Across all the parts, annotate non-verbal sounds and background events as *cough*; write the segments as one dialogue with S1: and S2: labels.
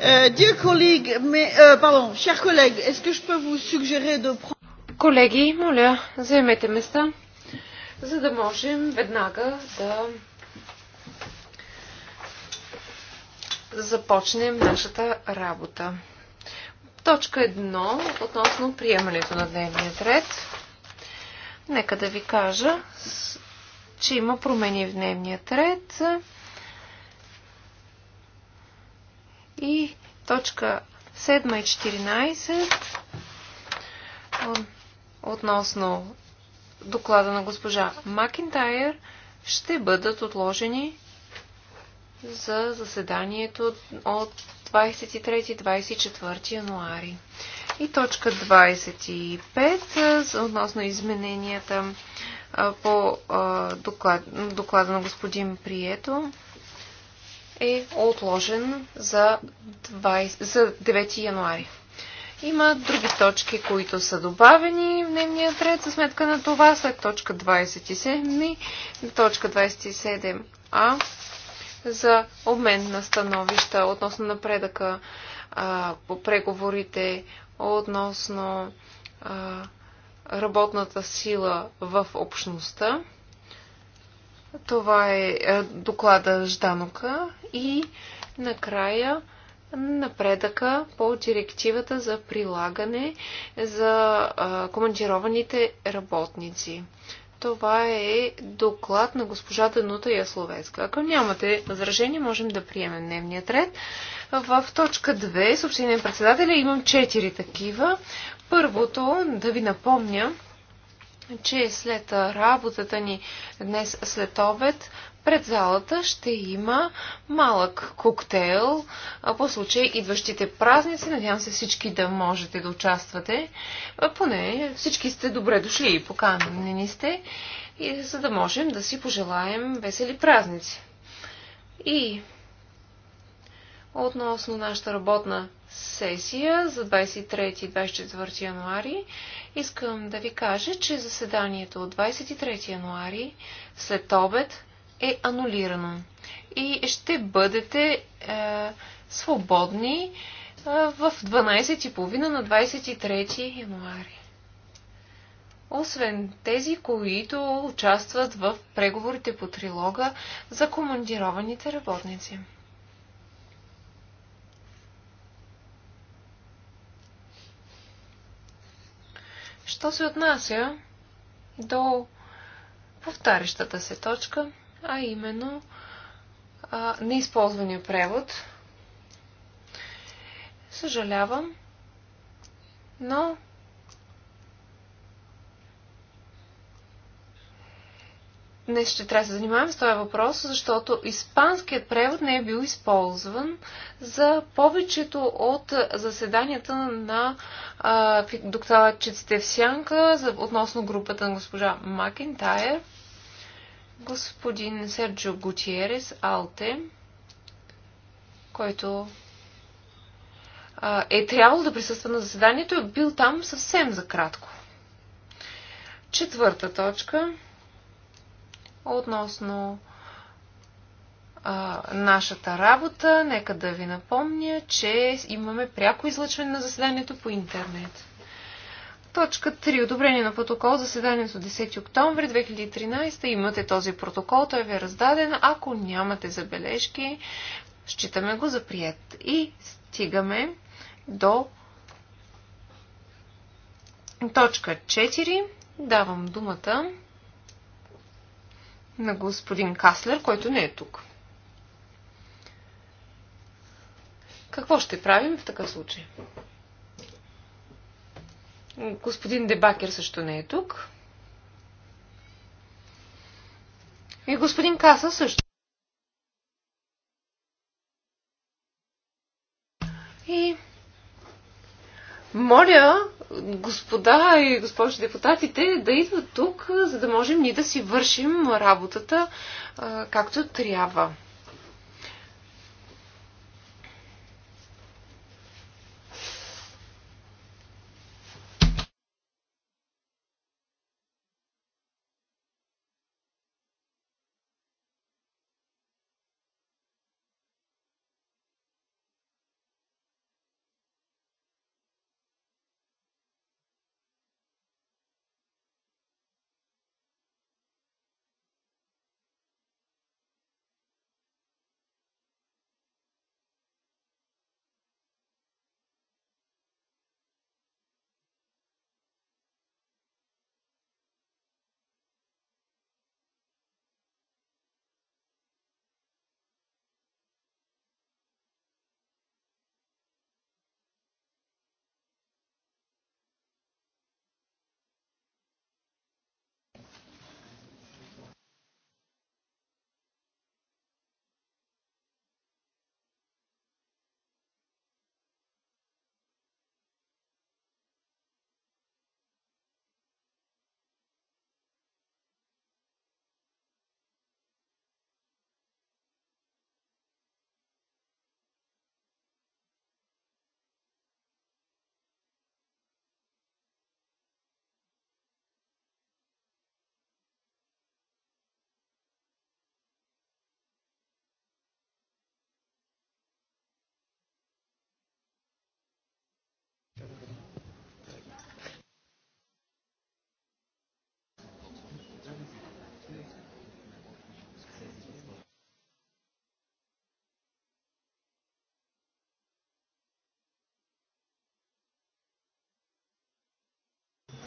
S1: Euh, euh,
S2: Колеги, моля, заемете места, за да можем веднага да започнем нашата работа. Точка 1 относно приемането на дневния ред. Нека да ви кажа, че има промени в дневния ред. И точка 7 и 14 относно доклада на госпожа Макинтайр ще бъдат отложени за заседанието от 23-24 януари. И точка 25 относно измененията по доклад, доклада на господин Прието е отложен за, 20, за 9 януари. Има други точки, които са добавени в дневния ред за сметка на това след точка 27, точка 27а за обмен на становища относно напредъка а, по преговорите относно а, работната сила в общността. Това е, е доклада Жданока и накрая напредъка по директивата за прилагане за е, командированите работници. Това е доклад на госпожа Данута Ясловецка. Ако нямате възражение, можем да приемем дневния ред. В точка 2, съобщение на председателя, имам 4 такива. Първото, да ви напомня, че след работата ни днес след обед пред залата ще има малък коктейл по случай идващите празници. Надявам се всички да можете да участвате. Поне всички сте добре дошли и поканени сте, и, за да можем да си пожелаем весели празници. И относно нашата работна сесия за 23-24 януари, искам да ви кажа, че заседанието от 23 януари след обед е анулирано и ще бъдете е, свободни е, в 12.30 на 23 януари. Освен тези, които участват в преговорите по трилога за командированите работници. Що се отнася до повтарящата се точка, а именно а, неизползвания превод, съжалявам, но днес ще трябва да се занимаваме с този въпрос, защото испанският превод не е бил използван за повечето от заседанията на докладчиците в Сянка за, относно групата на госпожа Макентайр, господин Серджо Гутиерес Алте, който а, е трябвало да присъства на заседанието и е бил там съвсем за кратко. Четвърта точка – относно а, нашата работа. Нека да ви напомня, че имаме пряко излъчване на заседанието по интернет. Точка 3. Одобрение на протокол заседанието 10 октомври 2013. Имате този протокол, той ви е раздаден. Ако нямате забележки, считаме го за прият. И стигаме до точка 4. Давам думата на господин Каслер, който не е тук. Какво ще правим в такъв случай? Господин Дебакер също не е тук. И господин Каса също. И моля господа и госпожи депутатите да идват тук, за да можем ние да си вършим работата както трябва.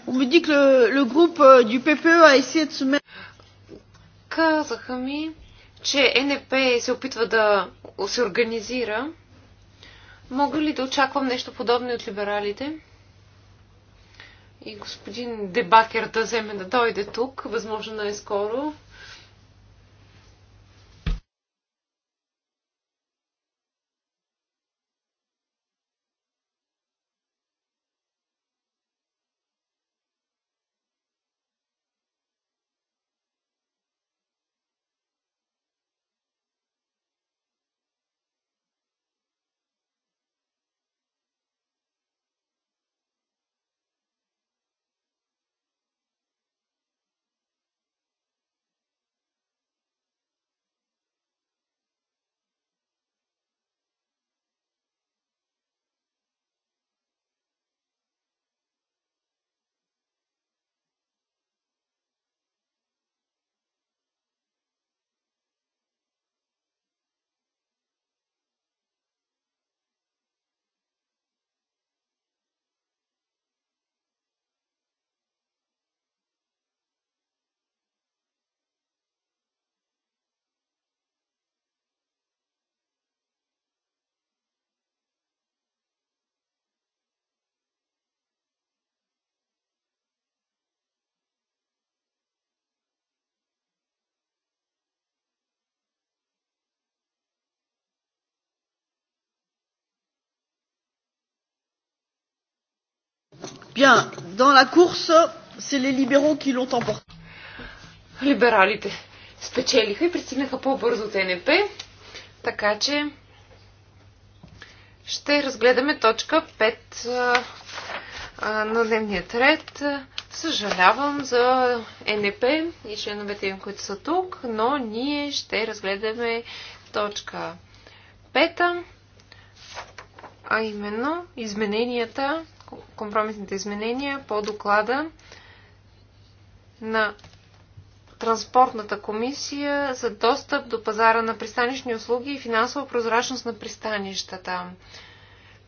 S3: On me dit que le, le groupe
S2: euh, du PPE a essayé de se mettre... Казаха ми, че е НП се опитва да се организира. Мога ли да очаквам нещо подобно от либералите? И господин Дебакер да вземе да дойде тук, възможно най-скоро. Е
S3: Bien, dans la course, c'est les libéraux qui
S2: l'ont emporté. Либералите спечелиха и пристигнаха по-бързо от НП, така че ще разгледаме точка 5 а, а, на дневният ред. Съжалявам за НП и членовете им, които са тук, но ние ще разгледаме точка 5, а именно измененията компромисните изменения по доклада на Транспортната комисия за достъп до пазара на пристанищни услуги и финансова прозрачност на пристанищата.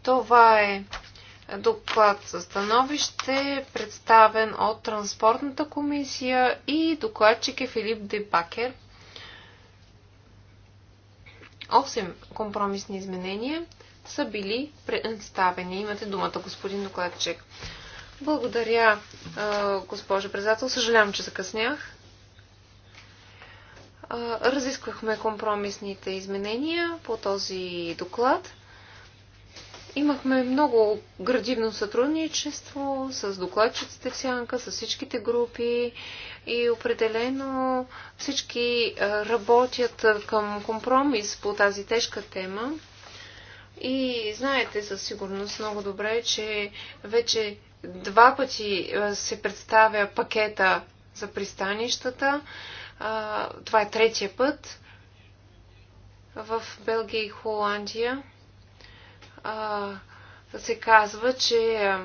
S2: Това е доклад за становище, представен от Транспортната комисия и докладчик е Филип Дебакер. 8 компромисни изменения – са били представени. Имате думата, господин докладчик. Благодаря, госпожо Презател. Съжалявам, че закъснях. Разисквахме компромисните изменения по този доклад. Имахме много градивно сътрудничество с докладчиците в Сянка, с всичките групи и определено всички работят към компромис по тази тежка тема. И знаете със сигурност много добре, че вече два пъти е, се представя пакета за пристанищата. Това е третия път в Белгия и Холандия. Се казва, че е, е,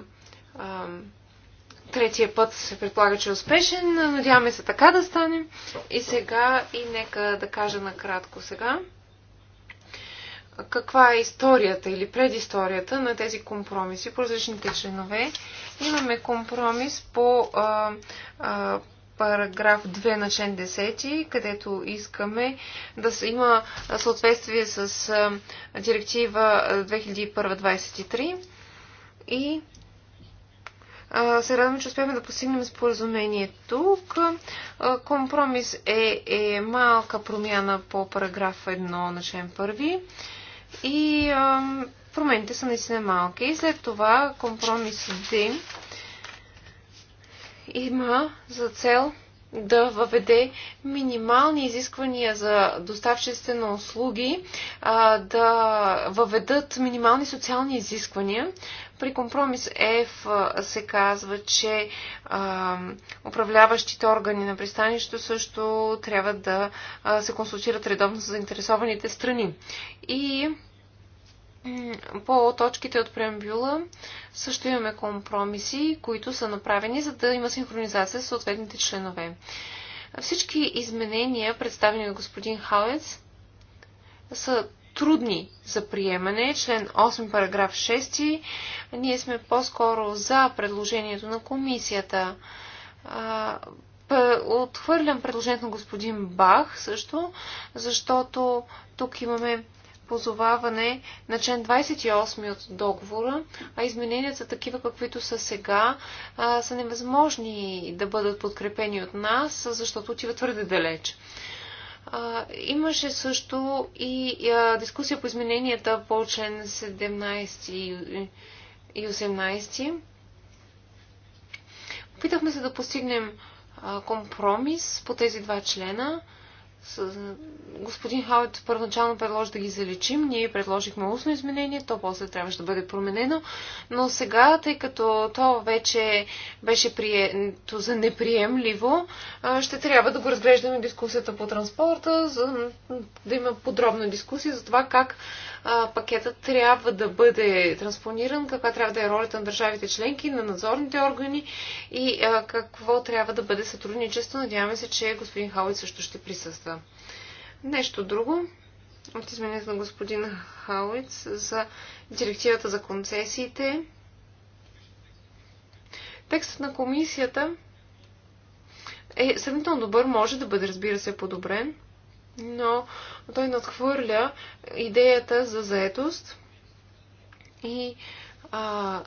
S2: третия път се предполага, че е успешен. Надяваме се така да стане. И сега, и нека да кажа накратко сега каква е историята или предисторията на тези компромиси по различните членове. Имаме компромис по а, а, параграф 2 на член 10, където искаме да се има съответствие с а, директива 2001-23 и се радвам, че успяваме да постигнем споразумение тук. Компромис е, е малка промяна по параграф 1 на член 1 и а, промените са наистина малки. И след това компромис D има за цел да въведе минимални изисквания за доставчиците на услуги, а, да въведат минимални социални изисквания, при компромис F се казва, че а, управляващите органи на пристанището също трябва да се консултират редовно с заинтересованите страни. И по точките от преамбюла също имаме компромиси, които са направени, за да има синхронизация с съответните членове. Всички изменения, представени от господин Хауец, са трудни за приемане. Член 8, параграф 6. Ние сме по-скоро за предложението на комисията. Отхвърлям предложението на господин Бах също, защото тук имаме позоваване на член 28 от договора, а измененията такива каквито са сега са невъзможни да бъдат подкрепени от нас, защото отива твърде далеч. А, имаше също и а, дискусия по измененията по член 17 и 18. Опитахме се да постигнем а, компромис по тези два члена господин Хауит първоначално предложи да ги заличим. Ние предложихме устно изменение, то после трябваше да бъде променено. Но сега, тъй като то вече беше прието за неприемливо, ще трябва да го разглеждаме дискусията по транспорта, за да има подробна дискусия за това как пакетът трябва да бъде транспониран, каква трябва да е ролята на държавите членки, на надзорните органи и какво трябва да бъде сътрудничество. Надяваме се, че господин Хауит също ще присъства. Нещо друго от изменението на господин Хауиц за директивата за концесиите. Текстът на комисията е сравнително добър, може да бъде, разбира се, подобрен, но той надхвърля идеята за заетост и а,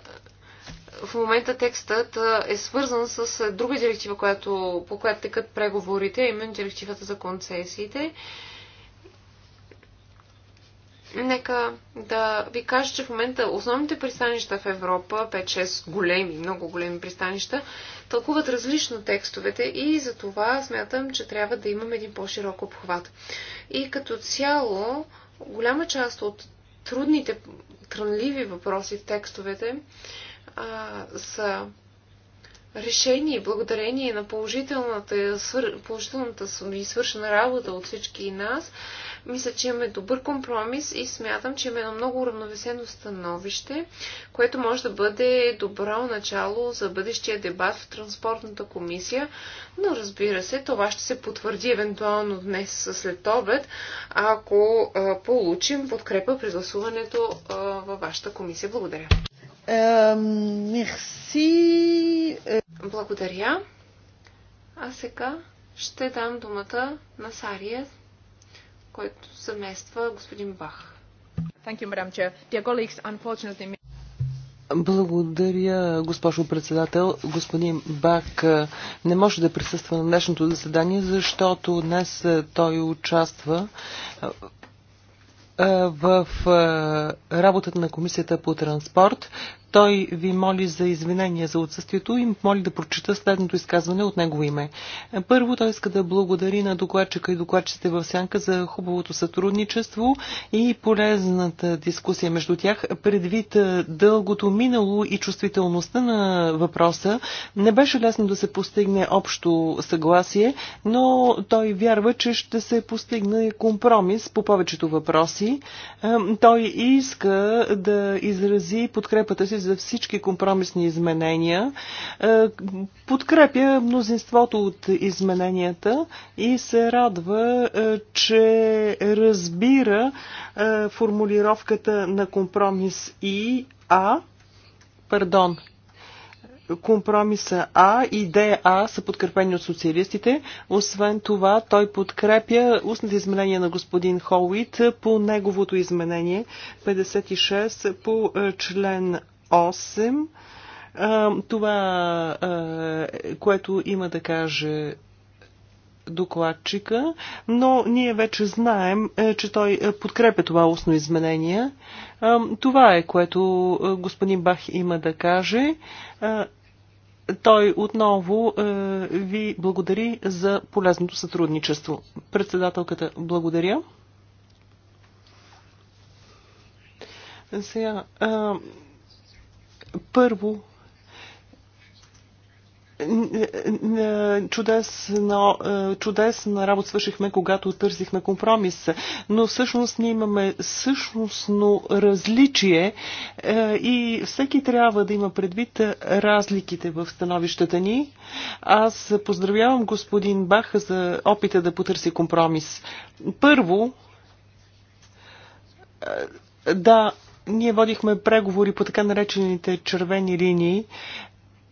S2: в момента текстът е свързан с друга директива, която, по която текат преговорите, именно директивата за концесиите. Нека да ви кажа, че в момента основните пристанища в Европа, 5-6 големи, много големи пристанища, тълкуват различно текстовете и за това смятам, че трябва да имаме един по-широк обхват. И като цяло, голяма част от трудните, трънливи въпроси в текстовете а, са решени благодарение на положителната, свър... положителната и свършена работа от всички нас, мисля, че имаме добър компромис и смятам, че имаме едно много уравновесено становище, което може да бъде добро начало за бъдещия дебат в Транспортната комисия, но разбира се, това ще се потвърди евентуално днес след обед, ако получим подкрепа при гласуването във вашата комисия. Благодаря.
S3: Мерси. Е, Благодаря.
S2: А сега ще дам думата на Сария, който замества господин Бах.
S3: Благодаря, госпожо председател. Господин Бак е, не може да присъства на днешното заседание, защото днес е, той участва в работата на Комисията по транспорт. Той ви моли за извинение за отсъствието и моли да прочита следното изказване от негово име. Първо той иска да благодари на докладчика и докладчите в Сянка за хубавото сътрудничество и полезната дискусия между тях. Предвид дългото минало и чувствителността на въпроса, не беше лесно да се постигне общо съгласие, но той вярва, че ще се постигне компромис по повечето въпроси. Той иска да изрази подкрепата си за всички компромисни изменения. Е, подкрепя мнозинството от измененията и се радва, е, че разбира е, формулировката на компромис и А, пардон, компромиса А и ДА са подкрепени от социалистите. Освен това, той подкрепя устните изменения на господин Холуит по неговото изменение 56 по член 8. Това, което има да каже докладчика, но ние вече знаем, е, че той е, подкрепя това устно изменение. Това е, което е, господин Бах има да каже. Той отново ви благодари за полезното сътрудничество. Председателката, благодаря. Сега, първо, чудесна, е, чудесна работа свършихме, когато търсихме компромис. Но всъщност ние имаме същностно различие е, и всеки трябва да има предвид разликите в становищата ни. Аз поздравявам господин Бах за опита да потърси компромис. Първо, е, да, ние водихме преговори по така наречените червени линии.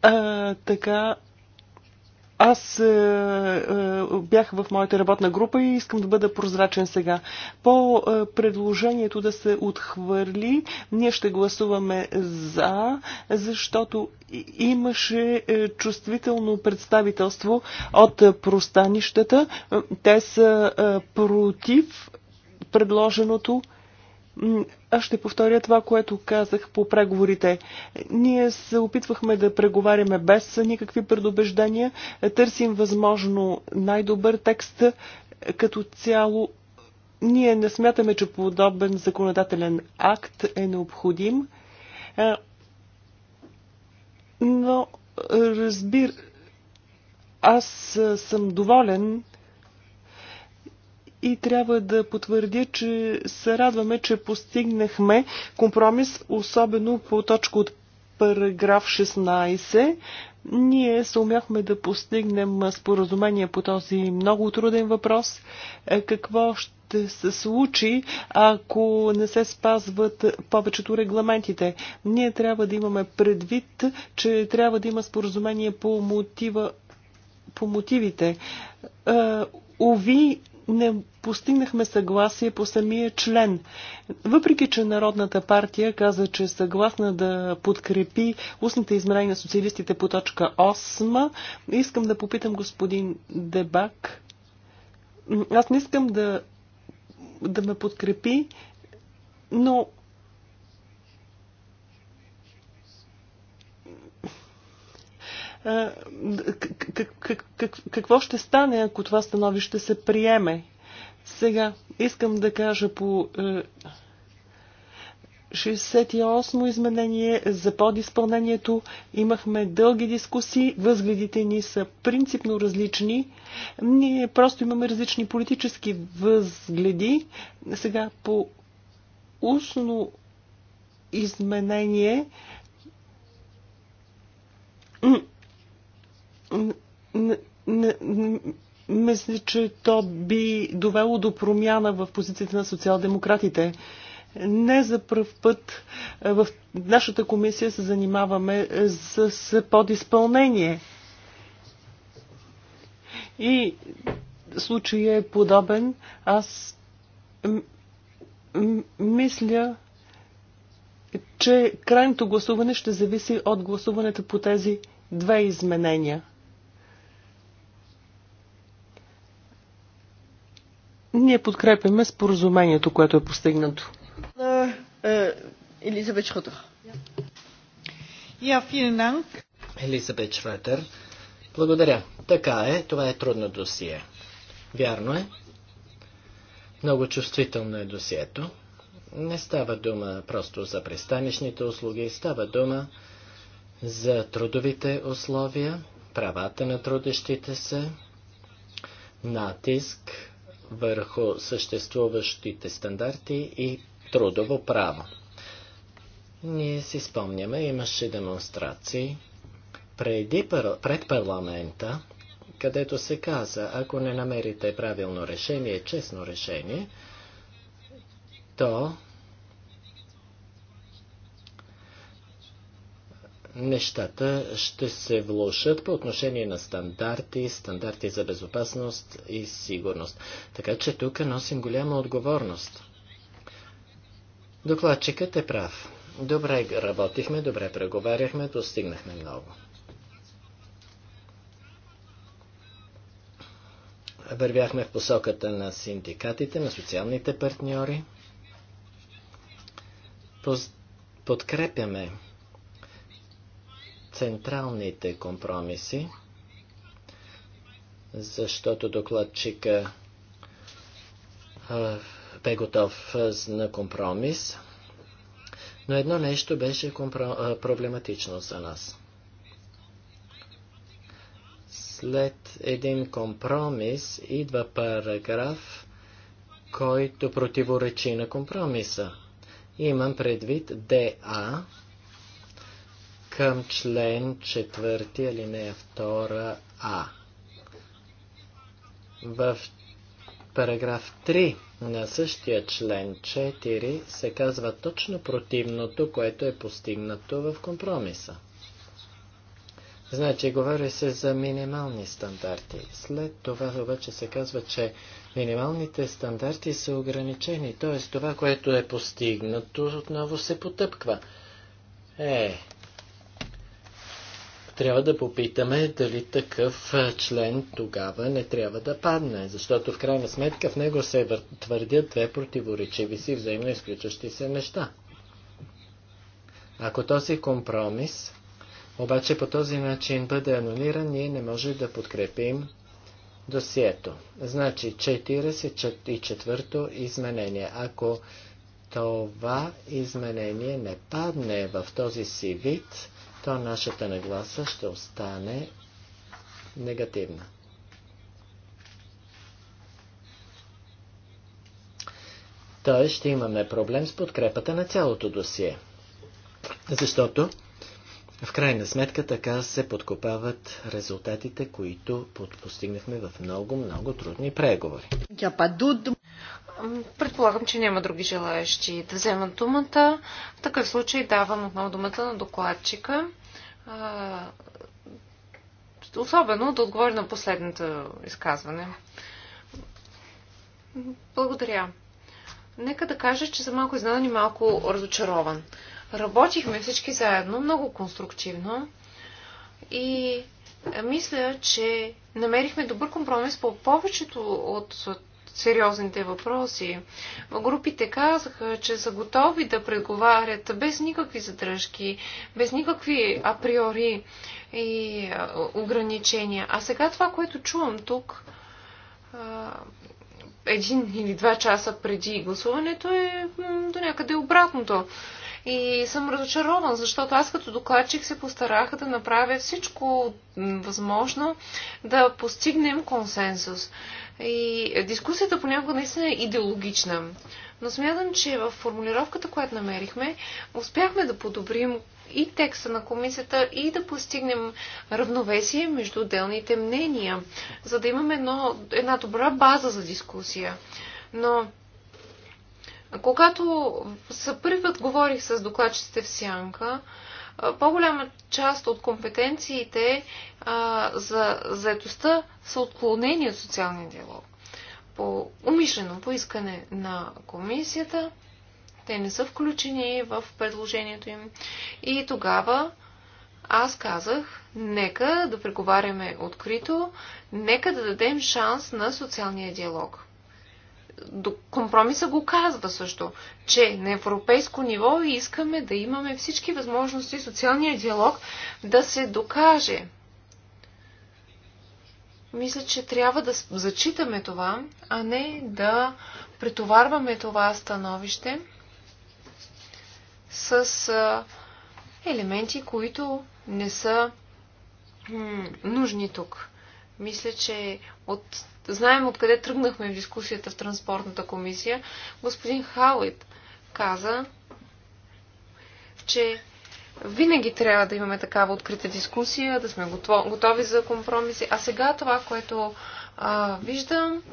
S3: А, така, аз а, е, а, е, бях в моята работна група и искам да бъда прозрачен сега. По а, е, предложението да се отхвърли, ние ще гласуваме за, защото имаше а, чувствително представителство от а, простанищата. Те са а, против предложеното аз ще повторя това, което казах по преговорите. Ние се опитвахме да преговаряме без никакви предубеждения, търсим възможно най-добър текст като цяло. Ние не смятаме, че подобен законодателен акт е необходим, но разбира, аз съм доволен, и трябва да потвърдя, че се радваме, че постигнахме компромис, особено по точка от параграф 16. Ние се умяхме да постигнем споразумение по този много труден въпрос. Е, какво ще се случи, ако не се спазват повечето регламентите? Ние трябва да имаме предвид, че трябва да има споразумение по мотива по мотивите. Ови, е, не постигнахме съгласие по самия член. Въпреки, че Народната партия каза, че е съгласна да подкрепи устните измерения на социалистите по точка 8, искам да попитам господин Дебак. Аз не искам да, да ме подкрепи, но какво ще стане, ако това становище се приеме? Сега искам да кажа по 68 е, мо изменение за подизпълнението. Имахме дълги дискусии, възгледите ни са принципно различни. Ние просто имаме различни политически възгледи. Сега по устно изменение мисля, че то би довело до промяна в позицията на социал-демократите. Не за пръв път в нашата комисия се занимаваме с, с подизпълнение. И случая е подобен. Аз мисля, че крайното гласуване ще зависи от гласуването по тези две изменения – Ние подкрепяме споразумението, което е постигнато.
S1: Е, Елизабет Шротер.
S3: Я, yeah,
S1: Елизабет Шротер. Благодаря. Така е, това е трудно досие. Вярно е. Много чувствително е досието. Не става дума просто за пристанищните услуги, става дума за трудовите условия, правата на трудещите се, натиск върху съществуващите стандарти и трудово право. Ние си спомняме, имаше демонстрации преди, пред парламента, където се каза, ако не намерите правилно решение, честно решение, то нещата ще се влушат по отношение на стандарти, стандарти за безопасност и сигурност. Така че тук носим голяма отговорност. Докладчикът е прав. Добре работихме, добре преговаряхме, достигнахме много. Вървяхме в посоката на синдикатите, на социалните партньори. Подкрепяме централните компромиси, защото докладчика бе готов на компромис, но едно нещо беше компро... проблематично за нас. След един компромис идва параграф, който противоречи на компромиса. Имам предвид ДА, към член 4, алинея 2а. В параграф 3 на същия член 4 се казва точно противното, което е постигнато в компромиса. Значи, говори се за минимални стандарти. След това обаче се казва, че минималните стандарти са ограничени, т.е. това, което е постигнато, отново се потъпква. Е, трябва да попитаме дали такъв член тогава не трябва да падне, защото в крайна сметка в него се твърдят две противоречиви си взаимно изключващи се неща. Ако този компромис обаче по този начин бъде анулиран, ние не може да подкрепим досието. Значи 44-то изменение. Ако това изменение не падне в този си вид, то нашата нагласа ще остане негативна. Т.е. ще имаме проблем с подкрепата на цялото досие. Защото в крайна сметка така се подкопават резултатите, които постигнахме в много-много трудни преговори.
S2: Предполагам, че няма други желаящи да вземат думата. В такъв случай давам отново думата на докладчика. Особено да отговори на последното изказване. Благодаря. Нека да кажа, че съм малко изненадан и малко разочарован. Работихме всички заедно, много конструктивно и мисля, че намерихме добър компромис по повечето от сериозните въпроси. Групите казаха, че са готови да преговарят без никакви задръжки, без никакви априори и ограничения. А сега това, което чувам тук, един или два часа преди гласуването е до някъде обратното. И съм разочарован, защото аз като докладчик се постарах да направя всичко възможно да постигнем консенсус. И дискусията понякога наистина е идеологична. Но смятам, че в формулировката, която намерихме, успяхме да подобрим и текста на комисията и да постигнем равновесие между отделните мнения, за да имаме едно, една добра база за дискусия. Но когато за първи път говорих с докладчиците в Сянка, по-голяма част от компетенциите а, за заедостта са отклонени от социалния диалог. По умишлено поискане на комисията, те не са включени в предложението им. И тогава аз казах, нека да преговаряме открито, нека да дадем шанс на социалния диалог компромиса го казва също, че на европейско ниво искаме да имаме всички възможности социалния диалог да се докаже. Мисля, че трябва да зачитаме това, а не да претоварваме това становище с елементи, които не са нужни тук. Мисля, че от... знаем откъде тръгнахме в дискусията в Транспортната комисия. Господин Хауит каза, че винаги трябва да имаме такава открита дискусия, да сме готови за компромиси. А сега това, което а, виждам,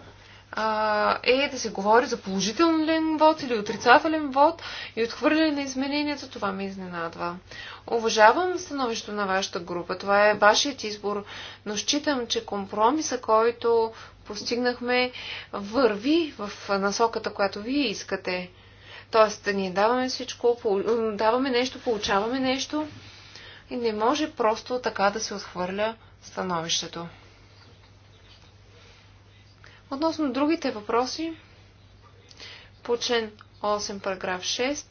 S2: е да се говори за положителен вод или отрицателен вод и отхвърляне на измененията. Това ме изненадва. Уважавам становището на вашата група. Това е вашият избор, но считам, че компромиса, който постигнахме, върви в насоката, която вие искате. Тоест, да ние даваме всичко, даваме нещо, получаваме нещо и не може просто така да се отхвърля становището. Относно другите въпроси, по член 8, параграф 6,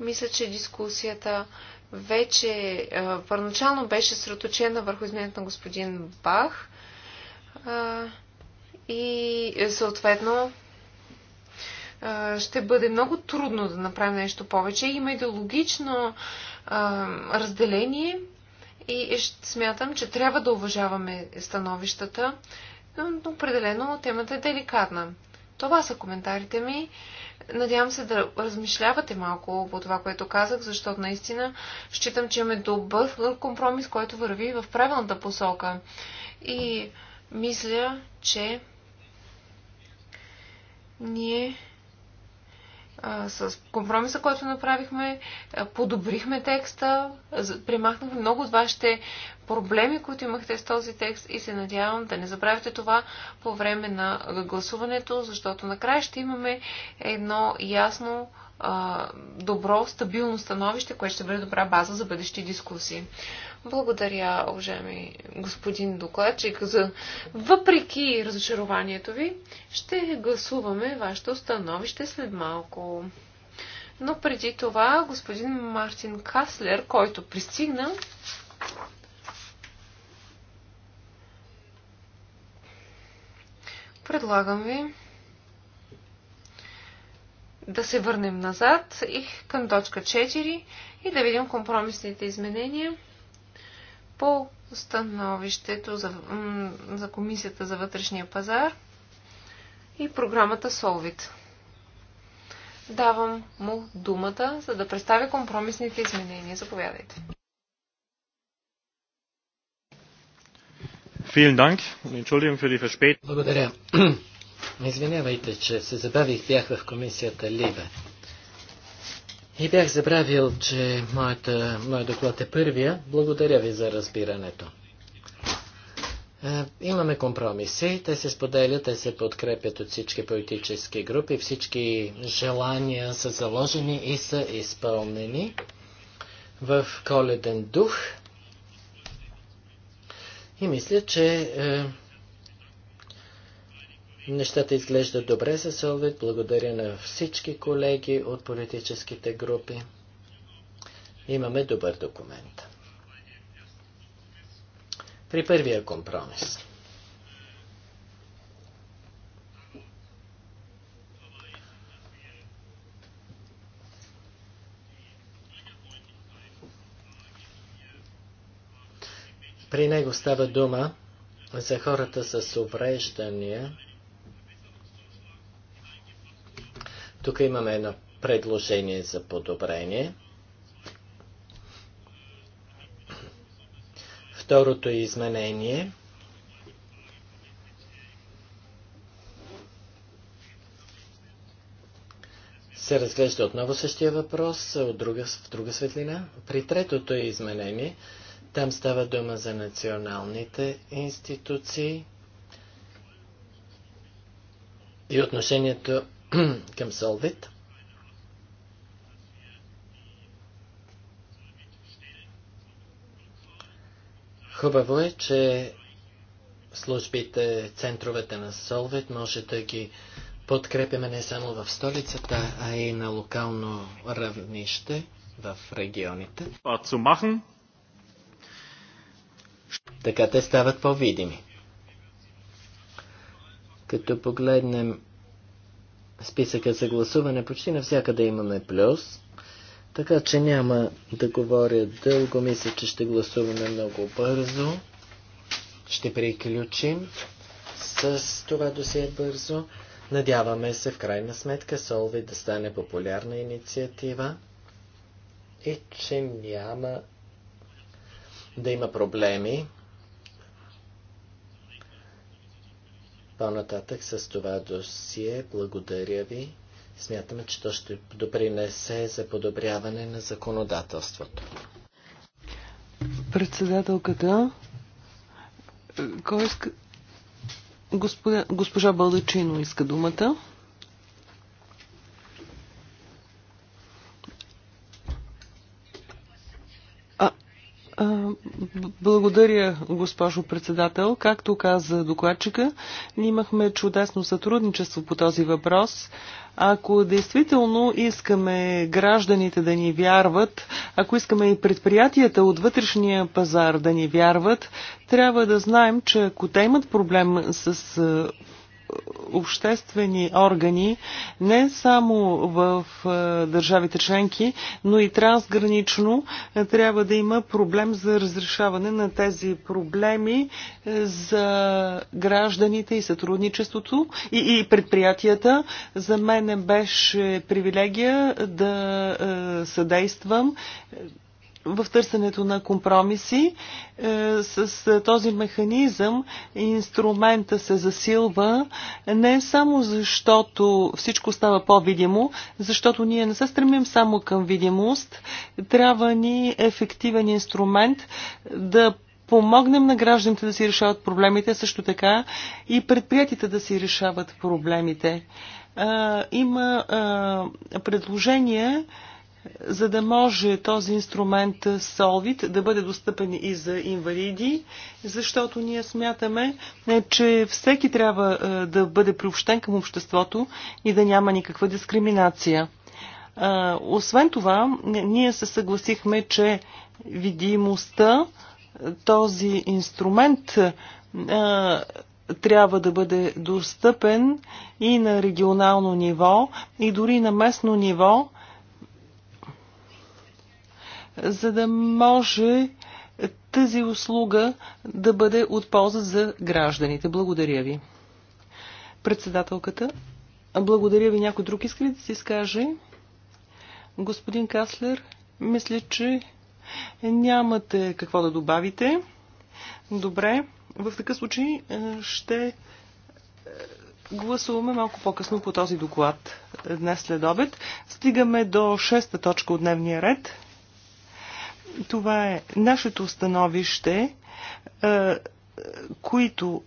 S2: мисля, че дискусията вече първоначално беше сръточена върху изменението на господин Бах и е, съответно ще бъде много трудно да направим нещо повече. Има идеологично разделение и смятам, че трябва да уважаваме становищата определено темата е деликатна. Това са коментарите ми. Надявам се да размишлявате малко по това, което казах, защото наистина считам, че имаме добър компромис, който върви в правилната посока. И мисля, че ние с компромиса, който направихме, подобрихме текста, примахнахме много от вашите проблеми, които имахте с този текст и се надявам да не забравяте това по време на гласуването, защото накрая ще имаме едно ясно, добро, стабилно становище, което ще бъде добра база за бъдещи дискусии. Благодаря, уважаеми господин докладчик, за въпреки разочарованието ви, ще гласуваме вашето становище след малко. Но преди това, господин Мартин Каслер, който пристигна, предлагам ви да се върнем назад и към точка 4 и да видим компромисните изменения по становището за, за Комисията за вътрешния пазар и програмата Solvit. Давам му думата, за да представя компромисните изменения. Заповядайте.
S1: Благодаря. *clears throat* Извинявайте, че се забавих, бях в комисията Либе. И бях забравил, че моята, моя доклад е първия. Благодаря ви за разбирането. Е, имаме компромиси, те се споделят, те се подкрепят от всички политически групи, всички желания са заложени и са изпълнени в коледен дух. И мисля, че е, Нещата изглеждат добре за Солвит. Благодаря на всички колеги от политическите групи. Имаме добър документ. При първия компромис. При него става дума за хората с увреждания Тук имаме едно предложение за подобрение. Второто изменение се разглежда отново същия въпрос от друга, в друга светлина. При третото изменение там става дума за националните институции и отношението *clears throat* към Солвит. Хубаво е, че службите, центровете на Солвет може да ги подкрепяме не само в столицата, а и на локално равнище в регионите. Така те стават по-видими. Като погледнем списъка за гласуване почти навсякъде имаме плюс. Така че няма да говоря дълго. Мисля, че ще гласуваме много бързо. Ще приключим с това досие бързо. Надяваме се в крайна сметка Солви да стане популярна инициатива и че няма да има проблеми по-нататък с това досие. Благодаря ви. Смятаме, че то ще допринесе за подобряване на законодателството.
S3: Председателката, кой иска... Господа... Госпожа Балдачино иска думата. Благодаря, госпожо председател. Както каза докладчика, имахме чудесно сътрудничество по този въпрос. Ако действително искаме гражданите да ни вярват, ако искаме и предприятията от вътрешния пазар да ни вярват, трябва да знаем, че ако те имат проблем с обществени органи не само в е, държавите членки, но и трансгранично е, трябва да има проблем за разрешаване на тези проблеми е, за гражданите и сътрудничеството и, и предприятията. За мен беше привилегия да съдействам в търсенето на компромиси. Е, с е, този механизъм инструмента се засилва не само защото всичко става по-видимо, защото ние не се стремим само към видимост. Трябва ни ефективен инструмент да помогнем на гражданите да си решават проблемите, също така и предприятите да си решават проблемите. Е, има предложения за да може този инструмент Solvit да бъде достъпен и за инвалиди, защото ние смятаме, е, че всеки трябва е, да бъде приобщен към обществото и да няма никаква дискриминация. Е, освен това, ние се съгласихме, че видимостта, този инструмент трябва да бъде достъпен и на регионално ниво, и дори на местно ниво, за да може тази услуга да бъде от полза за гражданите. Благодаря ви. Председателката, благодаря ви. Някой друг иска ли да се изкаже? Господин Каслер, мисля, че нямате какво да добавите. Добре, в такъв случай е, ще е, гласуваме малко по-късно по този доклад днес след обед. Стигаме до шеста точка от дневния ред. Това е нашето становище, е, които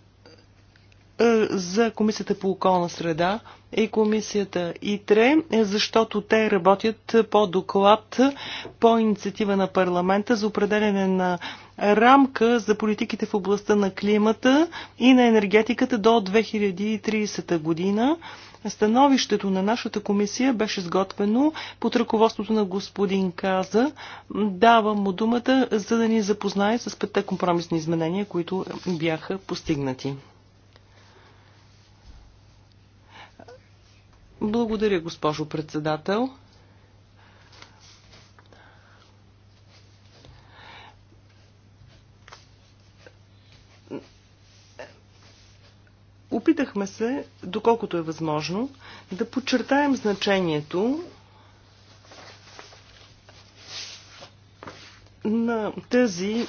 S3: е, за Комисията по околна среда и Комисията ИТРЕ, е, защото те работят по доклад по инициатива на парламента за определене на рамка за политиките в областта на климата и на енергетиката до 2030 година Становището на нашата комисия беше сготвено под ръководството на господин Каза. Давам му думата, за да ни запознае с петте компромисни изменения, които бяха постигнати. Благодаря, госпожо председател. Опитахме се, доколкото е възможно, да подчертаем значението на тази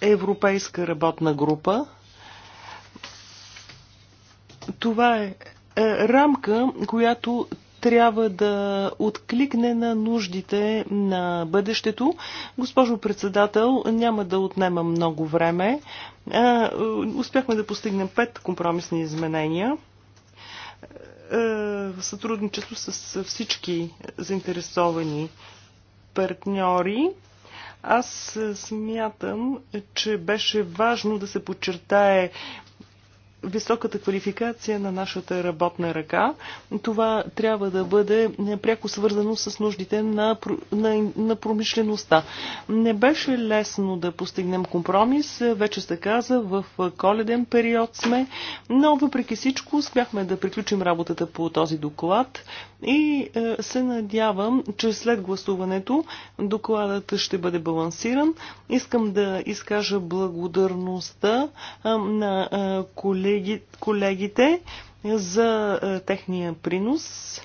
S3: европейска работна група. Това е, е рамка, която трябва да откликне на нуждите на бъдещето. Госпожо председател, няма да отнема много време. Успяхме да постигнем пет компромисни изменения в сътрудничество с всички заинтересовани партньори. Аз смятам, че беше важно да се подчертае високата квалификация на нашата работна ръка. Това трябва да бъде пряко свързано с нуждите на, на, на промишлеността. Не беше лесно да постигнем компромис, вече се каза, в коледен период сме, но въпреки всичко успяхме да приключим работата по този доклад и е, се надявам, че след гласуването докладът ще бъде балансиран. Искам да изкажа благодарността е, на е, колегите колеги, колегите за е, техния принос,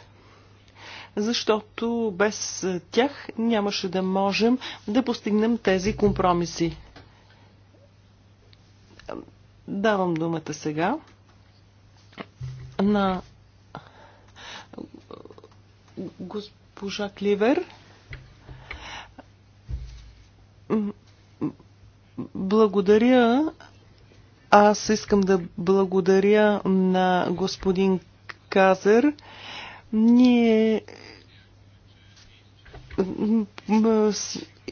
S3: защото без е, тях нямаше да можем да постигнем тези компромиси. Давам думата сега на е, госпожа Кливер. Благодаря аз искам да благодаря на господин Казер. Ние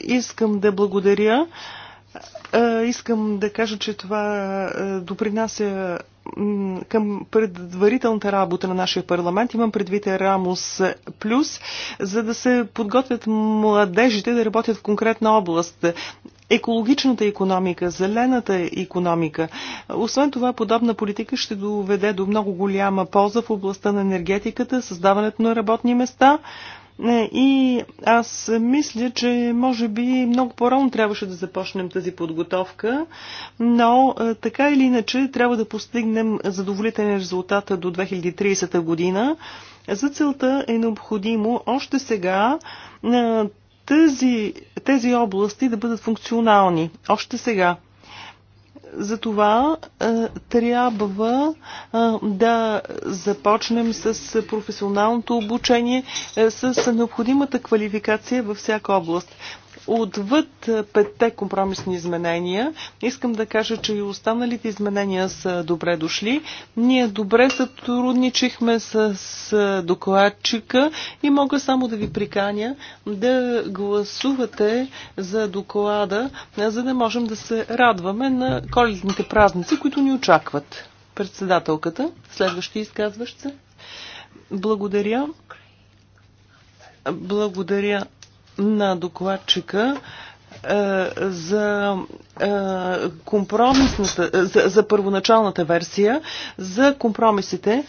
S3: искам да благодаря. Искам да кажа, че това допринася към предварителната работа на нашия парламент. Имам предвид Рамус Плюс, за да се подготвят младежите да работят в конкретна област екологичната економика, зелената економика. Освен това, подобна политика ще доведе до много голяма полза в областта на енергетиката, създаването на работни места. Е, и аз мисля, че може би много по-рано трябваше да започнем тази подготовка, но е, така или иначе трябва да постигнем задоволителен резултат до 2030 година. За целта е необходимо още сега е, тази, тези области да бъдат функционални още сега. Затова е, трябва е, да започнем с професионалното обучение, е, с необходимата квалификация във всяка област. Отвъд е, петте компромисни изменения, искам да кажа, че и останалите изменения са добре дошли. Ние добре сътрудничихме с докладчика и мога само да ви приканя да гласувате за доклада, е, за да можем да се радваме на коледните празници, които ни очакват. Председателката, следващи изказващ се. Благодаря. Благодаря на докладчика е, за е, компромисната, за, за първоначалната версия, за компромисите,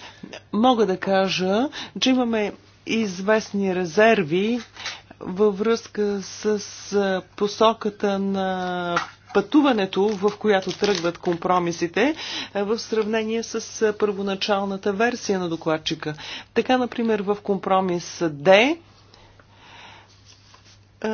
S3: мога да кажа, че имаме известни резерви във връзка с е, посоката на пътуването, в която тръгват компромисите, в сравнение с първоначалната версия на докладчика. Така, например, в компромис D е, е,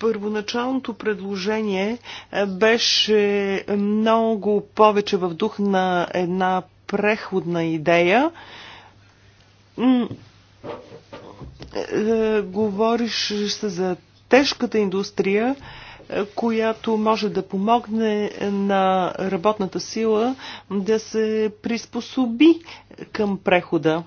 S3: първоначалното предложение е, беше много повече в дух на една преходна идея. Говориш се за тежката индустрия, която може да помогне на работната сила да се приспособи към прехода.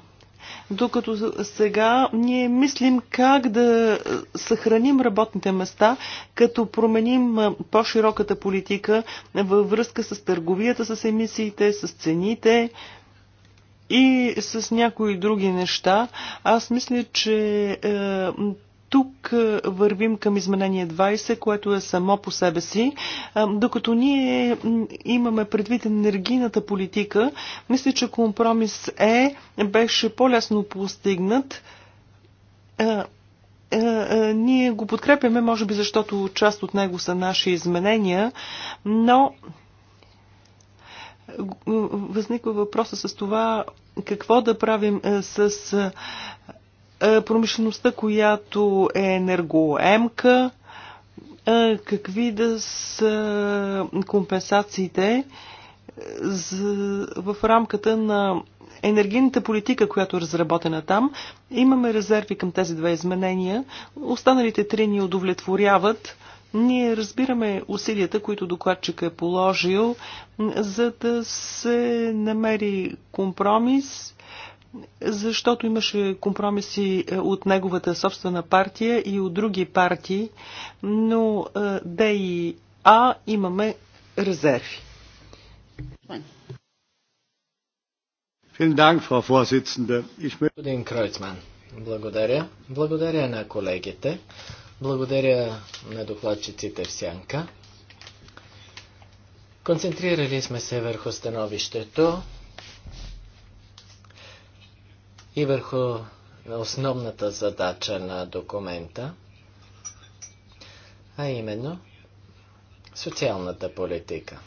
S3: Докато сега ние мислим как да съхраним работните места, като променим по-широката политика във връзка с търговията, с емисиите, с цените и с някои други неща. Аз мисля, че е, тук вървим към изменение 20, което е само по себе си, докато ние имаме предвид енергийната политика, мисля, че компромис Е беше по-лесно постигнат ние го подкрепяме, може би защото част от него са наши изменения, но възниква въпроса с това какво да правим с промишлеността, която е енергоемка, какви да са компенсациите в рамката на енергийната политика, която е разработена там. Имаме резерви към тези две изменения. Останалите три ни удовлетворяват. Ние разбираме усилията, които докладчик е положил, за да се намери компромис защото имаше компромиси е, от неговата собствена партия и от други партии, но е, Д и А имаме резерви.
S1: Господин Кройцман, благодаря. Благодаря на колегите. Благодаря на докладчиците в Сянка. Концентрирали сме се върху становището и върху основната задача на документа, а именно социалната политика.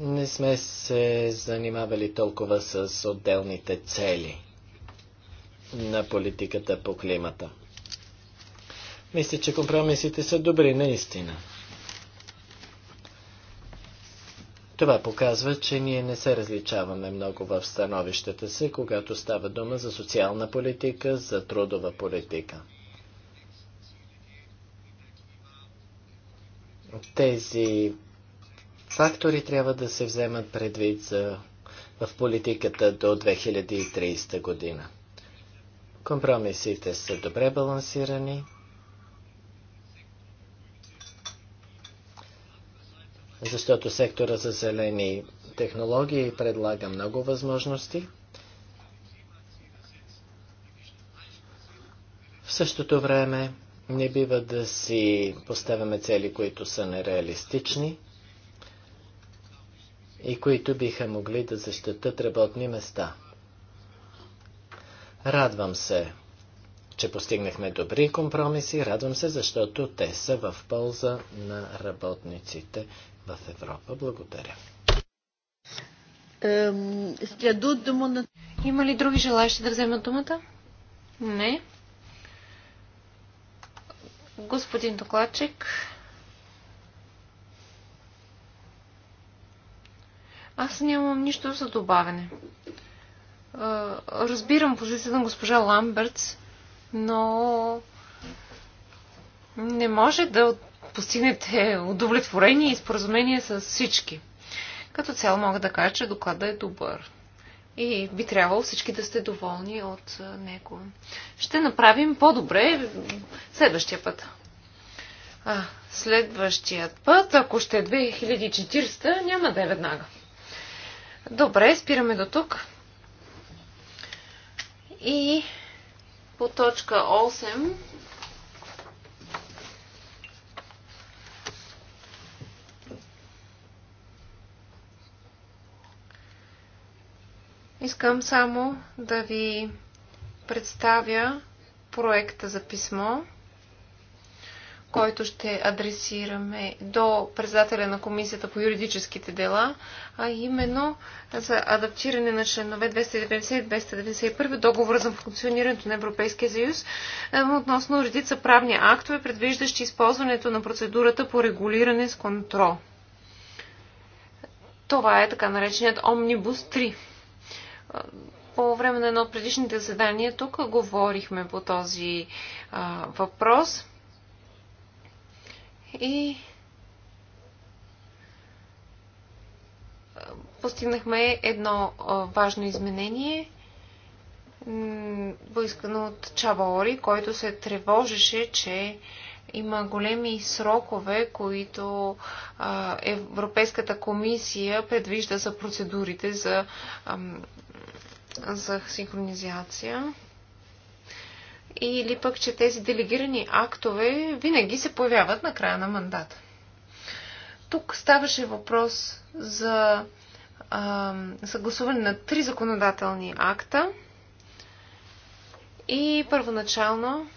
S1: Не сме се занимавали толкова с отделните цели на политиката по климата. Мисля, че компромисите са добри, наистина. Това показва, че ние не се различаваме много в становищата си, когато става дума за социална политика, за трудова политика. Тези фактори трябва да се вземат предвид за, в политиката до 2030 година. Компромисите са добре балансирани. защото сектора за зелени технологии предлага много възможности. В същото време не бива да си поставяме цели, които са нереалистични и които биха могли да защитат работни места. Радвам се, че постигнахме добри компромиси. Радвам се, защото те са в полза на работниците в Европа. Благодаря.
S2: Има ли други желаящи да вземат думата? Не. Господин докладчик. Аз нямам нищо за добавяне. Е, разбирам позицията на госпожа Ламбертс, но не може да постигнете удовлетворение и споразумение с всички. Като цяло мога да кажа, че докладът е добър. И би трябвало всички да сте доволни от него. Ще направим по-добре следващия път. А, следващият път, ако ще е 2400, няма да е веднага. Добре, спираме до тук. И по точка 8 Искам само да ви представя проекта за писмо, който ще адресираме до председателя на Комисията по юридическите дела, а именно за адаптиране на членове 290-291 договора за функционирането на Европейския съюз е, относно редица правни актове, предвиждащи използването на процедурата по регулиране с контрол. Това е така нареченият Омнибус 3 по време на едно от предишните заседания тук говорихме по този а, въпрос. И постигнахме едно а, важно изменение, поискано от Чаваори, който се тревожеше, че има големи срокове, които а, Европейската комисия предвижда за процедурите за за синхронизация. Или пък, че тези делегирани актове винаги се появяват на края на мандата. Тук ставаше въпрос за съгласуване на три законодателни акта и първоначално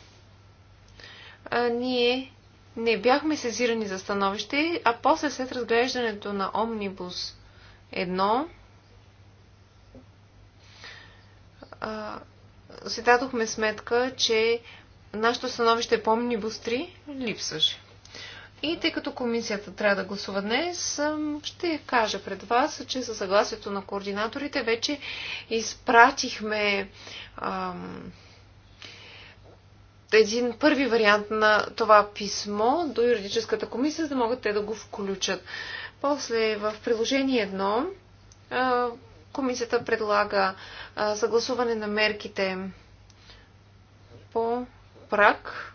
S2: а, ние не бяхме сезирани за становище, а после след разглеждането на Омнибус а, се дадохме сметка, че нашето становище е по бустри 3 липсваше. И тъй като комисията трябва да гласува днес, ще кажа пред вас, че със съгласието на координаторите вече изпратихме ам, един първи вариант на това писмо до юридическата комисия, за да могат те да го включат. После в приложение 1 Комисията предлага съгласуване на мерките по прак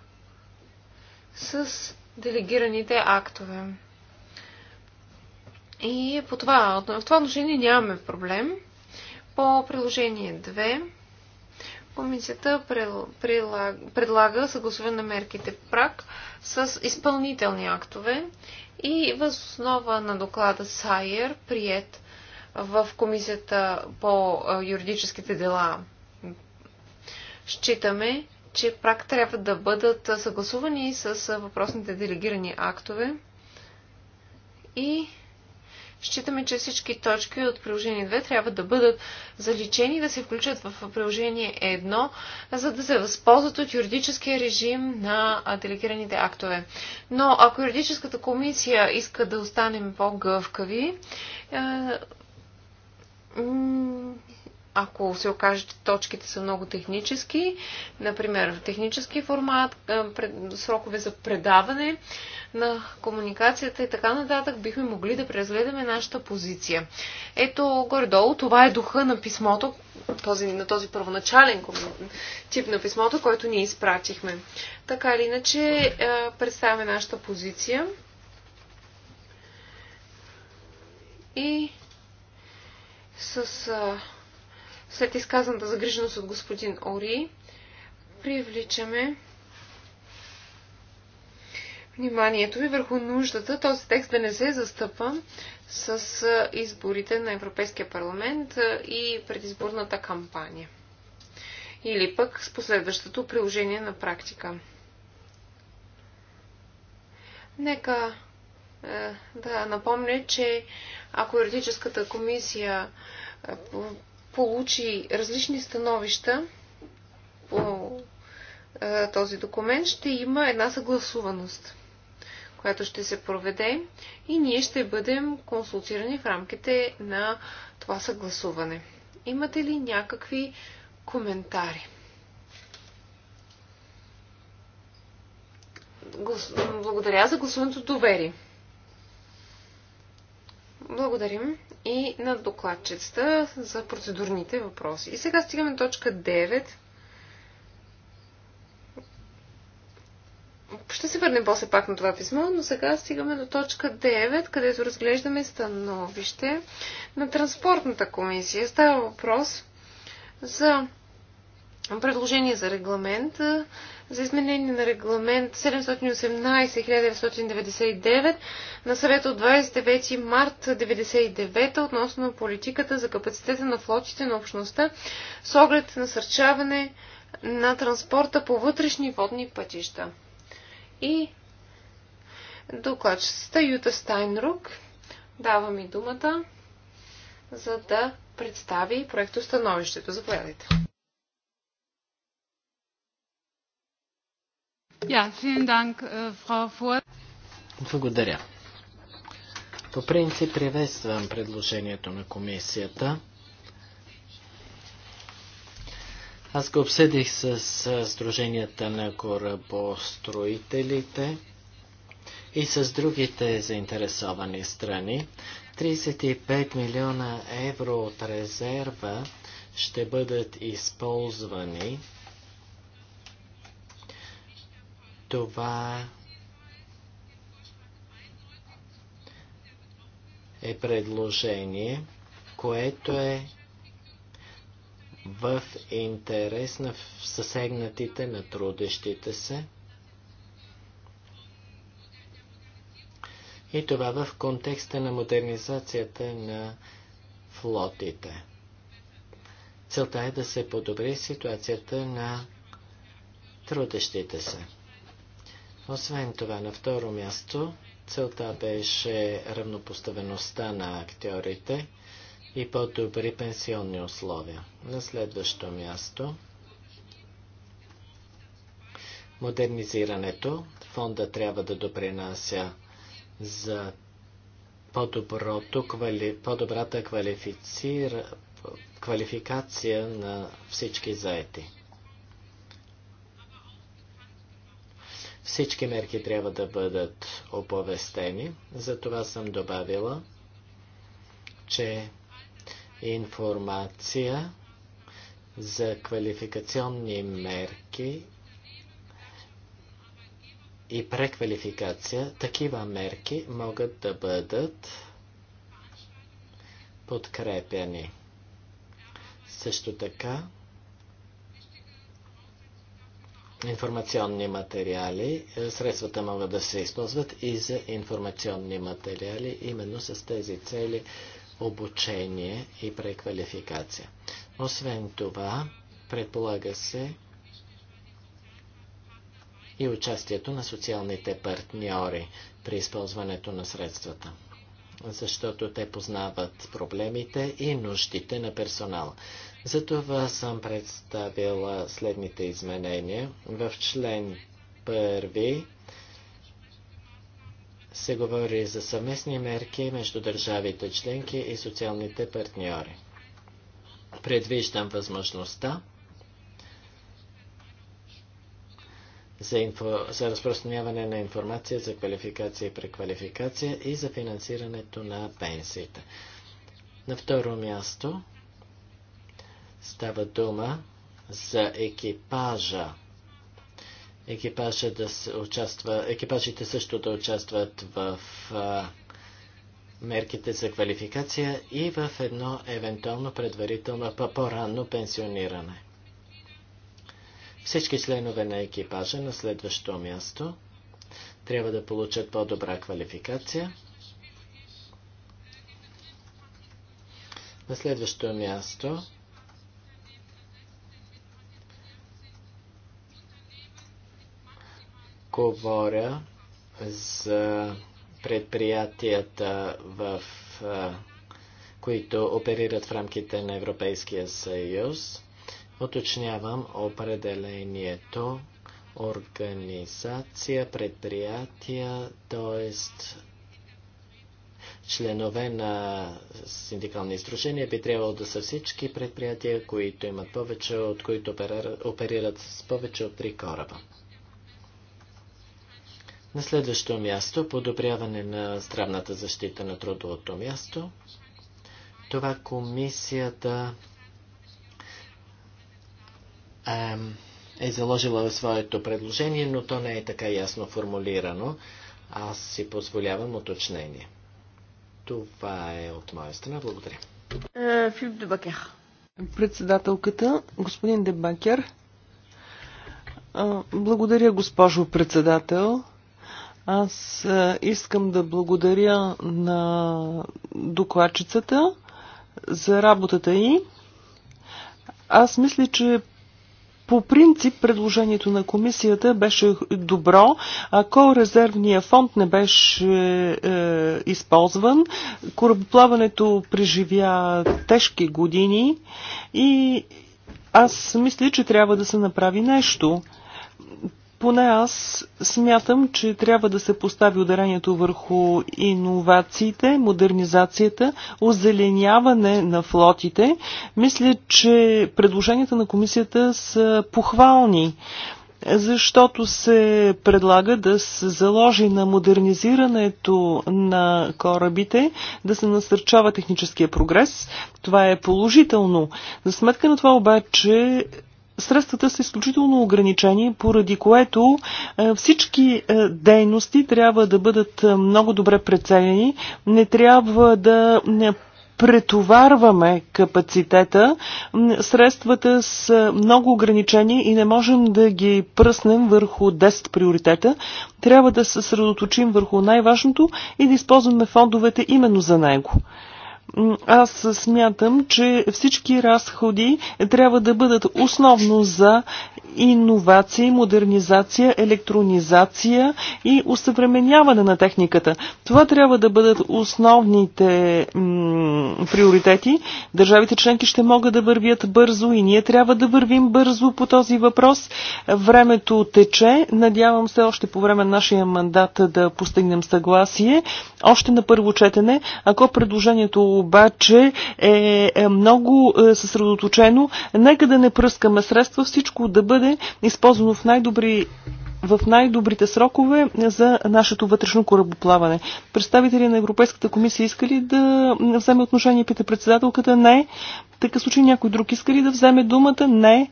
S2: с делегираните актове. И по това, в това отношение нямаме проблем. По приложение 2 комисията предлага съгласуване на мерките прак с изпълнителни актове и възоснова на доклада Сайер, прият в Комисията по юридическите дела. Считаме, че прак трябва да бъдат съгласувани с въпросните делегирани актове и считаме, че всички точки от приложение 2 трябва да бъдат заличени и да се включат в приложение 1, за да се възползват от юридическия режим на делегираните актове. Но ако юридическата комисия иска да останем по-гъвкави, е, ако се окаже, че точките са много технически, например, технически формат, срокове за предаване на комуникацията и така нататък, бихме могли да преразгледаме нашата позиция. Ето, горе-долу, това е духа на писмото, този, на този първоначален тип на писмото, който ние изпратихме. Така или иначе, представяме нашата позиция и с, а, след изказаната загриженост от господин Ори, привличаме вниманието ви върху нуждата този текст да не се застъпа с изборите на Европейския парламент и предизборната кампания. Или пък с последващото приложение на практика. Нека е, да напомня, че ако юридическата комисия получи различни становища по този документ, ще има една съгласуваност, която ще се проведе и ние ще бъдем консултирани в рамките на това съгласуване. Имате ли някакви коментари? Благодаря за гласуването доверие. Благодарим и на докладчицата за процедурните въпроси. И сега стигаме до точка 9. Ще се върнем после пак на това писмо, но сега стигаме до точка 9, където разглеждаме становище на Транспортната комисия. Става въпрос за предложение за регламент за изменение на регламент 718-1999 на съвет от 29 март 1999 относно политиката за капацитета на флотите на общността с оглед насърчаване на транспорта по вътрешни водни пътища. И докладчицата Юта Стайнрук дава ми думата, за да представи проекто становището. Заповядайте. Äh,
S1: Благодаря. По принцип приветствам предложението на комисията. Аз го обсъдих с Сдруженията на корабостроителите и с другите заинтересовани страни. 35 милиона евро от резерва ще бъдат използвани Това е предложение, което е в интерес на съсегнатите, на трудещите се. И това в контекста на модернизацията на флотите. Целта е да се подобри ситуацията на трудещите се. Освен това, на второ място, целта беше равнопоставеността на актьорите и по-добри пенсионни условия. На следващо място, модернизирането. Фонда трябва да допринася за по квали, по-добрата квалифицира, квалификация на всички заети. Всички мерки трябва да бъдат оповестени. Затова съм добавила, че информация за квалификационни мерки и преквалификация, такива мерки могат да бъдат подкрепени. Също така, информационни материали. Е, средствата могат да се използват и за информационни материали, именно с тези цели обучение и преквалификация. Освен това, предполага се и участието на социалните партньори при използването на средствата защото те познават проблемите и нуждите на персонала. Затова съм представила следните изменения. В член 1 се говори за съвместни мерки между държавите членки и социалните партньори. Предвиждам възможността за, инфо, за разпространяване на информация за квалификация и преквалификация и за финансирането на пенсиите. На второ място става дума за екипажа. Екипажа да се участва, екипажите също да участват в а, мерките за квалификация и в едно евентуално предварително по ранно пенсиониране. Всички членове на екипажа на следващо място трябва да получат по-добра квалификация. На следващо място говоря за предприятията, в които оперират в рамките на Европейския съюз. Оточнявам определението организация, предприятия, т.е. членове на синдикални издружения би трябвало да са всички предприятия, които имат повече, от които оперират с повече от три кораба. На следващо място, подобряване на здравната защита на трудовото място. Това комисията е заложила в своето предложение, но то не е така ясно формулирано. Аз си позволявам уточнение. Това е от моя страна. Благодаря.
S3: Е, Филип Дебакер. Председателката, господин Дебакер. Е, благодаря, госпожо председател. Аз е, искам да благодаря на докладчицата за работата й. Аз мисля, че по принцип, предложението на комисията беше добро, ако резервния фонд не беше е, използван. Корабоплаването преживя тежки години и аз мисля, че трябва да се направи нещо. Поне аз смятам, че трябва да се постави ударението върху иновациите, модернизацията, озеленяване на флотите. Мисля, че предложенията на комисията са похвални защото се предлага да се заложи на модернизирането на корабите, да се насърчава техническия прогрес. Това е положително. За сметка на това обаче средствата са изключително ограничени, поради което е, всички е, дейности трябва да бъдат е, много добре прецелени. Не трябва да претоварваме капацитета. Средствата са много ограничени и не можем да ги пръснем върху 10 приоритета. Трябва да се съсредоточим върху най-важното и да използваме фондовете именно за него аз смятам, че всички разходи трябва да бъдат основно за иновации, модернизация, електронизация и усъвременяване на техниката. Това трябва да бъдат основните приоритети. Държавите членки ще могат да вървят бързо и ние трябва да вървим бързо по този въпрос. Времето тече. Надявам се още по време на нашия мандат да постигнем съгласие. Още на първо четене, ако предложението обаче е, е много е, съсредоточено. Нека да не пръскаме средства, всичко да бъде използвано в най-добри в най-добрите срокове за нашето вътрешно корабоплаване. Представители на Европейската комисия искали да вземе отношение, пита председателката? Не. В такъв случай някой друг искали да вземе думата? Не.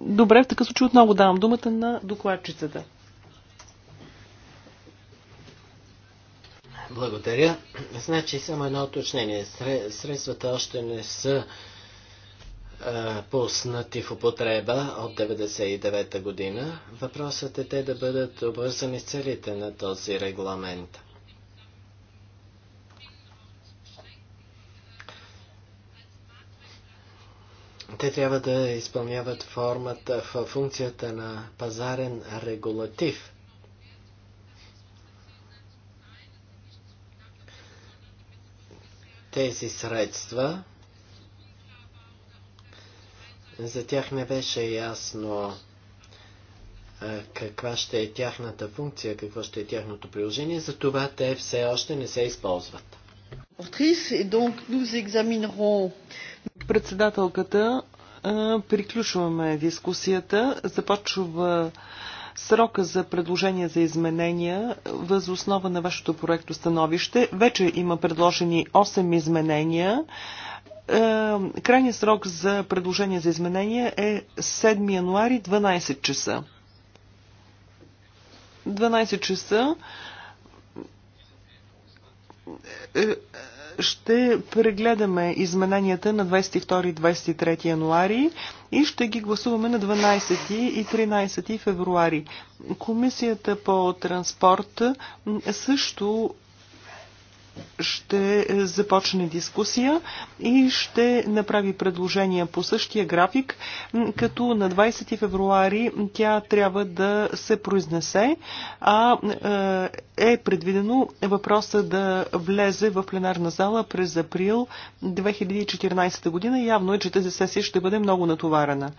S3: Добре, в такъв случай отново давам думата на докладчицата.
S1: Благодаря. Значи само едно уточнение. Средствата още не са а, пуснати в употреба от 99-та година. Въпросът е те да бъдат обвързани с целите на този регламент. Те трябва да изпълняват формата, функцията на пазарен регулатив – тези средства. За тях не беше ясно каква ще е тяхната функция, какво ще е тяхното приложение, затова те все още не се използват.
S3: Председателката, приключваме дискусията. Започва Срока за предложения за изменения въз основа на вашето проекто становище. Вече има предложени 8 изменения. Е, крайният срок за предложения за изменения е 7 януари 12 часа. 12 часа е, ще прегледаме измененията на 22-23 януари и ще ги гласуваме на 12 и 13 февруари. Комисията по транспорт също ще започне дискусия и ще направи предложения по същия график, като на 20 февруари тя трябва да се произнесе, а е, е предвидено въпроса да влезе в пленарна зала през април 2014 година. Явно е, че тази сесия ще бъде много натоварена.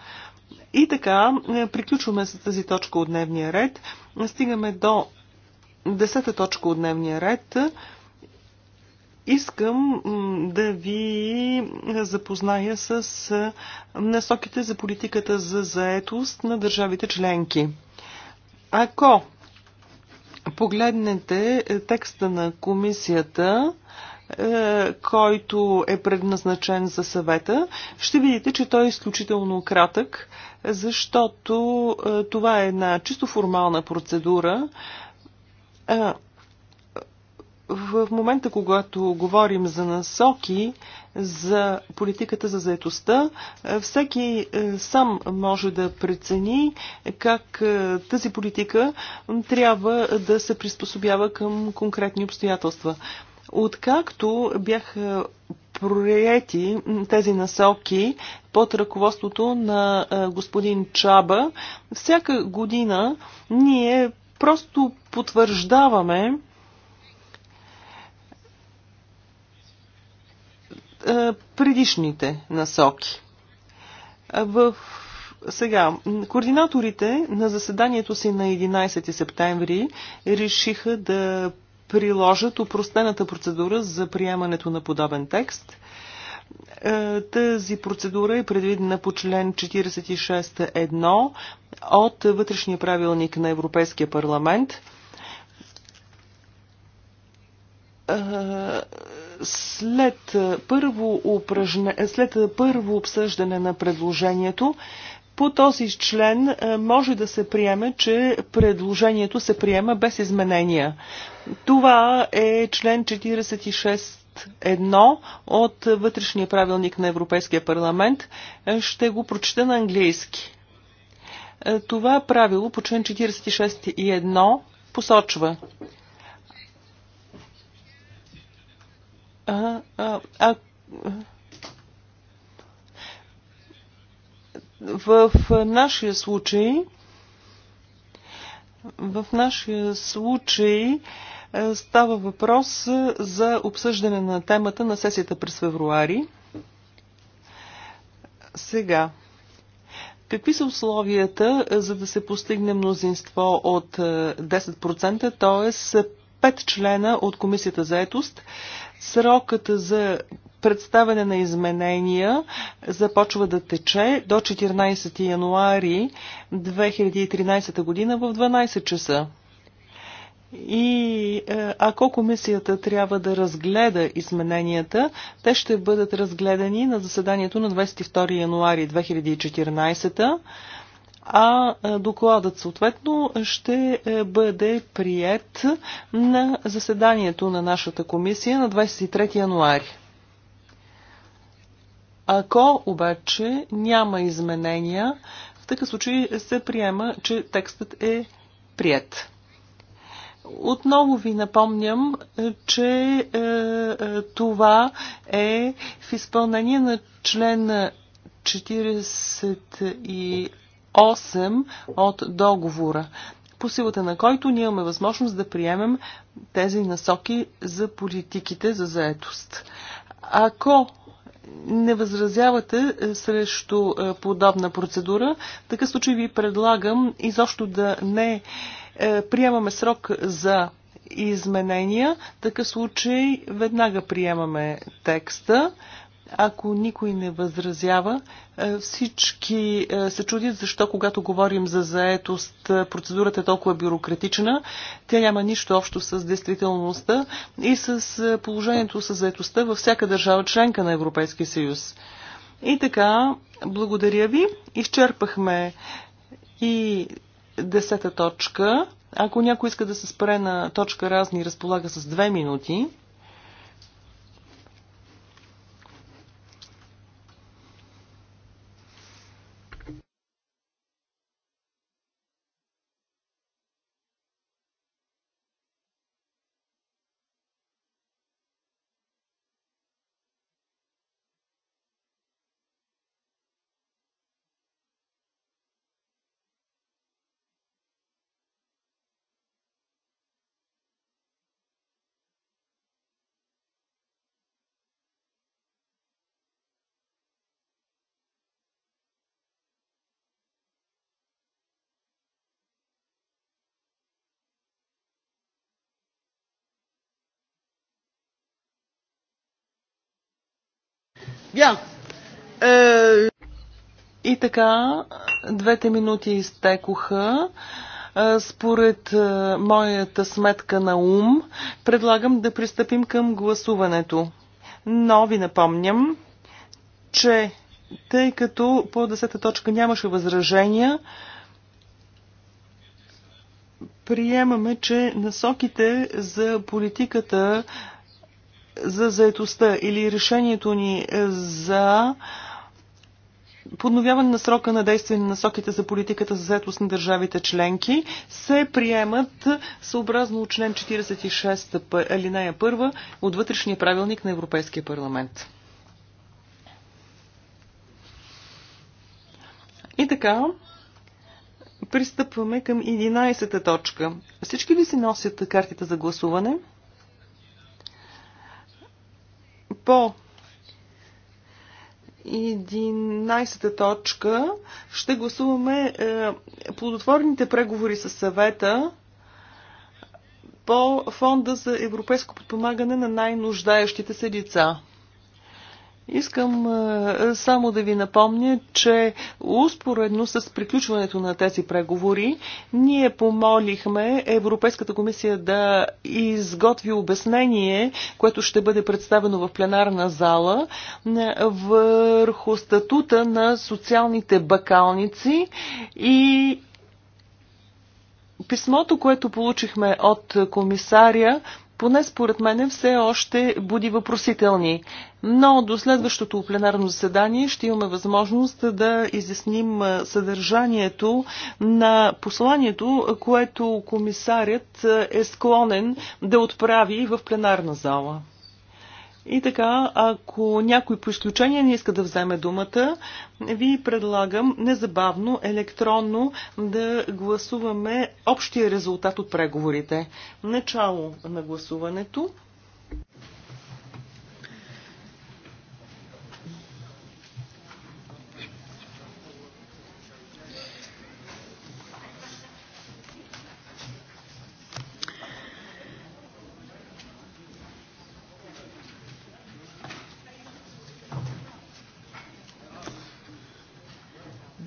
S3: И така, е, приключваме с тази точка от дневния ред. Стигаме до 10-та точка от дневния ред – Искам да ви запозная с насоките за политиката за заетост на държавите членки. Ако погледнете е, текста на комисията, е, който е предназначен за съвета, ще видите, че той е изключително кратък, защото е, това е една чисто формална процедура в момента, когато говорим за насоки за политиката за заетостта, е, всеки е, сам може да прецени е, как тази политика трябва да се приспособява към конкретни обстоятелства. Откакто бяха проети тези насоки под ръководството на господин Чаба, всяка година ние просто потвърждаваме Е, предишните насоки. В сега, координаторите на заседанието си на 11 септември решиха да приложат упростената процедура за приемането на подобен текст. Е, тази процедура е предвидена по член 46.1 от вътрешния правилник на Европейския парламент е, след първо, упражне, след първо обсъждане на предложението, по този член може да се приеме, че предложението се приема без изменения. Това е член 46 едно от вътрешния правилник на Европейския парламент. Ще го прочета на английски. Това правило по член 46.1 посочва а, а, в нашия случай в нашия случай е, става въпрос за обсъждане на темата на сесията през февруари. Сега, Какви са условията е, за да се постигне мнозинство от 10%, е, т.е пет члена от Комисията за етост. Срокът за представяне на изменения започва да тече до 14 януари 2013 година в 12 часа. И е, ако комисията трябва да разгледа измененията, те ще бъдат разгледани на заседанието на 22 януари 2014 а докладът съответно ще е, бъде прият на заседанието на нашата комисия на 23 януари. Ако обаче няма изменения, в такъв случай се приема, че текстът е прият. Отново ви напомням, че е, е това е в изпълнение на член 40 и 8 от договора, по силата на който ние имаме възможност да приемем тези насоки за политиките за заетост. Ако не възразявате е, срещу е, подобна процедура, в такъв случай ви предлагам изобщо да не е, приемаме срок за изменения. В такъв случай веднага приемаме текста. Ако никой не възразява, е, всички е, се чудят защо, когато говорим за заетост, е, процедурата е толкова бюрократична. Тя няма нищо общо с действителността и с положението с заетостта във всяка държава членка на Европейския съюз. И така, благодаря ви. Изчерпахме и десета точка. Ако някой иска да се спре на точка разни, разполага с две минути. Bien. Е... И така, двете минути изтекоха. Е, според е, моята сметка на ум, предлагам да пристъпим към гласуването. Но ви напомням, че тъй като по 10-та точка нямаше възражения, приемаме, че насоките за политиката за заетостта или решението ни за подновяване на срока на действие на насоките за политиката за заетост на държавите членки се приемат съобразно член 46 алинея 1 от вътрешния правилник на Европейския парламент. И така, пристъпваме към 11-та точка. Всички ли си носят картите за гласуване? по 11-та точка ще гласуваме е, плодотворните преговори с съвета по фонда за европейско подпомагане на най-нуждаещите се лица. Искам само да ви напомня, че успоредно с приключването на тези преговори, ние помолихме Европейската комисия да изготви обяснение, което ще бъде представено в пленарна зала, върху статута на социалните бакалници и писмото, което получихме от комисаря, поне според мен все още буди въпросителни. Но до следващото пленарно заседание ще имаме възможност да изясним съдържанието на посланието, което комисарят е склонен да отправи в пленарна зала. И така, ако някой по изключение не иска да вземе думата, ви предлагам незабавно, електронно да гласуваме общия резултат от преговорите. Начало на гласуването.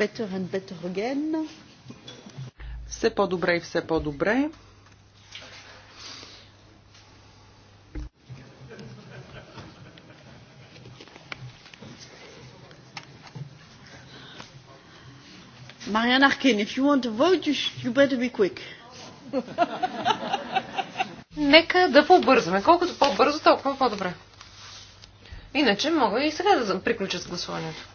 S3: better and better again. Все по-добре и все по-добре. Marianne Arkin, if you want to vote, you better be quick.
S2: Нека да побързаме. Колкото по-бързо, толкова по-добре. Иначе мога и сега да приключа с гласуването.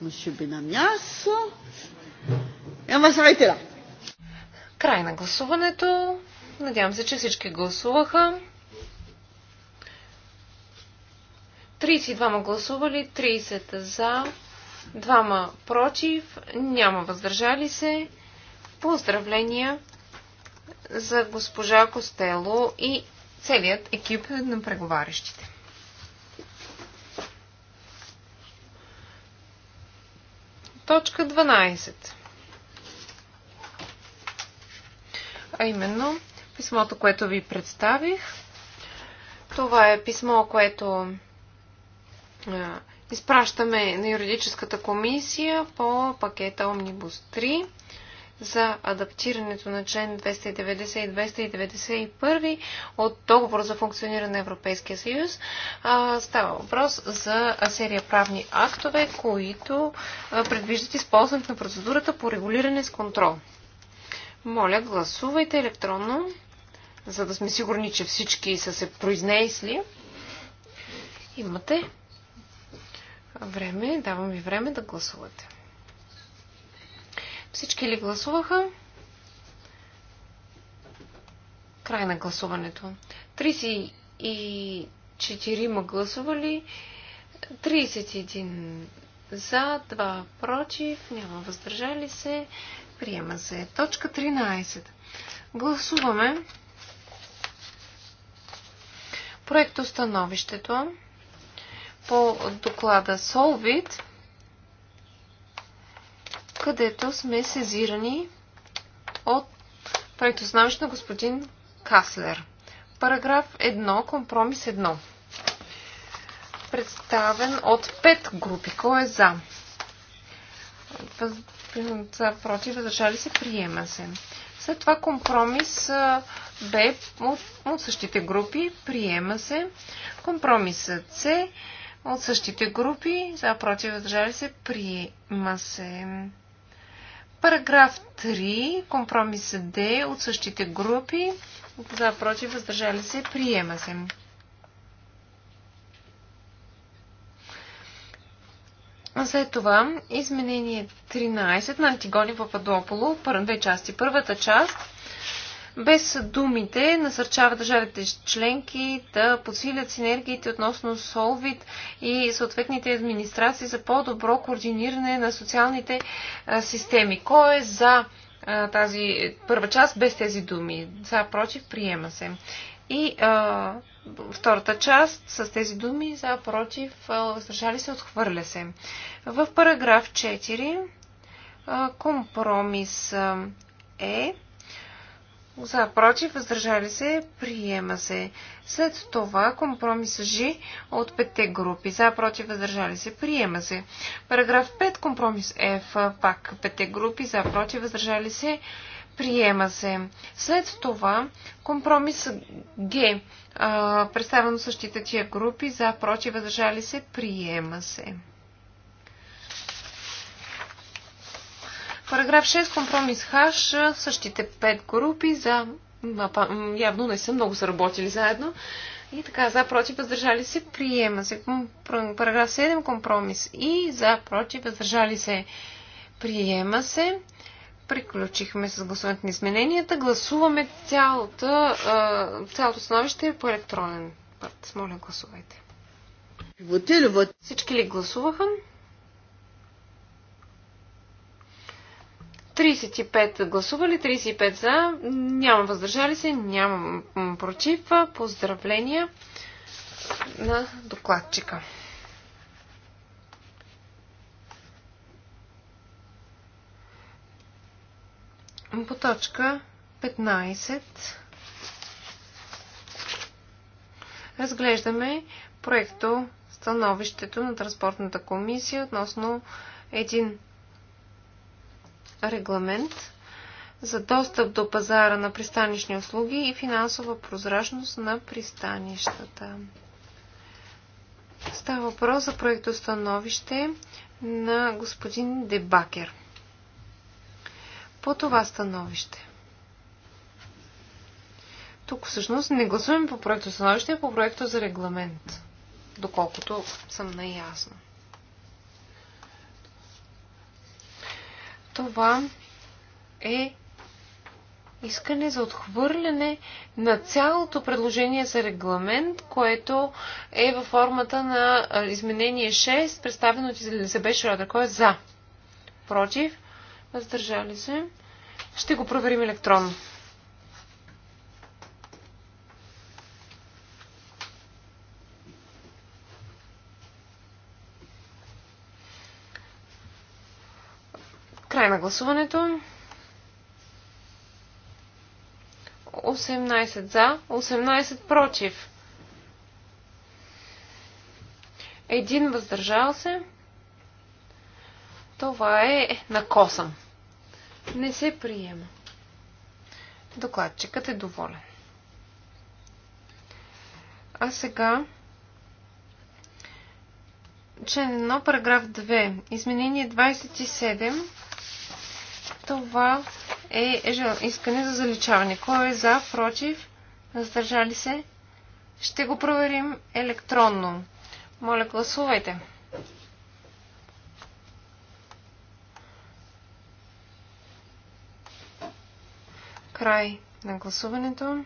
S3: Monsieur Benamias. И е, ама сарайте да.
S2: Край на гласуването. Надявам се, че всички гласуваха. 32 гласували, 30 за, 2 против, няма въздържали се. Поздравления за госпожа Костело и целият екип на преговарящите. Точка 12. А именно писмото, което ви представих. Това е писмо, което изпращаме на юридическата комисия по пакета Omnibus 3 за адаптирането на член 290 и 291 от договор за функциониране на Европейския съюз. А, става въпрос за серия правни актове, които а, предвиждат използването на процедурата по регулиране с контрол. Моля, гласувайте електронно, за да сме сигурни, че всички са се произнесли. Имате време, давам ви време да гласувате. Всички ли гласуваха? Край на гласуването. 34 ма гласували, 31 за, 2 против, няма въздържали се. Приема се. Точка 13. Гласуваме проектостановището по доклада Solvit където сме сезирани от проектостановище на господин Каслер. Параграф 1, компромис 1. Представен от 5 групи. Кой е за? За против, въздържали се, приема се. След това компромис Б от, от същите групи, приема се. Компромис С от същите групи, за против, въздържали се, приема се. Параграф 3, компромис Д от същите групи. За, против, въздържали се, приема се. След това изменение 13 на Антигони Пападополо, две части. Първата част без думите насърчава държавите членки да подсилят синергиите относно Солвит и съответните администрации за по-добро координиране на социалните системи. Кой е за тази първа част без тези думи? За, против, приема се. И а, втората част с тези думи за, против, въздържали се, отхвърля се. В параграф 4 а, компромис е за, против, въздържали се, приема се. След това компромис Ж от петте групи. За, против, въздържали се, приема се. Параграф 5, компромис Ф, пак петте групи. За, против, въздържали се, приема се. След това компромис Г, представено същите тия групи. За, против, въздържали се, приема се. Параграф 6, компромис Хаш, същите пет групи за... Явно не са много заработили заедно. И така, за, против, въздържали се, приема се. Параграф 7, компромис и за, против, въздържали се, приема се. Приключихме с гласуването на измененията. Гласуваме цялата, цялото становище по електронен път. Моля, гласувайте. Всички ли гласуваха? 35 гласували, 35 за, няма въздържали се, няма против. Поздравления на докладчика. По точка 15 разглеждаме проекто становището на Транспортната комисия относно един регламент за достъп до пазара на пристанищни услуги и финансова прозрачност на пристанищата. Става въпрос за проектостановище на господин Дебакер. По това становище. Тук всъщност не гласуваме по проекто становище, а по проекто за регламент, доколкото съм наясна. това е искане за отхвърляне на цялото предложение за регламент, което е във формата на изменение 6, представено от Елизабет Шрадър. Кой е за? Против? Въздържали се? Ще го проверим електронно. Край на гласуването. 18 за, 18 против. Един въздържал се. Това е на косъм. Не се приема. Докладчикът е доволен. А сега член 1, параграф 2, изменение 27 това е, е искане за заличаване. Кой е за, против, въздържали се? Ще го проверим електронно. Моля, гласувайте. Край на гласуването.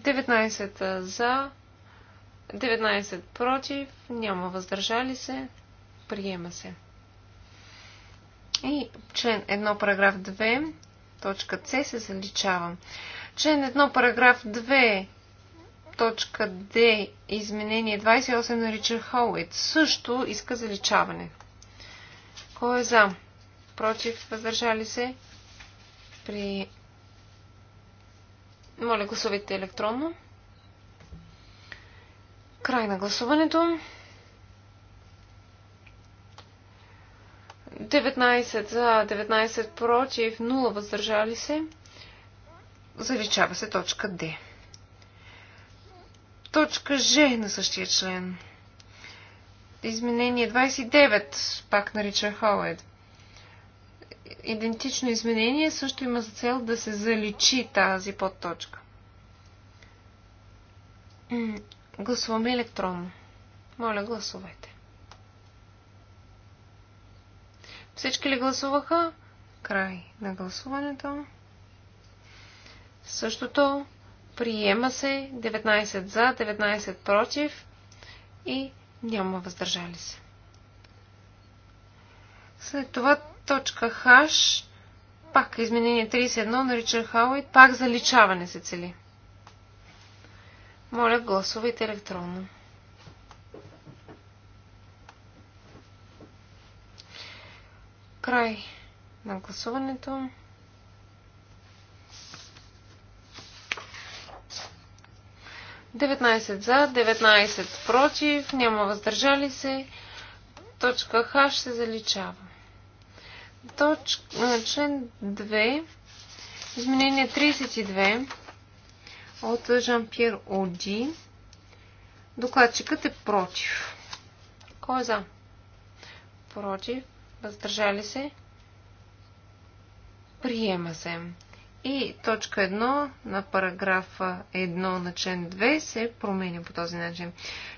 S2: 19 за, 19 против, няма въздържали се, приема се. И член 1, параграф 2, точка С се заличава. Член 1, параграф 2, точка Д, изменение 28 на Ричард Хоуит също иска заличаване. Кой е за? Против, въздържали се? При... Моля, гласувайте електронно. Край на гласуването. 19 за, 19 против, 0 въздържали се. Заличава се точка Д. Точка Ж на същия член. Изменение 29, пак нарича Хауед. Идентично изменение също има за цел да се заличи тази подточка. Гласуваме електронно. Моля, гласувайте. Всички ли гласуваха? Край на гласуването. Същото приема се 19 за, 19 против и няма въздържали се. След това точка хаш, пак изменение 31 на Ричард Хауит, пак заличаване се цели. Моля, гласувайте електронно. Край на гласуването. Деветнайсет за, 19 против, няма въздържали се. Точка Х се заличава. Точка, Член 2, изменение 32 от Жан-Пьер Оди. Докладчикът е против. Кой е за? Против въздържали се, приема се. И точка 1 на параграф 1 на член 2 се променя по този начин.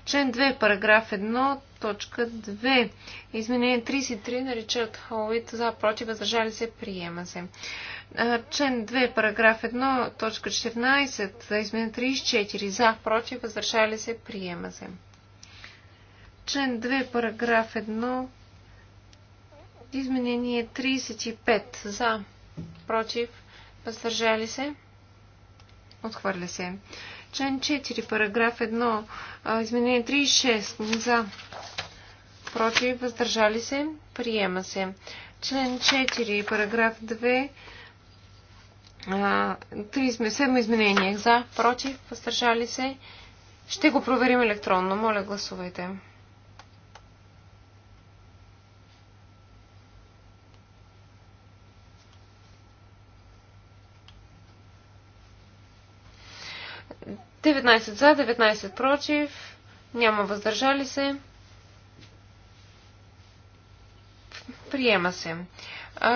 S2: Член 2, параграф 1, точка 2. Изменение 33 на Ричард Холвит за против, въздържали се, приема се. Член 2, параграф 1, точка 14, за изменение 34 за против, въздържали се, приема се. Член 2, параграф 1, Изменение 35 за, против, въздържали се, отхвърля се. Член 4, параграф 1, изменение 36 за, против, въздържали се, приема се. Член 4, параграф 2, 37 изменение за, против, въздържали се. Ще го проверим електронно. Моля, гласувайте. 19 за, 19 против, няма въздържали се. Приема се.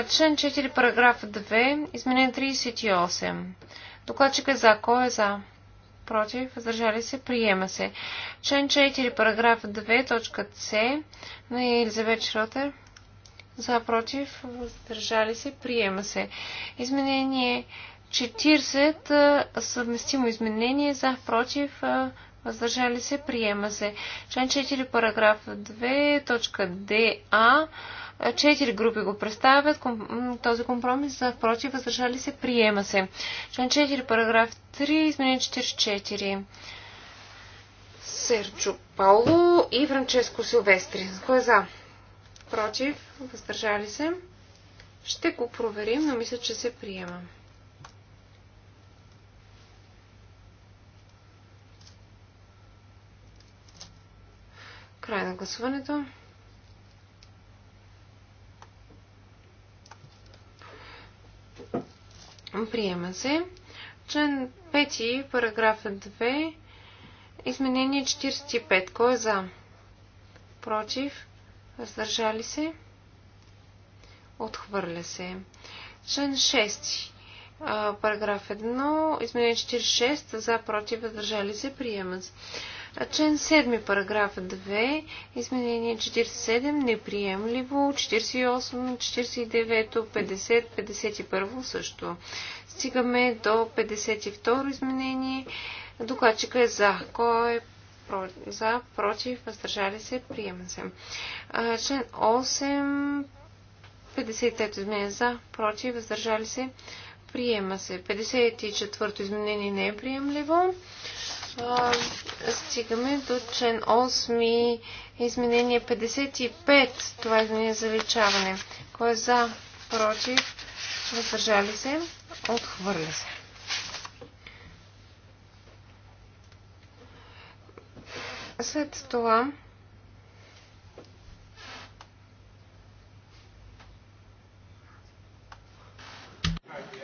S2: Член 4, параграф 2, изменен 38. Докладчик е за. Кой е за? Против, въздържали се, приема се. Член 4, параграф 2, точка С на Елизабет Шротер. За, против, въздържали се, приема се. Изменение 40 съвместимо изменение за, против, въздържали се, приема се. Член 4, параграф 2, точка ДА. Четири групи го представят. Този компромис за против, въздържали се, приема се. Член 4, параграф 3, изменение 44. Серчо Пауло и Франческо Силвестри. Кой е за? Против, въздържали се. Ще го проверим, но мисля, че се приема. Край на гласуването. Приема се. Член 5, параграф 2, изменение 45. Кой е за? Против? Въздържали се? Отхвърля се. Член 6, параграф 1, изменение 46. За, против, въздържали се? Приема се. Член 7, параграф 2, изменение 47, неприемливо, 48, 49, 50, 51 също. Стигаме до 52 изменение. Докладчика е за. Кой е про... за, против, въздържали се, приема се. Член 8, 53 изменение за, против, въздържали се, приема се. 54 изменение не е приемливо стигаме до член 8, изменение 55. Това е изменение за лечаване. Кой е за, против, въздържали се,
S3: отхвърля се.
S2: След това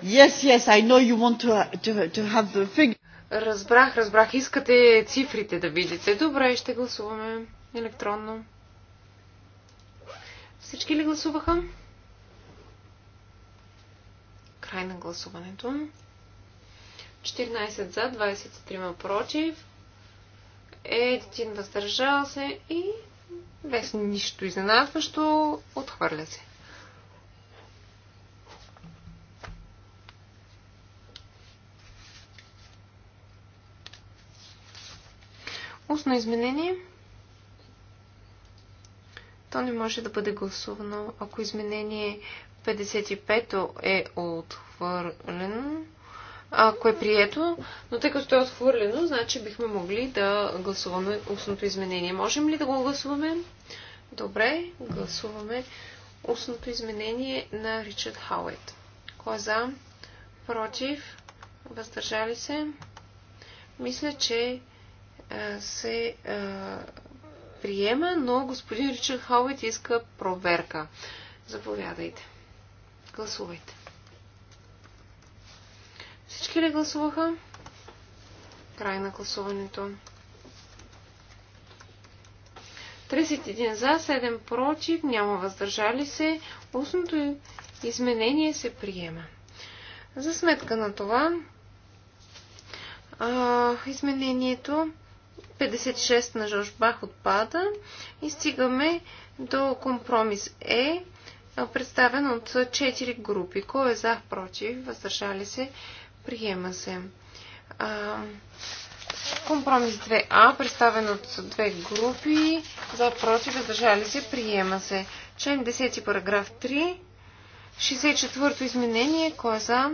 S1: Yes,
S3: yes, I know you want to, to, to have the figure.
S2: Разбрах, разбрах. Искате цифрите да видите. Добре, ще гласуваме електронно. Всички ли гласуваха? Край на гласуването. 14 за, 23 против. Един въздържал се и без нищо изненадващо отхвърля се. Устно изменение. То не може да бъде гласувано, ако изменение 55 е отхвърлено. Ако е прието, но тъй като е отхвърлено, значи бихме могли да гласуваме устното изменение. Можем ли да го гласуваме? Добре, гласуваме устното изменение на Ричард Хаует. Кой е за? Против? Въздържали се? Мисля, че се приема, но господин Ричард Хауит иска проверка. Заповядайте. Гласувайте. Всички ли гласуваха? Край на гласуването. 31 за, 7 против, няма въздържали се. Устното изменение се приема. За сметка на това, а, изменението 56 на Жорж Бах отпада и стигаме до компромис Е, представен от 4 групи. Кой е за, против, въздържали се, приема се. Компромис 2А, представен от две групи, за, против, въздържали се, приема се. Член 10, параграф 3, 64-то изменение, кой е за,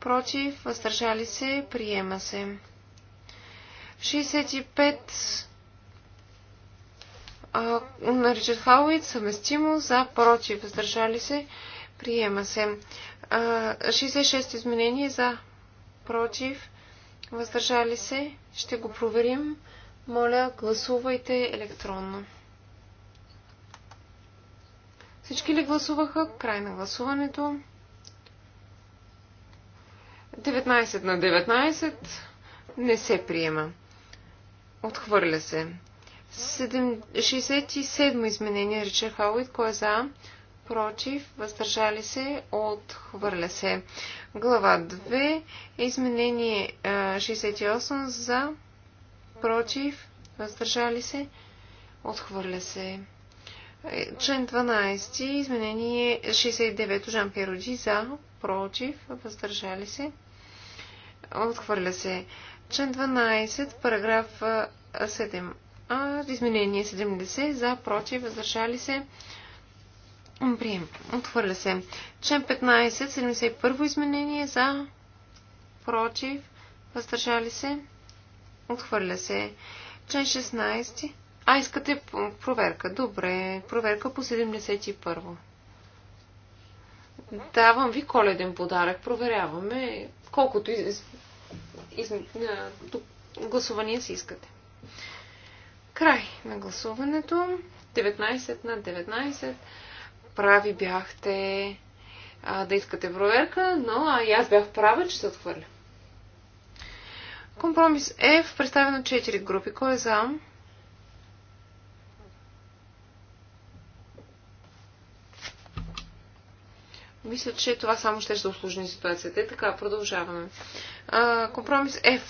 S2: против, въздържали се, приема се. 65 наричат Хауит, съвместимо, за, против, въздържали се, приема се. А, 66 изменение за, против, въздържали се, ще го проверим. Моля, гласувайте електронно. Всички ли гласуваха? Край на гласуването. 19 на 19 не се приема. Отхвърля се. 67 изменение рече Хауит. кое е за? Против. Въздържали се. Отхвърля се. Глава 2. Изменение 68 за. Против. Въздържали се. Отхвърля се. Е, член 12. Изменение 69. Жан Пероди за. Против. Въздържали се. Отхвърля се. Член 12, параграф 7. А, изменение 70. За, против, въздържали се. Прием. Отхвърля се. Член 15, 71 изменение за, против, въздържали се. Отхвърля се. Член 16. А, искате проверка. Добре. Проверка по 71. Давам ви коледен подарък. Проверяваме колкото изм... гласувания си искате. Край на гласуването. 19 на 19. Прави бяхте а, да искате проверка, но а и аз бях права, че се отхвърля. Компромис F, представен от 4 групи. Кой е за? мисля, че това само ще ще услужни ситуацията. И е, така, продължаваме. А, компромис F.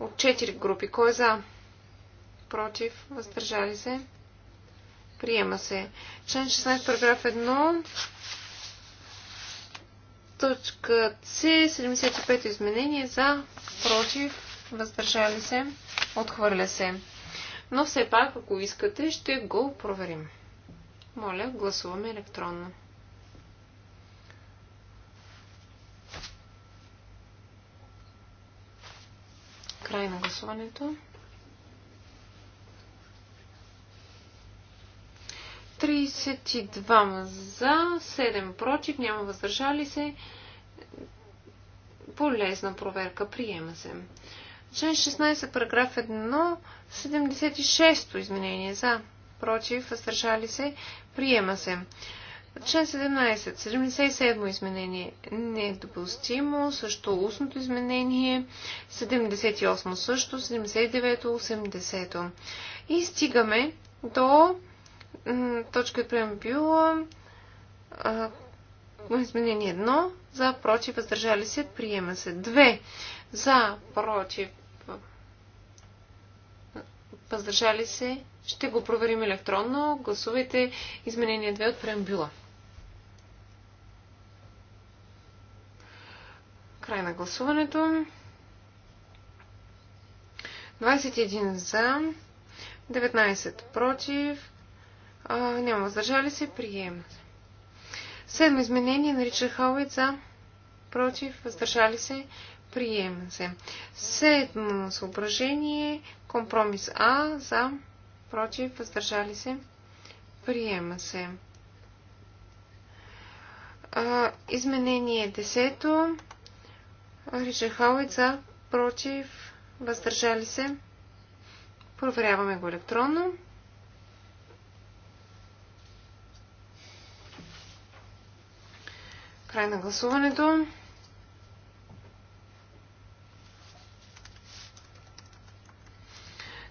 S2: От 4 групи. Кой е за? Против? Въздържали се? Приема се. Член 16, параграф 1. Точка С. 75 изменение за? Против? Въздържали се? Отхвърля се. Но все пак, ако искате, ще го проверим. Моля, гласуваме електронно. Край на гласуването. 32 за, 7 против, няма въздържали се. Полезна проверка, приема се. Член 16, параграф 1, 76 изменение за, против, въздържали се, приема се. Член 17. 77 изменение не е допустимо. Също устното изменение. 78 също. 79 80 И стигаме до точка от преамбюла. Изменение 1. За, против, въздържали се, приема се. 2. За, против, въздържали се, ще го проверим електронно. Гласувайте изменение 2 от преамбюла. Край на гласуването. 21 за, 19 против, а, няма въздържали се, приема. Седмо изменение на Ричард Хауит за, против, въздържали се, приема се. Седмо съображение, компромис А за, против, въздържали се, приема се. А, изменение 10 Ричард Хауит за, против, въздържали се. Проверяваме го електронно. Край на гласуването.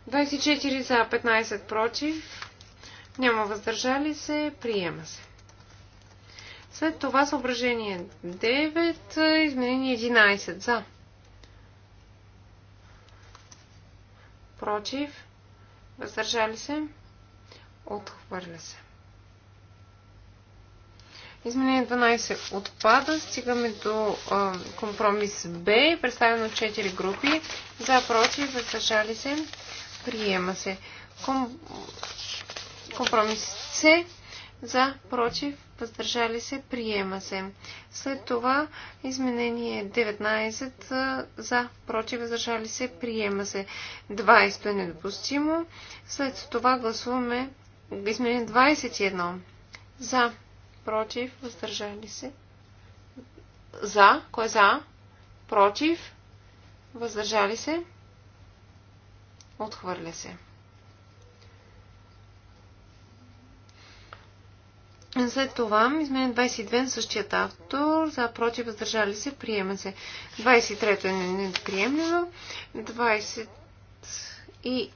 S2: Двадесет за, 15 против. Няма въздържали се. Приема се. След това съображение 9, изменение 11 за. Против. Въздържали се. Отхвърля се. Изменение 12 отпада. Стигаме до а, компромис Б, представено 4 групи. За, против, въздържали се, приема се. Ком... Компромис С, за, против, въздържали се, приема се. След това изменение 19 за, против, въздържали се, приема се. 20 е недопустимо. След това гласуваме изменение 21 за, против, въздържали се. За, кой е за? Против, въздържали се. Отхвърля се. След това изменя 22 на същият автор. За против въздържали се, приема се. 23-то е неприемливо. 20 и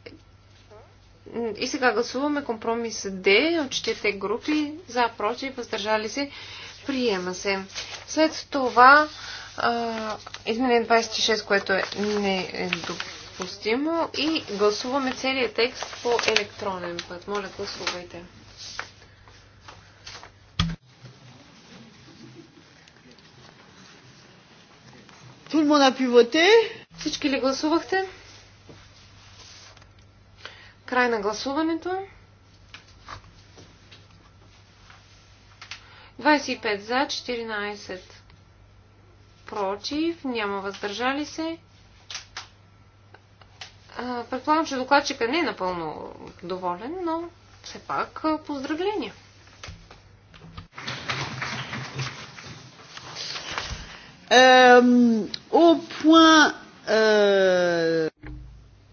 S2: и сега гласуваме компромис Д от четирите групи за, против, въздържали се, приема се. След това а, 26, което е недопустимо и гласуваме целият текст по електронен път. Моля, гласувайте. Tout le monde a pu voter. Всички ли гласувахте? Край на гласуването. 25 за, 14 против, няма въздържали се. Предполагам, че докладчика не е напълно доволен, но все пак поздравления.
S3: Au point... Е.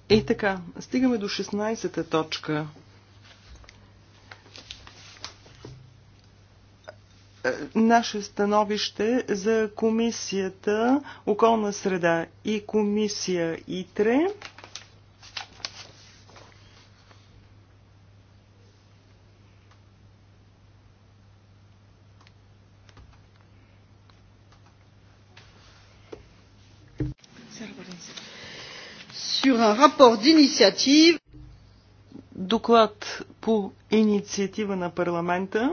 S3: И така, стигаме до 16-та точка. Е, наше становище за комисията Околна среда и комисия ИТРЕ. sur un rapport d'initiative. Доклад по инициатива на парламента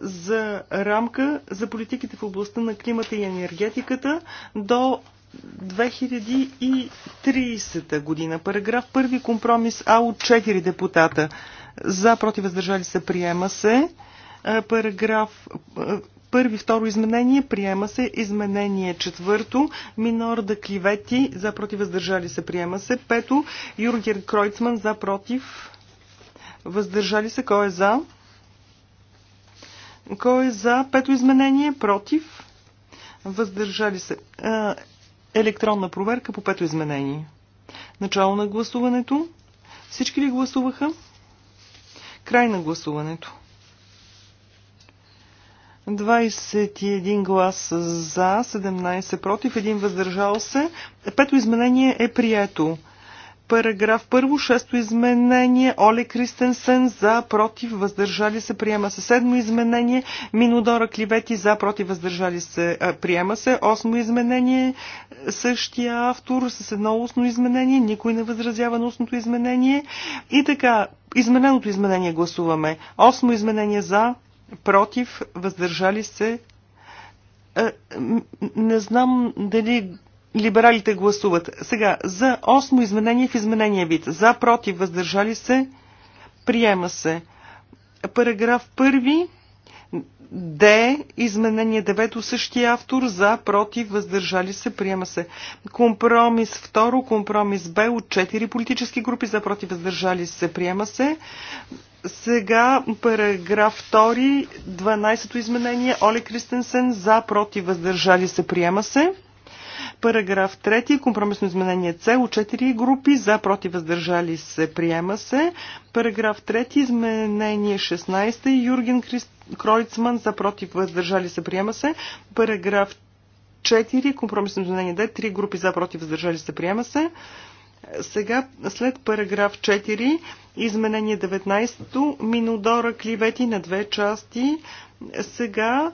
S3: за рамка за политиките в областта на климата и енергетиката до 2030 година. Параграф първи компромис А от 4 депутата. За, против, въздържали се, приема се. Параграф Първи, второ изменение. Приема се. Изменение четвърто. Минор да кливети. За против въздържали се. Приема се. Пето. Юргер Кройцман. За против. Въздържали се. Кой е за? Кой е за пето изменение? Против. Въздържали се. Електронна проверка по пето изменение. Начало на гласуването. Всички ли гласуваха? Край на гласуването. 21 глас за, 17 против, 1 въздържал се. Пето изменение е прието. Параграф 1, шесто изменение, Оле Кристенсен за, против, въздържали се, приема се. Седмо изменение, Минодора Кливети за, против, въздържали се, приема се. Осмо изменение, същия автор с едно устно изменение, никой не възразява на устното изменение. И така, измененото изменение гласуваме. Осмо изменение за, против, въздържали се. Е, не знам дали либералите гласуват. Сега, за осмо изменение в изменения вид. За, против, въздържали се. Приема се. Параграф 1. Д. Изменение 9. Същия автор. За, против, въздържали се. Приема се. Компромис 2. Компромис Б. От 4 политически групи. За, против, въздържали се. Приема се. Сега параграф 2, 12-то изменение. Оле Кристенсен за, против, въздържали се, приема се. Параграф 3. Компромисно изменение С от 4 групи. За, против, въздържали се, приема се. Параграф 3. Изменение 16. Юрген Крис... Кройцман. За, против, въздържали се, приема се. Параграф 4. Компромисно изменение Д. 3 групи. За, против, въздържали се, приема се. Сега, след параграф 4, изменение 19, то Минодора клевети на две части. Сега,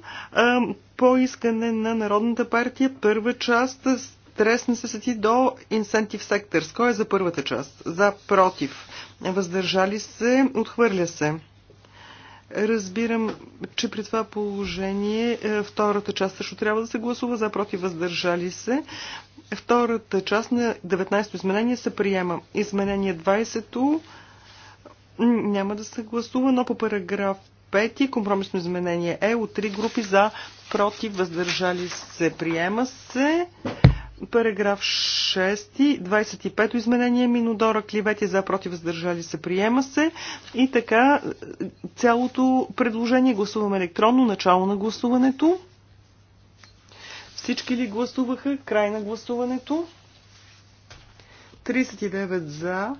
S3: по искане на Народната партия, първа част стресна се сети до Incentive Sectors. Кой е за първата част? За против. Въздържали се, отхвърля се. Разбирам, че при това положение е, втората част също трябва да се гласува за против въздържали се. Втората част на 19-то изменение се приема. Изменение 20-то няма да се гласува, но по параграф 5 компромисно изменение е от три групи за против въздържали се. Приема се. Параграф 6, 25 изменение Минодора Кливети за против въздържали се приема се. И така цялото предложение гласуваме електронно начало на гласуването. Всички ли гласуваха? Край на гласуването. 39 за,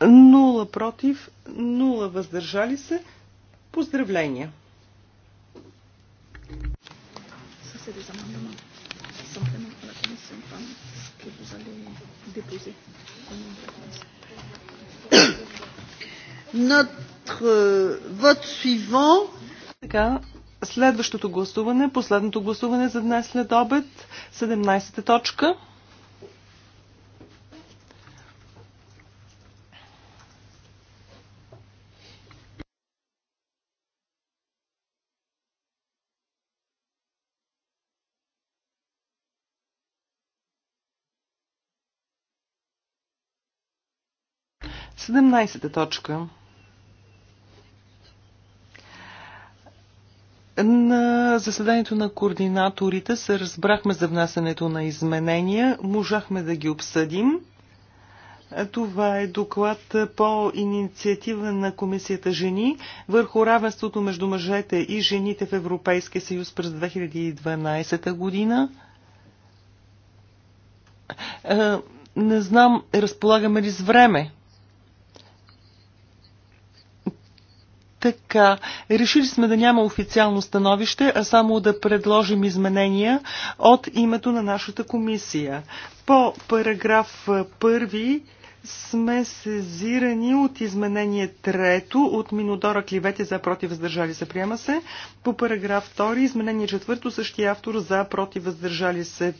S3: 0 против, 0 въздържали се. Поздравления!
S1: c'est des amendements simplement à la commission femme que vous allez déposer.
S3: Notre vote suivant. следващото гласуване, последното гласуване за днес след обед, 17 точка. 17-та точка. На заседанието на координаторите се разбрахме за внасянето на изменения. Можахме да ги обсъдим. Това е доклад по инициатива на Комисията Жени върху равенството между мъжете и жените в Европейския съюз през 2012 година. Е, не знам, разполагаме ли с време. Така, решили сме да няма официално становище, а само да предложим изменения от името на нашата комисия. По параграф първи сме сезирани от изменение трето от Минодора Кливете за против въздържали се. Приема се. По параграф 2 изменение четвърто същия автор за против въздържали се.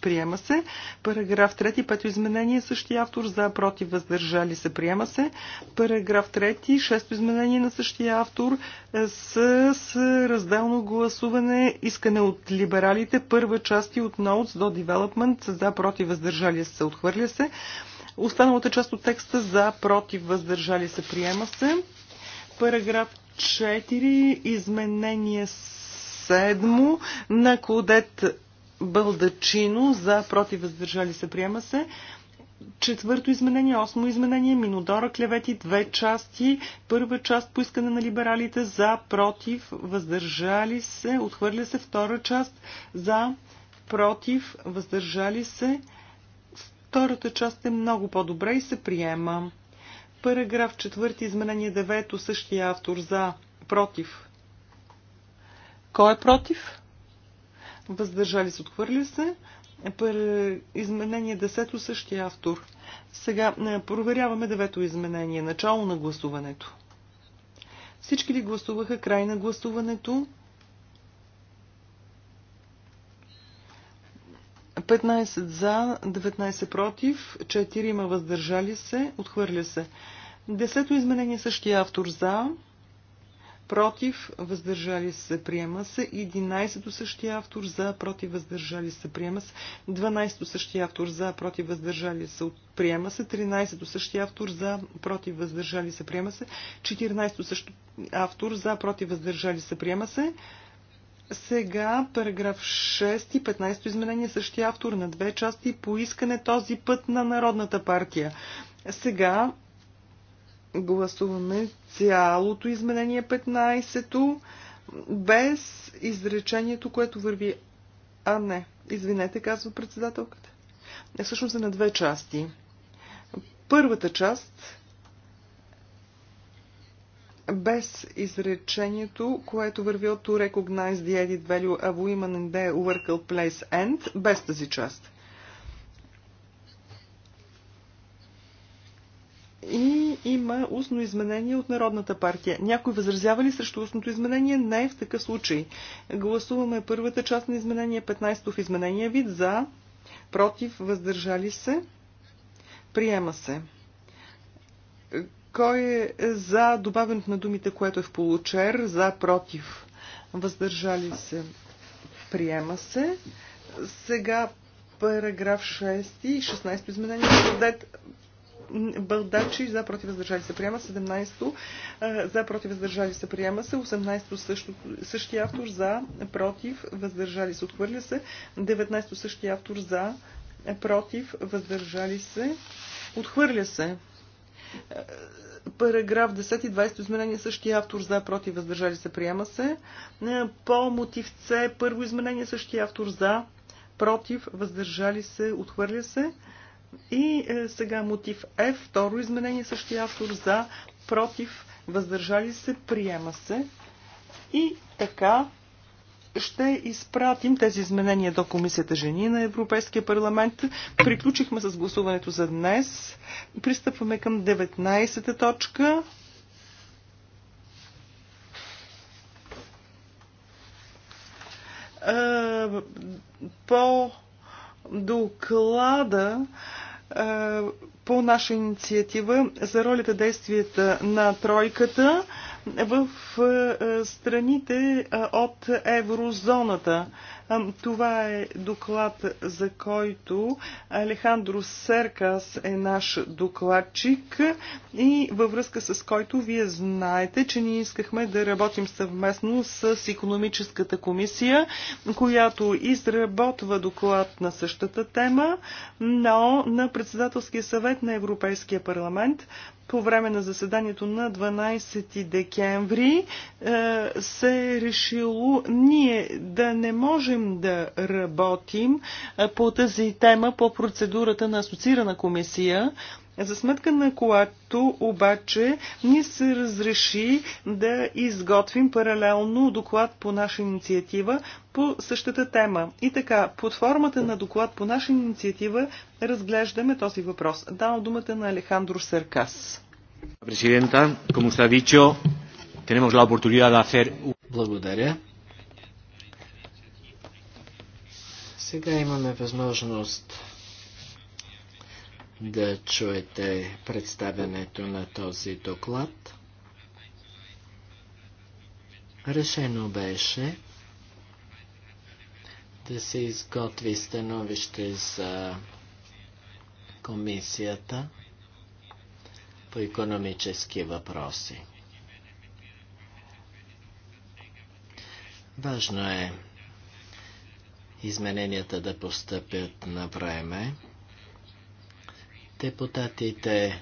S3: Приема се. Параграф 3. Пето изменение. Същия автор. За. Против. Въздържали се. Приема се. Параграф 3. Шесто изменение на същия автор. Е, с, с разделно гласуване. Искане от либералите. Първа част и от Notes до Development. За. Против. Въздържали се. Отхвърля се. Останалата част от текста. За. Против. Въздържали се. Приема се. Параграф 4. Изменение 7 на Клодет Бълдачино за против въздържали се приема се. Четвърто изменение, осмо изменение, Минодора клевети, две части. Първа част по искане на либералите за, против, въздържали се, отхвърля се. Втора част за, против, въздържали се. Втората част е много по-добре и се приема. Параграф четвърти изменение девето, същия автор за, против. Кой е против? въздържали се, отхвърля се. Изменение 10 същия автор. Сега е, проверяваме девето изменение. Начало на гласуването. Всички ли гласуваха край на гласуването? 15 за, 19 против, 4 има въздържали се, отхвърля се. Десето изменение същия автор за, против, въздържали се, приема се. 11-то същия автор за, против, въздържали се, приема се. 12-то същия автор за, против, въздържали се, приема се. 13-то същия автор за, против, въздържали се, приема се. 14-то същия автор за, против, въздържали се, приема се. Сега параграф 6 и 15 изменение е същия автор на две части по искане този път на Народната партия. Сега Гласуваме цялото изменение 15-то без изречението, което върви. А, не. Извинете, казва председателката. Не всъщност е на две части. Първата част без изречението, което върви от to recognize the added value of women in the workplace and, без тази част. има устно изменение от Народната партия. Някой възразява ли срещу устното изменение? Не, в такъв случай. Гласуваме първата част на изменение, 15 то в изменение вид, за, против, въздържали се, приема се. Кой е за добавянето на думите, което е в получер, за, против, въздържали се, приема се. Сега параграф 6 и 16 изменение. Бълдачи за против въздържали се приема. 17-то за против въздържали се приема се. 18-то също, същия автор за против въздържали се отхвърля се. 19-то същия автор за против въздържали се отхвърля се. Параграф 10 и 20 изменение същия автор за против въздържали се приема се. По мотив С първо изменение същия автор за против въздържали се отхвърля се. И е, сега мотив Е, второ изменение, същия автор за, против, въздържали се, приема се. И така ще изпратим тези изменения до Комисията Жени на Европейския парламент. Приключихме с гласуването за днес. Пристъпваме към 19-та точка. Е, по доклада е, по наша инициатива за ролята действията на тройката в е, страните е, от еврозоната. Това е доклад, за който Алехандро Серкас е наш докладчик и във връзка с който вие знаете, че ние искахме да работим съвместно с економическата комисия, която изработва доклад на същата тема, но на председателския съвет на Европейския парламент по време на заседанието на 12 декември е, се е решило ние да не можем продължим да работим по тази тема по процедурата на асоциирана комисия, за сметка на която обаче ни се разреши да изготвим паралелно доклад по наша инициатива по същата тема. И така, под формата на доклад по наша инициатива разглеждаме този въпрос. Давам думата на Алехандро Саркас.
S1: Президента, como dicho, tenemos la oportunidad de hacer... Благодаря. Сега имаме възможност да чуете представянето на този доклад. Решено беше да се изготви становище за комисията по економически въпроси. Важно е измененията да постъпят на време. Депутатите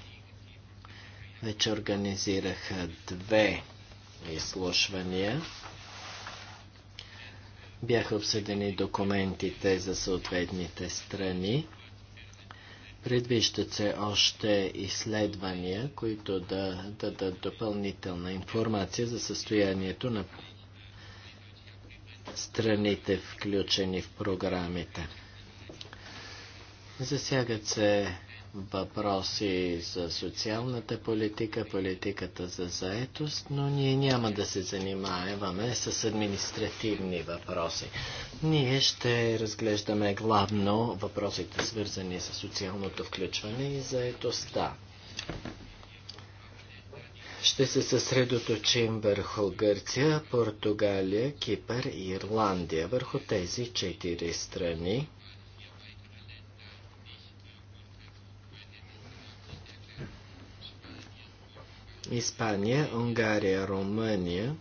S1: вече организираха две изслушвания. Бяха обсъдени документите за съответните страни. Предвиждат се още изследвания, които да дадат допълнителна информация за състоянието на страните, включени в програмите. Засягат се въпроси за социалната политика, политиката за заетост, но ние няма да се занимаваме с административни въпроси. Ние ще разглеждаме главно въпросите, свързани с социалното включване и заетостта. Ще се съсредоточим върху Гърция, Португалия, Кипър и Ирландия, върху тези четири страни. Испания, Унгария, Румъния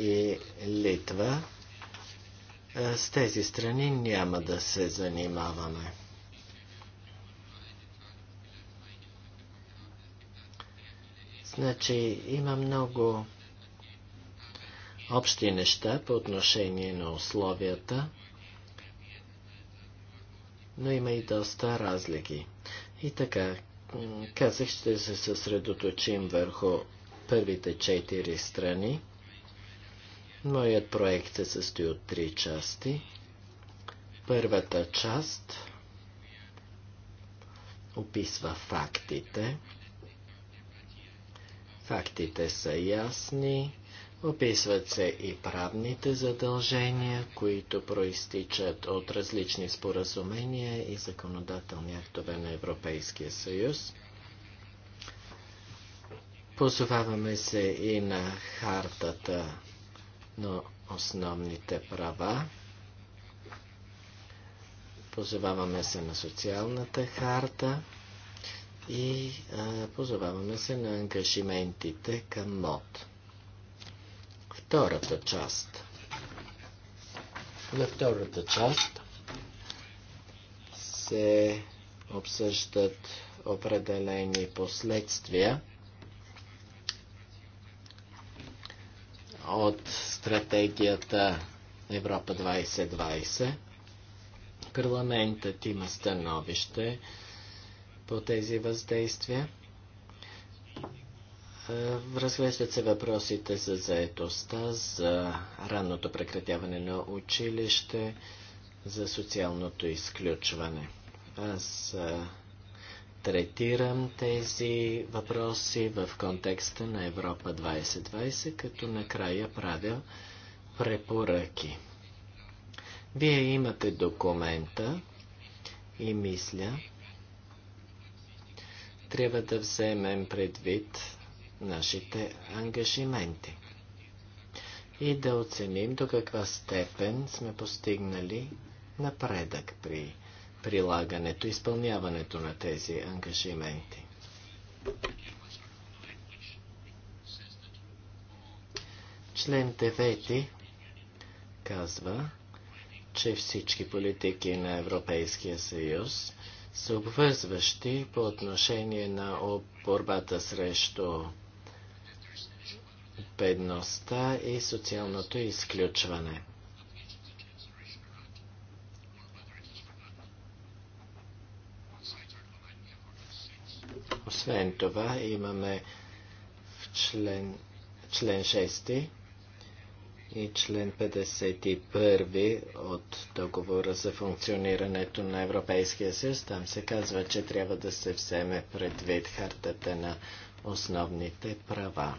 S1: и Литва. С тези страни няма да се занимаваме. Значи има много общи неща по отношение на условията, но има и доста разлики. И така, казах, ще се съсредоточим върху първите четири страни. Моят проект се състои от три части. Първата част описва фактите. Фактите са ясни, описват се и правните задължения, които проистичат от различни споразумения и законодателни актове на Европейския съюз. Позоваваме се и на хартата на основните права. Позоваваме се на социалната харта и а, позоваваме се на ангажиментите към МОД. Втората част. На втората част се обсъждат определени последствия от стратегията Европа 2020. Парламентът има становище, по тези въздействия. Е, разглеждат се въпросите за заетостта, за ранното прекратяване на училище, за социалното изключване. Аз е, третирам тези въпроси в контекста на Европа 2020, като накрая правя препоръки. Вие имате документа и мисля, трябва да вземем предвид нашите ангажименти и да оценим до каква степен сме постигнали напредък при прилагането, изпълняването на тези ангажименти. Член 9 казва, че всички политики на Европейския съюз – са обвързващи по отношение на борбата срещу бедността и социалното изключване. Освен това имаме в член, член 6 и член 51 от договора за функционирането на Европейския съюз. Там се казва, че трябва да се вземе предвид хартата на основните права.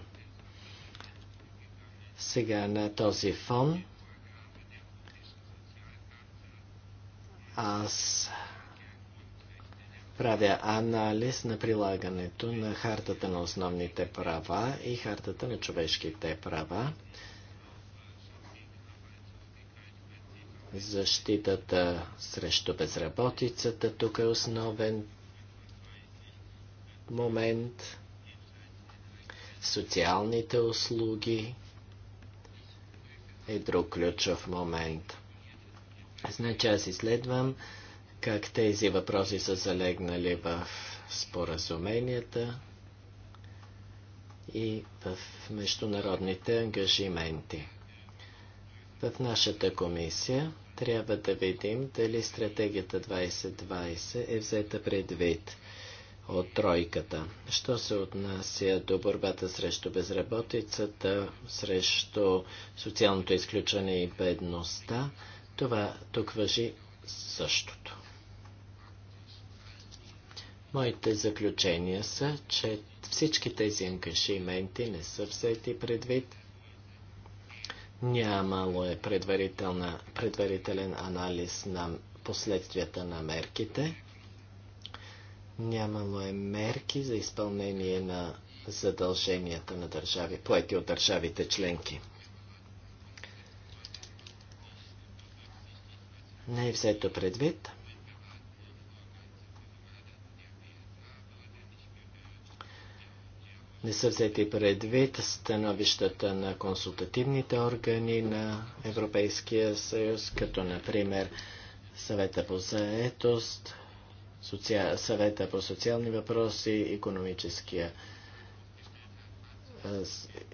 S1: Сега на този фон аз правя анализ на прилагането на хартата на основните права и хартата на човешките права. Защитата срещу безработицата тук е основен момент. Социалните услуги е друг ключов момент. Значи аз изследвам как тези въпроси са залегнали в споразуменията и в международните ангажименти. В нашата комисия трябва да видим дали стратегията 2020 е взета предвид от тройката. Що се отнася до борбата срещу безработицата, срещу социалното изключване и бедността, това тук въжи същото. Моите заключения са, че всички тези ангажименти не са взети предвид Нямало е предварителен анализ на последствията на мерките. Нямало е мерки за изпълнение на задълженията на държави, поети от държавите членки. Не е взето предвид не са взети предвид становищата на консултативните органи на Европейския съюз, като например съвета по заетост, социал... съвета по социални въпроси, економическия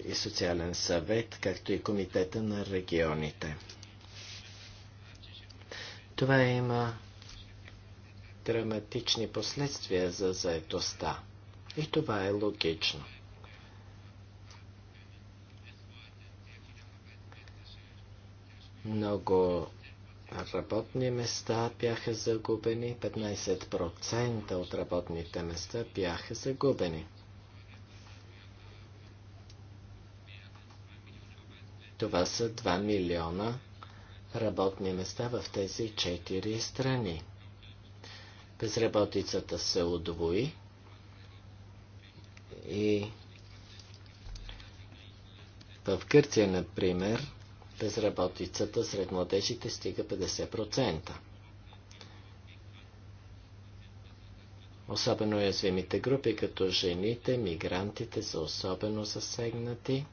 S1: и социален съвет, както и комитета на регионите. Това има драматични последствия за заетостта. И това е логично. Много работни места бяха загубени, 15% от работните места бяха загубени. Това са 2 милиона работни места в тези 4 страни. Безработицата се удвои и в Гърция, например, безработицата сред младежите стига 50%. Особено уязвимите групи, като жените, мигрантите, са особено засегнати.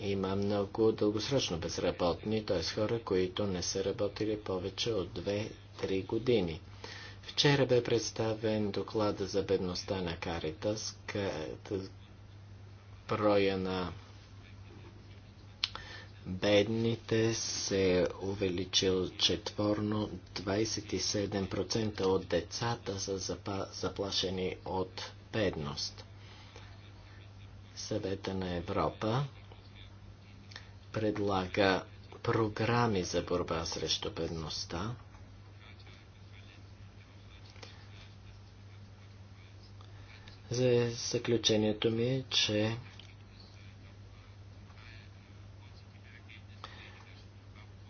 S1: Има много дългосрочно безработни, т.е. хора, които не са работили повече от 2-3 години. Вчера бе представен доклада за бедността на Каритас, е, броя на бедните се увеличил четворно. 27% от децата са заплашени от бедност. Съвета на Европа предлага програми за борба срещу бедността. За заключението ми е, че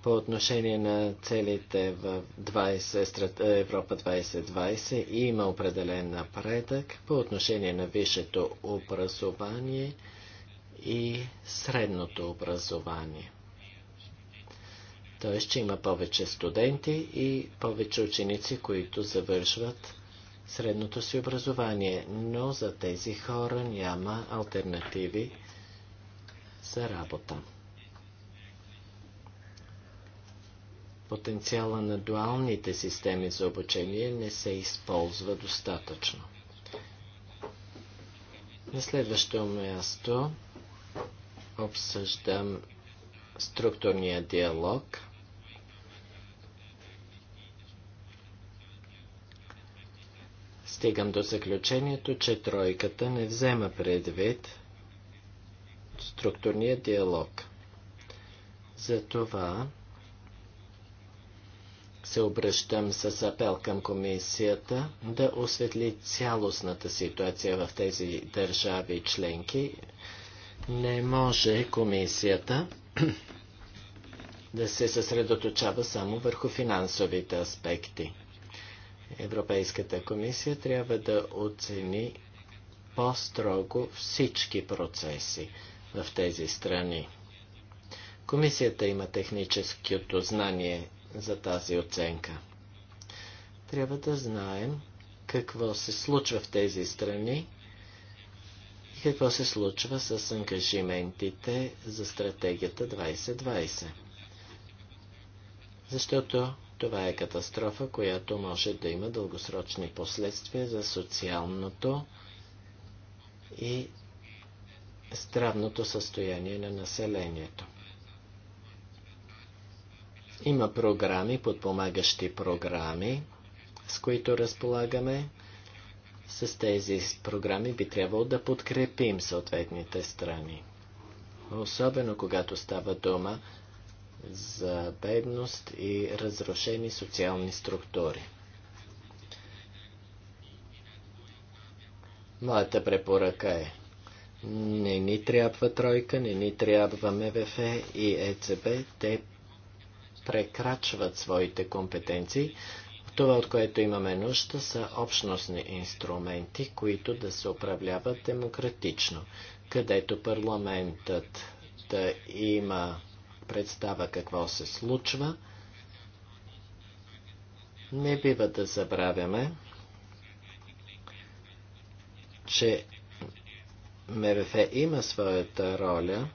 S1: по отношение на целите в 20, Европа 2020 има определен напредък по отношение на висшето образование и средното образование. Т.е. че има повече студенти и повече ученици, които завършват средното си образование, но за тези хора няма альтернативи за работа. Потенциала на дуалните системи за обучение не се използва достатъчно. На следващо място обсъждам структурния диалог – стигам до заключението, че тройката не взема предвид структурния диалог. Затова се обръщам с апел към комисията да осветли цялостната ситуация в тези държави членки. Не може комисията да се съсредоточава само върху финансовите аспекти. Европейската комисия трябва да оцени по-строго всички процеси в тези страни. Комисията има техническото знание за тази оценка. Трябва да знаем какво се случва в тези страни и какво се случва с ангажиментите за стратегията 2020. Защото това е катастрофа, която може да има дългосрочни последствия за социалното и здравното състояние на населението. Има програми, подпомагащи програми, с които разполагаме. С тези програми би трябвало да подкрепим съответните страни. Особено когато става дума за бедност и разрушени социални структури. Моята препоръка е не ни трябва тройка, не ни трябва МВФ и ЕЦБ. Те прекрачват своите компетенции. Това, от което имаме нужда, са общностни инструменти, които да се управляват демократично, където парламентът да има представа какво се случва. Не бива да забравяме, че МВФ има своята роля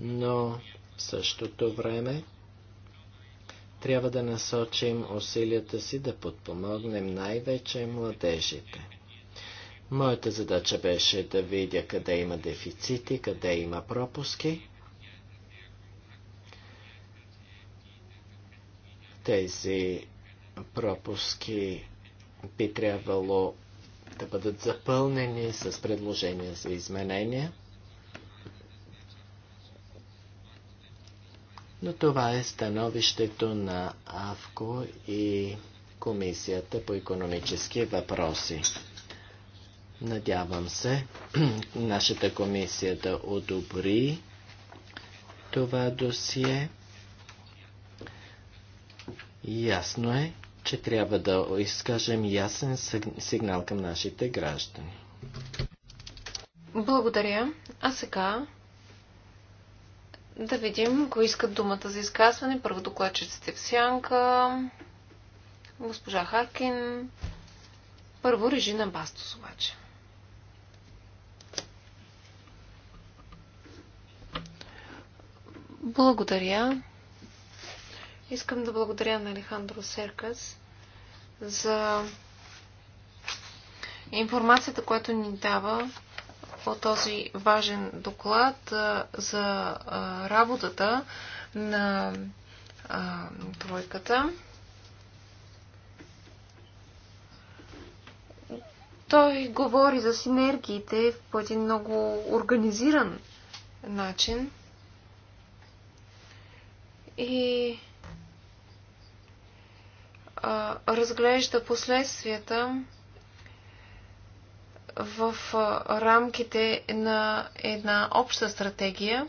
S1: но в същото време трябва да насочим усилията си да подпомогнем най-вече младежите. Моята задача беше да видя къде има дефицити, къде има пропуски. Тези пропуски би трябвало да бъдат запълнени с предложения за изменения. Но това е становището на АВКО и Комисията по економически въпроси. Надявам се *clears throat* нашата комисия да одобри това досие. Ясно е, че трябва да изкажем ясен сигнал към нашите граждани.
S2: Благодаря. А сега да видим, ако искат думата за изказване. Първо докладчиците в сянка, госпожа Харкин. Първо Режина Бастос обаче. Благодаря. Искам да благодаря на Алехандро Серкас за информацията, която ни дава по този важен доклад за работата на тройката. Той говори за синергиите по един много организиран начин и а, разглежда последствията в а, рамките на една обща стратегия.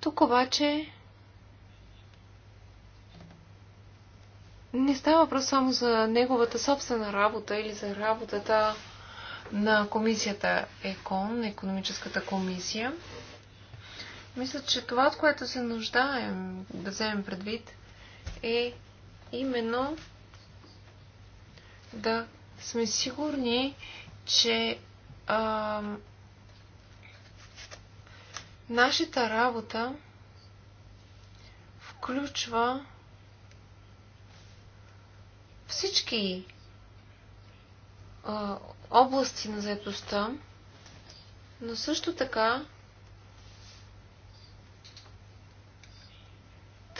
S2: Тук обаче не става въпрос само за неговата собствена работа или за работата на комисията ЕКОН, економическата комисия. Мисля, че това, от което се нуждаем да вземем предвид, е именно да сме сигурни, че а, нашата работа включва всички а, области на заедостта, но също така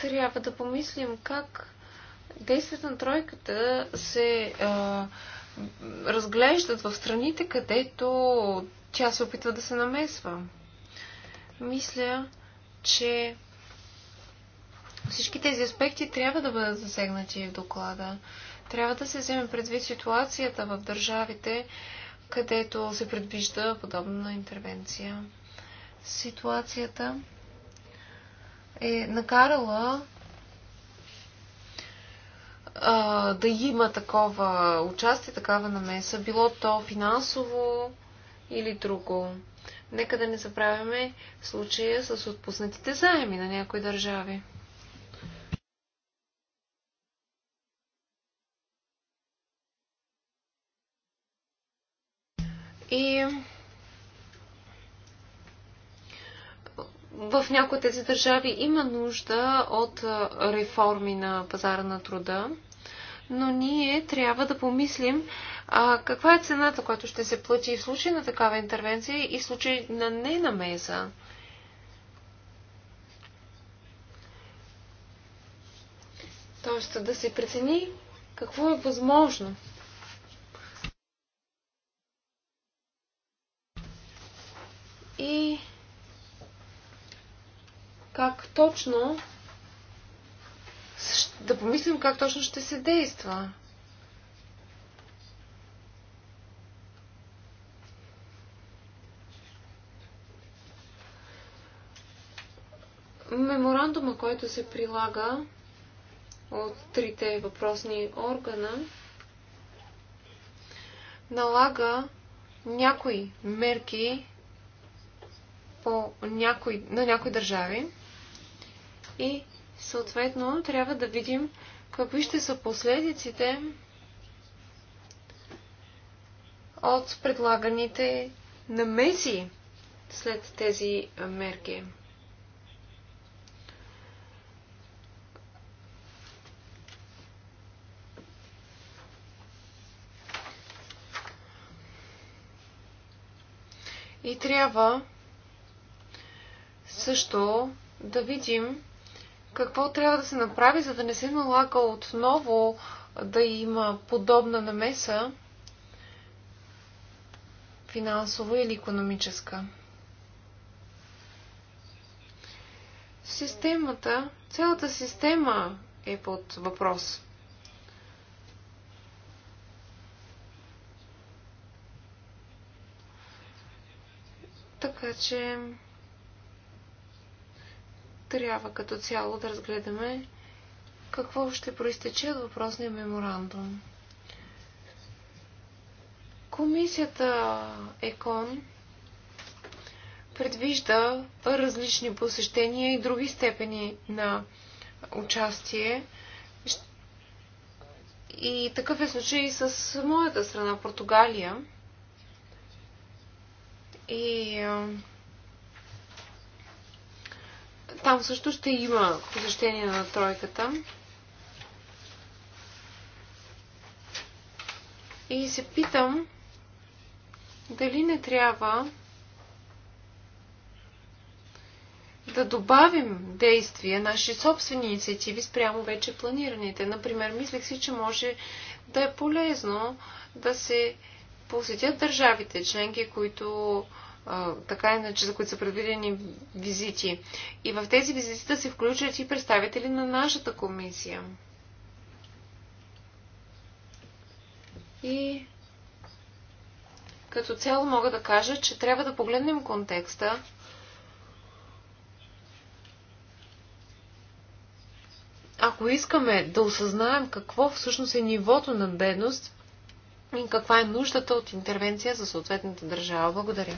S2: трябва да помислим как действията на тройката се а, разглеждат в страните, където тя се опитва да се намесва. Мисля, че всички тези аспекти трябва да бъдат засегнати в доклада. Трябва да се вземе предвид ситуацията в държавите, където се предвижда подобна интервенция. Ситуацията е накарала а, да има такова участие, такава намеса, било то финансово или друго. Нека да не забравяме случая с отпуснатите заеми на някои държави. И в някои от тези държави има нужда от реформи на пазара на труда, но ние трябва да помислим а, каква е цената, която ще се плати в случай на такава интервенция и в случай на ненамеза. Тоест да се прецени какво е възможно и как точно да помислим как точно ще се действа. Меморандума, който се прилага от трите въпросни органа, налага някои мерки по някой, на някои държави и съответно трябва да видим какви ще са последиците от предлаганите намеси след тези мерки. И трябва също да видим какво трябва да се направи, за да не се налага отново да има подобна намеса финансова или економическа. Системата, цялата система е под въпрос. Така че трябва като цяло да разгледаме какво ще проистече от въпросния меморандум. Комисията ЕКОН предвижда различни посещения и други степени на участие. И такъв е случай и с моята страна, Португалия. И там също ще има посещение на тройката. И се питам дали не трябва да добавим действия, наши собствени инициативи спрямо вече планираните. Например, мислех си, че може да е полезно да се посетят държавите членки, които така иначе, за които са предвидени визити. И в тези визити да се включат и представители на нашата комисия. И като цяло мога да кажа, че трябва да погледнем контекста. Ако искаме да осъзнаем какво всъщност е нивото на бедност и каква е нуждата от интервенция за съответната държава. Благодаря.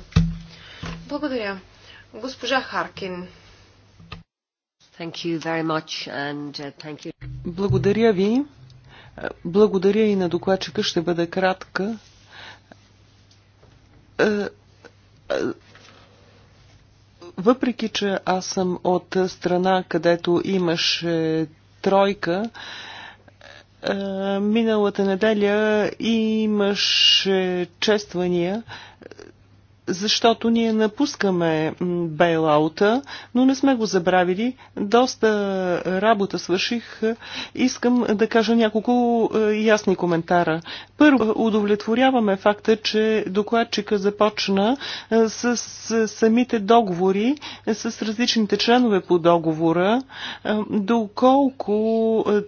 S2: Благодаря. Госпожа Харкин. Thank you very much and uh,
S3: thank you. Благодаря ви. Благодаря и на докладчика. Ще бъда кратка. Е, е, въпреки, че аз съм от страна, където имаше тройка, е, миналата неделя имаше чествания защото ние напускаме бейлаута, но не сме го забравили. Доста работа свърших. Искам да кажа няколко е, ясни коментара. Първо, удовлетворяваме факта, че докладчика започна е, с самите договори, е, с различните членове по договора, доколко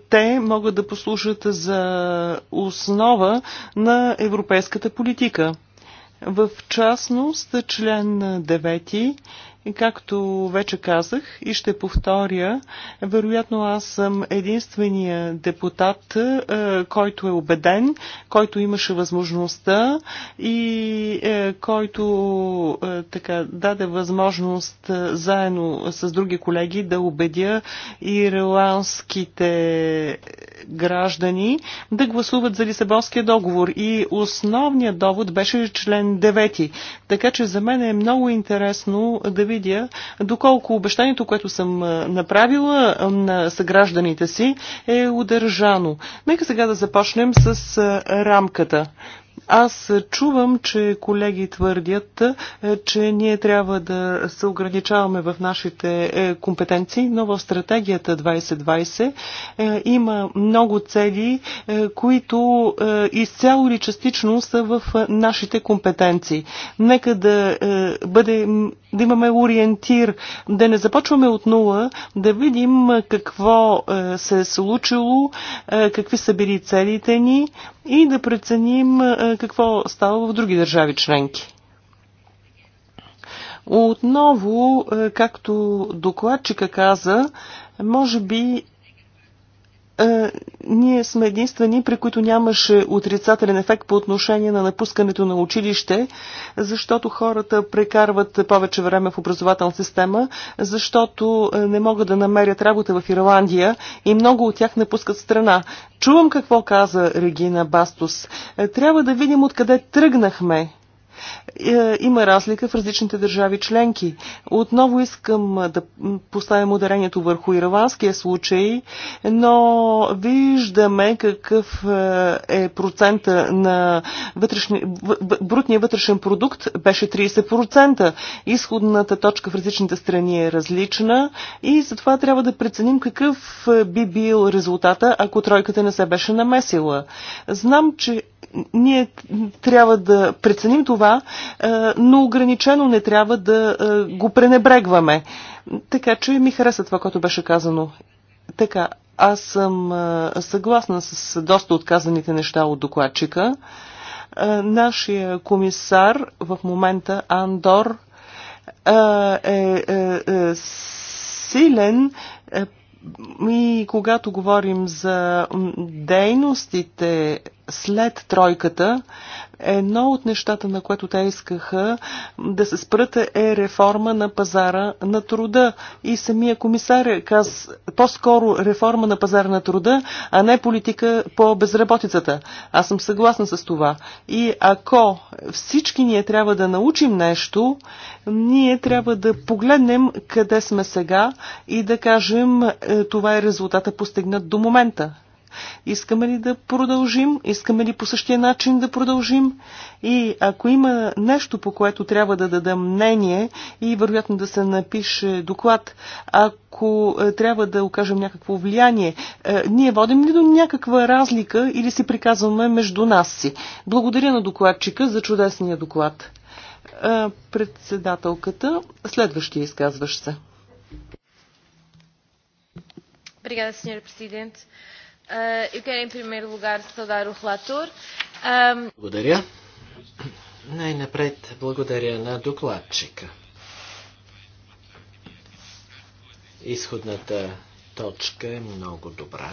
S3: те могат да послужат за основа на европейската политика. В частност, член 9 Както вече казах и ще повторя, вероятно аз съм единствения депутат, е, който е убеден, който имаше възможността и е, който е, така даде възможност заедно с други колеги да убедя ирландските граждани да гласуват за Лисабонския договор. И основният довод беше член 9. Така че за мен е много интересно да видя видя доколко обещанието, което съм направила на съгражданите си, е удържано. Нека сега да започнем с рамката. Аз чувам, че колеги твърдят, че ние трябва да се ограничаваме в нашите е, компетенции, но в стратегията 2020 е, има много цели, е, които изцяло или частично са в нашите компетенции. Нека да бъдем да имаме ориентир, да не започваме от нула, да видим какво е, се е случило, е, какви са били целите ни и да преценим е, какво става в други държави членки. Отново, както докладчика каза, може би е, ние сме единствени, при които нямаше отрицателен ефект по отношение на напускането на училище, защото хората прекарват повече време в образователна система, защото е, не могат да намерят работа в Ирландия и много от тях напускат страна. Чувам какво каза Регина Бастус. Е, трябва да видим откъде тръгнахме. Е, има разлика в различните държави членки. Отново искам да поставим ударението върху ирландския случай, но виждаме какъв е процента на вътрешни, брутния вътрешен продукт беше 30%. Изходната точка в различните страни е различна и затова трябва да преценим какъв би бил резултата, ако тройката не се беше намесила. Знам, че ние трябва да преценим това, е, но ограничено не трябва да е, го пренебрегваме. Така че ми хареса това, което беше казано. Така, аз съм е, съгласна с доста отказаните неща от докладчика. Нашия комисар в момента Андор е, е силен и когато говорим за дейностите след тройката, едно от нещата, на което те искаха да се спрат е реформа на пазара на труда. И самия комисар каз по-скоро реформа на пазара на труда, а не политика по безработицата. Аз съм съгласна с това. И ако всички ние трябва да научим нещо, ние трябва да погледнем къде сме сега и да кажем е, това е резултата постигнат до момента. Искаме ли да продължим? Искаме ли по същия начин да продължим? И ако има нещо, по което трябва да дадам мнение и вероятно да се напише доклад, ако е, трябва да окажем някакво влияние, е, ние водим ли до някаква разлика или си приказваме между нас си? Благодаря на докладчика за чудесния доклад. Е, председателката, следващия изказващ се.
S1: Obrigada, Sr. Presidente. Uh, eu quero, em primeiro lugar, saudar o relator. Um, благодаря. Най-напред благодаря на докладчика. Изходната точка е много добра.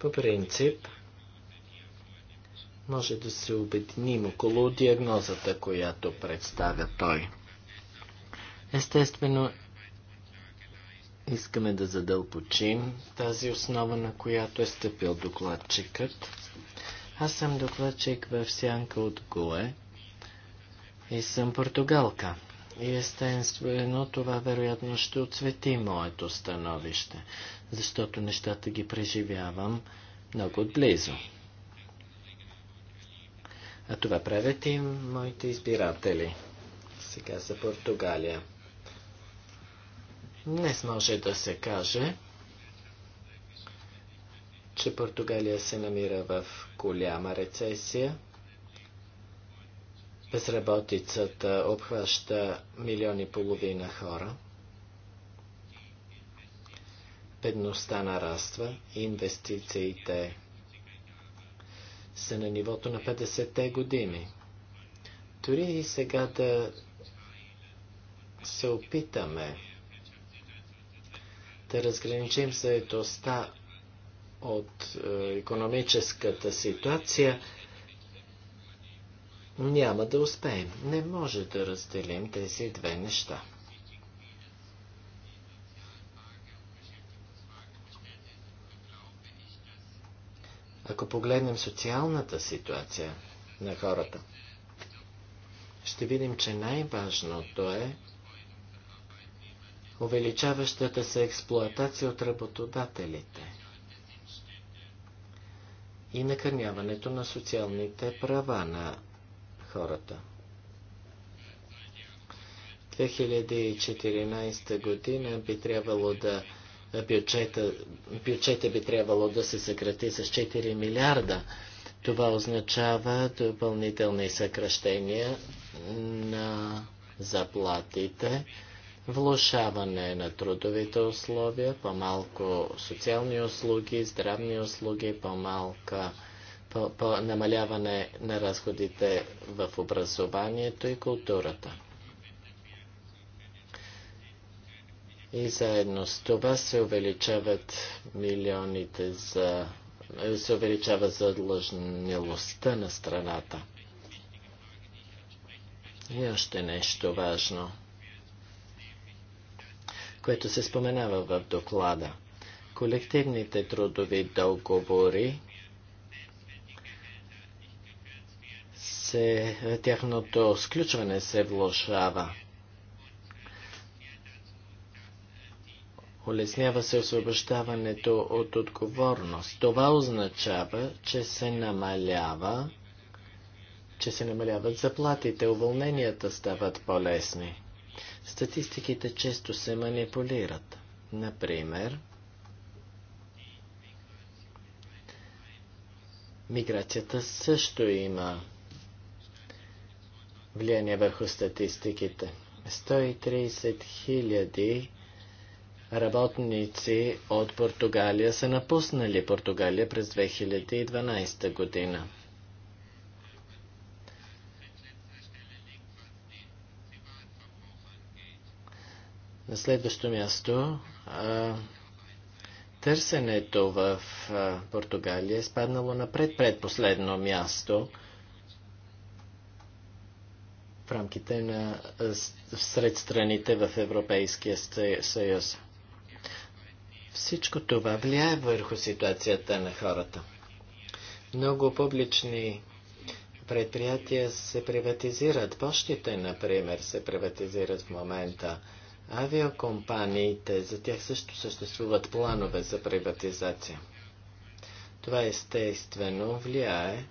S1: По принцип, може да се обединим около диагнозата, която представя той. Естествено, Искаме да задълбочим тази основа, на която е стъпил докладчикът. Аз съм докладчик в сянка от Гуе и съм португалка. И естествено това вероятно ще отцвети моето становище, защото нещата ги преживявам много отблизо. А това правят и моите избиратели. Сега за Португалия. Днес може да се каже, че Португалия се намира в голяма рецесия. Безработицата обхваща милиони и половина хора. Бедността нараства, инвестициите са на нивото на 50-те години. Дори и сега да се опитаме да разграничим заедостта от економическата ситуация, няма да успеем. Не може да разделим тези две неща. Ако погледнем социалната ситуация на хората, ще видим, че най-важното е увеличаващата се експлоатация от работодателите и накърняването на социалните права на хората. 2014 година би трябвало да бюджета, бюджета би трябвало да се съкрати с 4 милиарда. Това означава допълнителни съкръщения на заплатите, влушаване на трудовите условия, по-малко социални услуги, здравни услуги, по-малка по, по намаляване на разходите в образованието и културата. И заедно с това се увеличават милионите за се увеличава задлъжнилостта на страната. И още нещо важно – което се споменава в доклада. Колективните трудови договори се, е, тяхното сключване се влушава. Улеснява се освобождаването от отговорност. Това означава, че се намалява, че се намаляват заплатите, уволненията стават по-лесни. Статистиките често се манипулират. Например, миграцията също има влияние върху статистиките. 130 хиляди работници от Португалия са напуснали Португалия през 2012 година. На следващо място, а, търсенето в а, Португалия е спаднало на предпредпоследно място в рамките на а, сред страните в Европейския съюз. Всичко това влияе върху ситуацията на хората. Много публични предприятия се приватизират. Пощите, например, се приватизират в момента. Авиокомпаниите, за тях също съществуват планове за приватизация. Това естествено влияе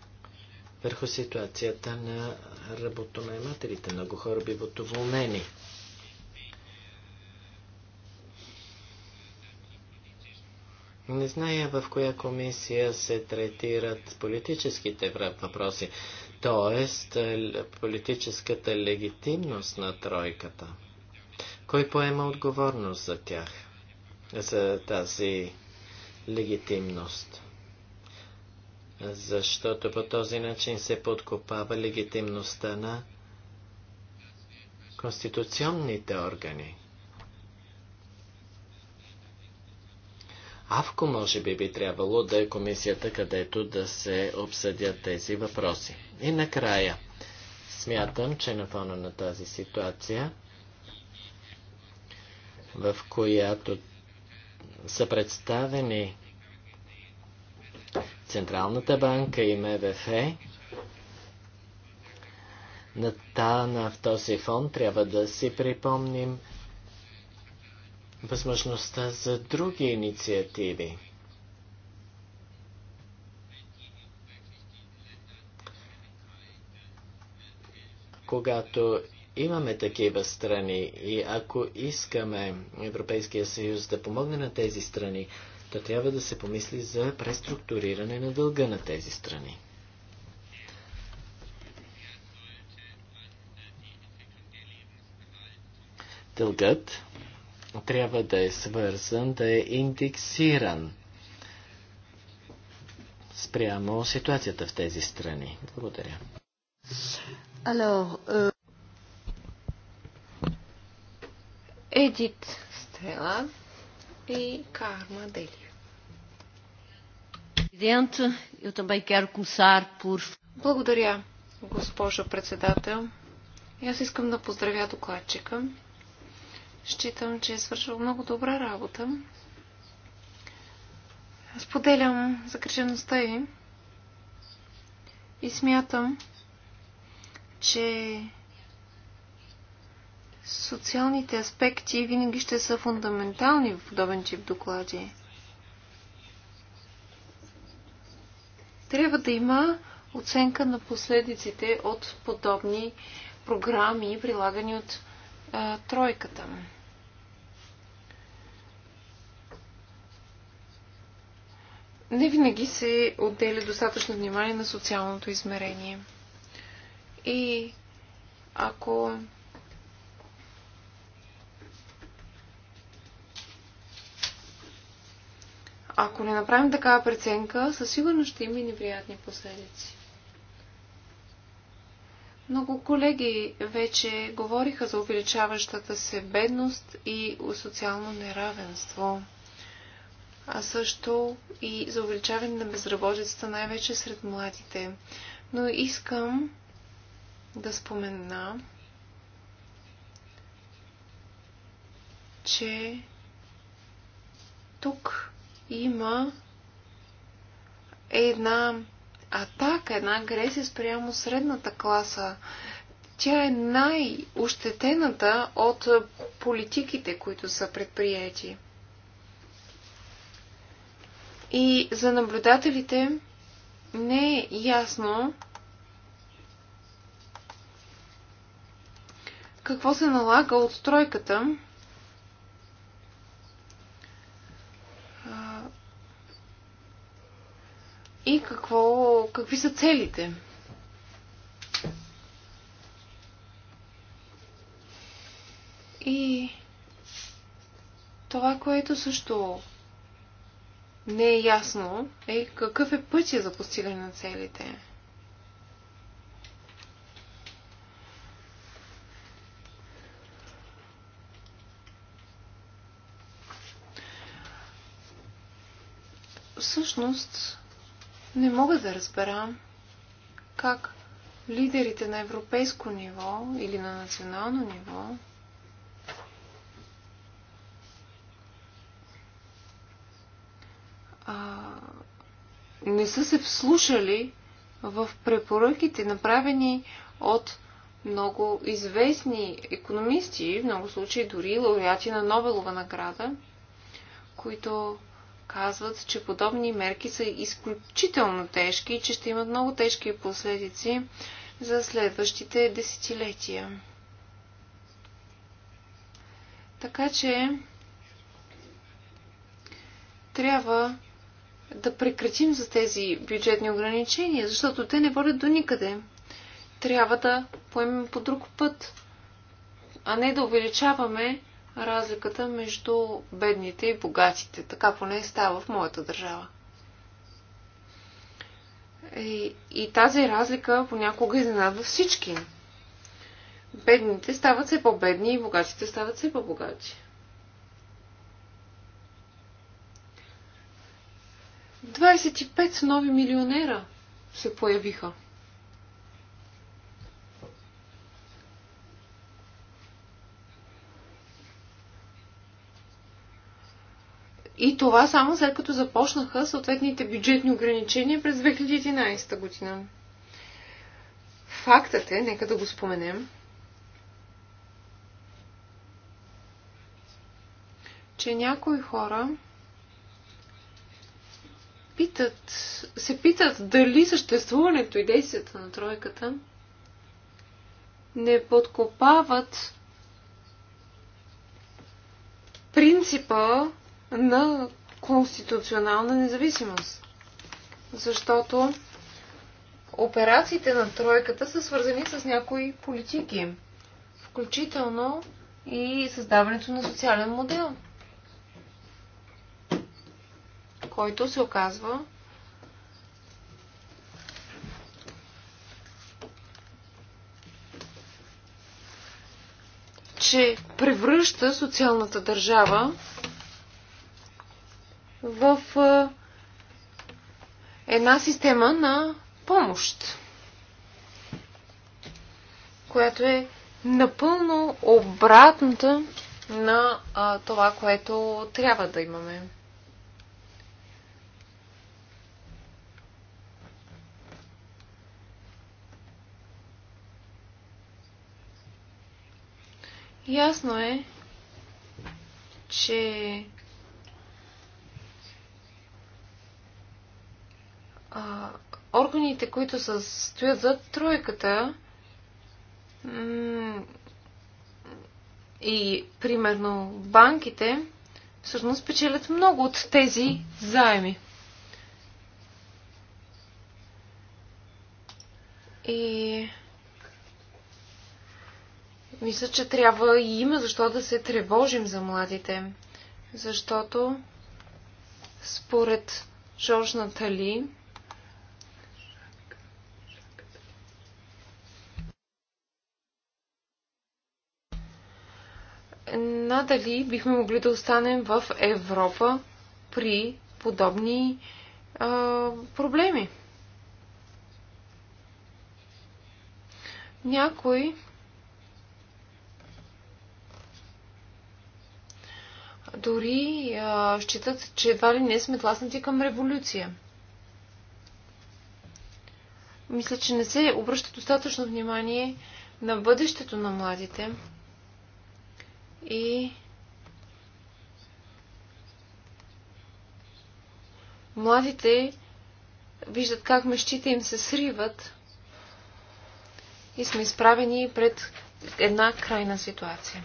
S1: върху ситуацията на работонаемателите. Много хора биват уволнени. Не зная в коя комисия се третират политическите въпроси, т.е. политическата легитимност на тройката. Кой поема отговорност за тях, за тази легитимност? Защото по този начин се подкопава легитимността на конституционните органи. Авко може би би трябвало да е комисията, където да се обсъдят тези въпроси. И накрая, смятам, че на фона на тази ситуация в която са представени Централната банка и МВФ, на тана в този фон трябва да си припомним възможността за други инициативи. Когато Имаме такива страни и ако искаме Европейския съюз да помогне на тези страни, то трябва да се помисли за преструктуриране на дълга на тези страни. Дългът трябва да е свързан, да е индексиран спрямо ситуацията в тези страни. Благодаря.
S2: Alors, euh... Едит Стела и Карма Дели. Благодаря, госпожо председател. И аз искам да поздравя докладчика. Считам, че е свършил много добра работа. Споделям загрижеността й и смятам, че социалните аспекти винаги ще са фундаментални в подобен тип доклади. Трябва да има оценка на последиците от подобни програми, прилагани от а, тройката. Не винаги се отделя достатъчно внимание на социалното измерение. И ако Ако не направим такава преценка, със сигурност ще има и неприятни последици. Много колеги вече говориха за увеличаващата се бедност и социално неравенство, а също и за увеличаване на безработицата, най-вече сред младите. Но искам да спомена, че тук има една атака, една агресия спрямо средната класа. Тя е най-ощетената от политиките, които са предприяти. И за наблюдателите не е ясно какво се налага от стройката и какво, какви са целите. И това, което също не е ясно, е какъв е пътя за постигане на целите. Всъщност, не мога да разбера как лидерите на европейско ниво или на национално ниво а, не са се вслушали в препоръките, направени от много известни економисти, в много случаи дори лауреати на Нобелова награда, които казват, че подобни мерки са изключително тежки и че ще имат много тежки последици за следващите десетилетия. Така че трябва да прекратим за тези бюджетни ограничения, защото те не водят до никъде. Трябва да поемем по друг път, а не да увеличаваме разликата между бедните и богатите. Така поне става в моята държава. И, и тази разлика понякога изненадва всички. Бедните стават все по-бедни и богатите стават все по-богати. Двадесет и пет нови милионера се появиха – И това само след като започнаха съответните бюджетни ограничения през 2011 година. Фактът е, нека да го споменем, че някои хора питат, се питат дали съществуването и действията на тройката не подкопават принципа на конституционална независимост. Защото операциите на тройката са свързани с някои политики, включително и създаването на социален модел, който се оказва че превръща социалната държава в една система на помощ, която е напълно обратната на а, това, което трябва да имаме. Ясно е, че а, органите, които са, стоят зад тройката и примерно банките, всъщност печелят много от тези заеми. И мисля, че трябва и има защо да се тревожим за младите. Защото според Жорж Натали, надали бихме могли да останем в Европа при подобни а, проблеми. Някой дори а, считат, че едва ли не сме тласнати към революция. Мисля, че не се обръща достатъчно внимание на бъдещето на младите и младите виждат как мещите им се сриват и сме изправени пред една крайна ситуация.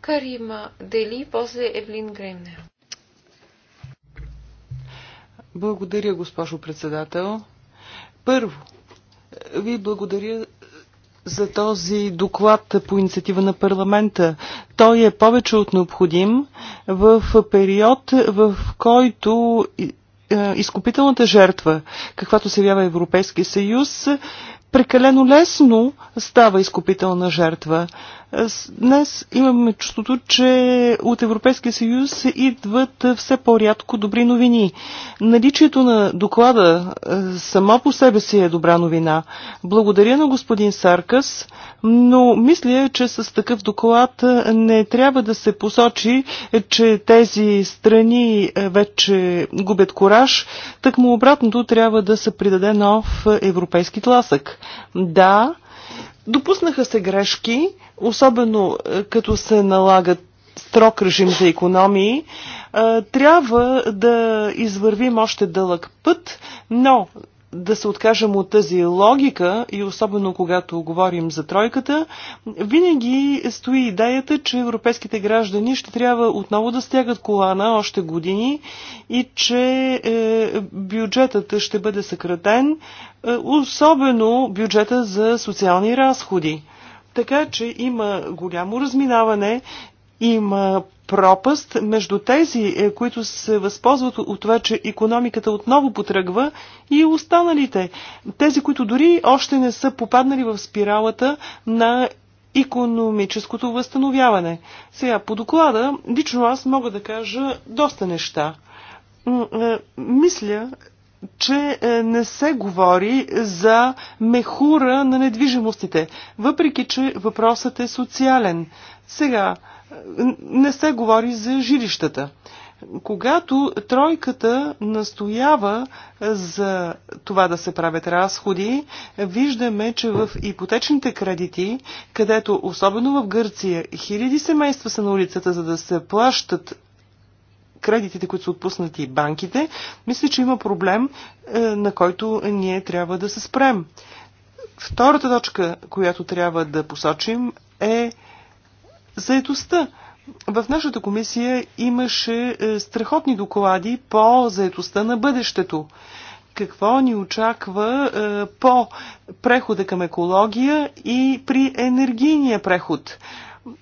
S2: Карима Дели, после Евлин Гремне.
S3: Благодаря, госпожо председател. Първо, ви благодаря за този доклад по инициатива на парламента. Той е повече от необходим в период, в който е, изкупителната жертва, каквато се явява Европейския съюз, прекалено лесно става изкупителна жертва. Днес имаме чувството, че от Европейския съюз идват все по-рядко добри новини. Наличието на доклада само по себе си е добра новина. Благодаря на господин Саркас, но мисля, че с такъв доклад не трябва да се посочи, че тези страни вече губят кораж. Так му обратното трябва да се придаде нов европейски тласък. Да, Допуснаха се грешки, особено е, като се налагат строг режим за економии, е, трябва да извървим още дълъг път, но да се откажем от тази логика и особено когато говорим за тройката, винаги стои идеята, че европейските граждани ще трябва отново да стягат колана още години и че е, бюджетът ще бъде съкратен, е, особено бюджета за социални разходи. Така че има голямо разминаване, има пропаст между тези, е, които се възползват от това, че економиката отново потръгва и останалите. Тези, които дори още не са попаднали в спиралата на економическото възстановяване. Сега, по доклада, лично аз мога да кажа доста неща. Е, мисля, че е, не се говори за мехура на недвижимостите, въпреки че въпросът е социален. Сега, е, не се говори за жилищата. Когато тройката настоява е, за това да се правят разходи, виждаме, че в ипотечните кредити, където особено в Гърция хиляди семейства са на улицата, за да се плащат кредитите, които са отпуснати банките, мисля, че има проблем, е, на който ние трябва да се спрем. Втората точка, която трябва да посочим е заедостта. В нашата комисия имаше е, страхотни доклади по заедостта на бъдещето. Какво ни очаква е, по прехода към екология и при енергийния преход?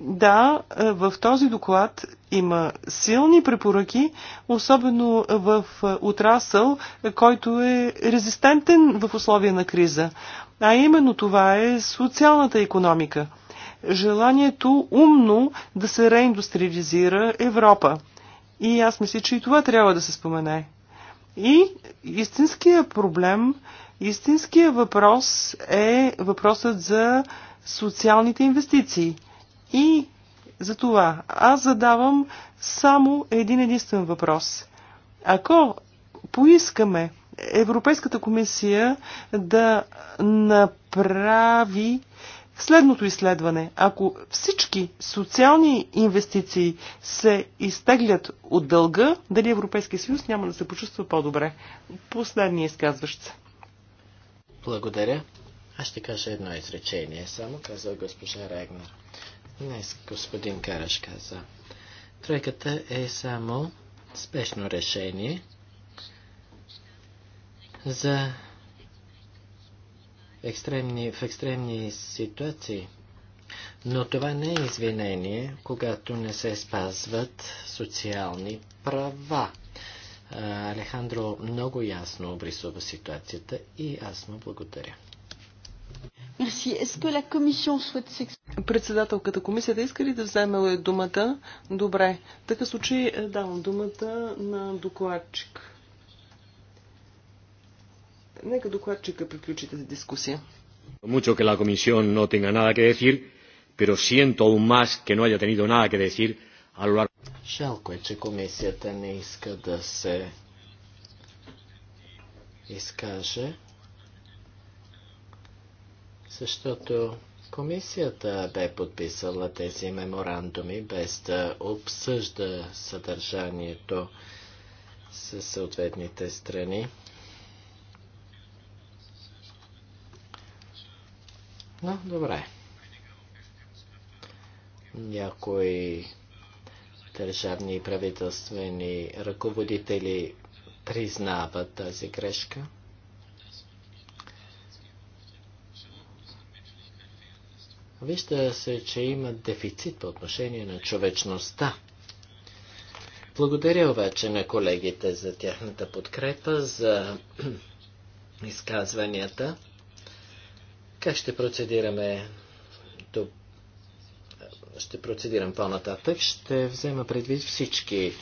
S3: Да, е, в този доклад има силни препоръки, особено в е, отрасъл, който е резистентен в условия на криза. А именно това е социалната економика. Желанието умно да се реиндустриализира Европа. И аз мисля, че и това трябва да се спомене. И истинския проблем, истинския въпрос е въпросът за социалните инвестиции. И за това аз задавам само един единствен въпрос. Ако поискаме Европейската комисия да направи следното изследване. Ако всички социални инвестиции се изтеглят от дълга, дали Европейския съюз няма да се почувства по-добре? Последния изказващ се.
S1: Благодаря. Аз ще кажа едно изречение. Само казва госпожа Регнер. Днес господин Караш каза. Тройката е само спешно решение за екстремни, в екстремни ситуации. Но това не е извинение, когато не се спазват социални права. Алехандро много ясно обрисува ситуацията и аз му благодаря.
S3: Председателката комисията иска ли да вземе думата? Добре. В такъв случай е, давам думата на докладчик. Нека докладчика приключи тази дискусия.
S1: Mucho que la comisión no tenga nada que decir, pero siento aún más que no haya tenido nada que decir a lo largo. Жалко е, че комисията не иска да се изкаже. Защото комисията бе подписала тези меморандуми без да обсъжда съдържанието с съответните страни. Но, добре. Някои държавни и правителствени ръководители признават тази грешка. Вижда се, че има дефицит по отношение на човечността. Благодаря обаче на колегите за тяхната подкрепа, за *clears throat* изказванията. Как ще процедираме до... Ще процедирам по-нататък. Ще взема предвид всички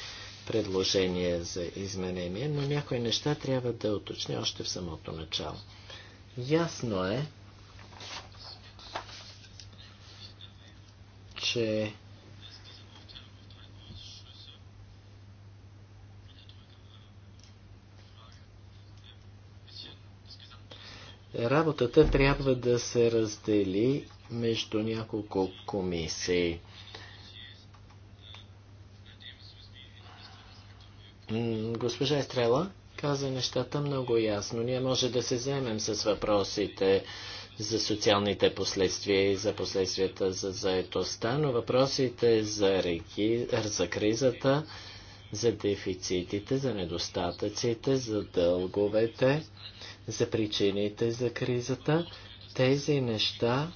S1: предложения за изменение, но някои неща трябва да уточня още в самото начало. Ясно е, че работата трябва да се раздели между няколко комисии. Госпожа Естрела каза нещата много ясно. Ние може да се вземем с въпросите за социалните последствия и за последствията за заетостта, но въпросите за, реки, за кризата, за дефицитите, за недостатъците, за дълговете, за причините за кризата, тези неща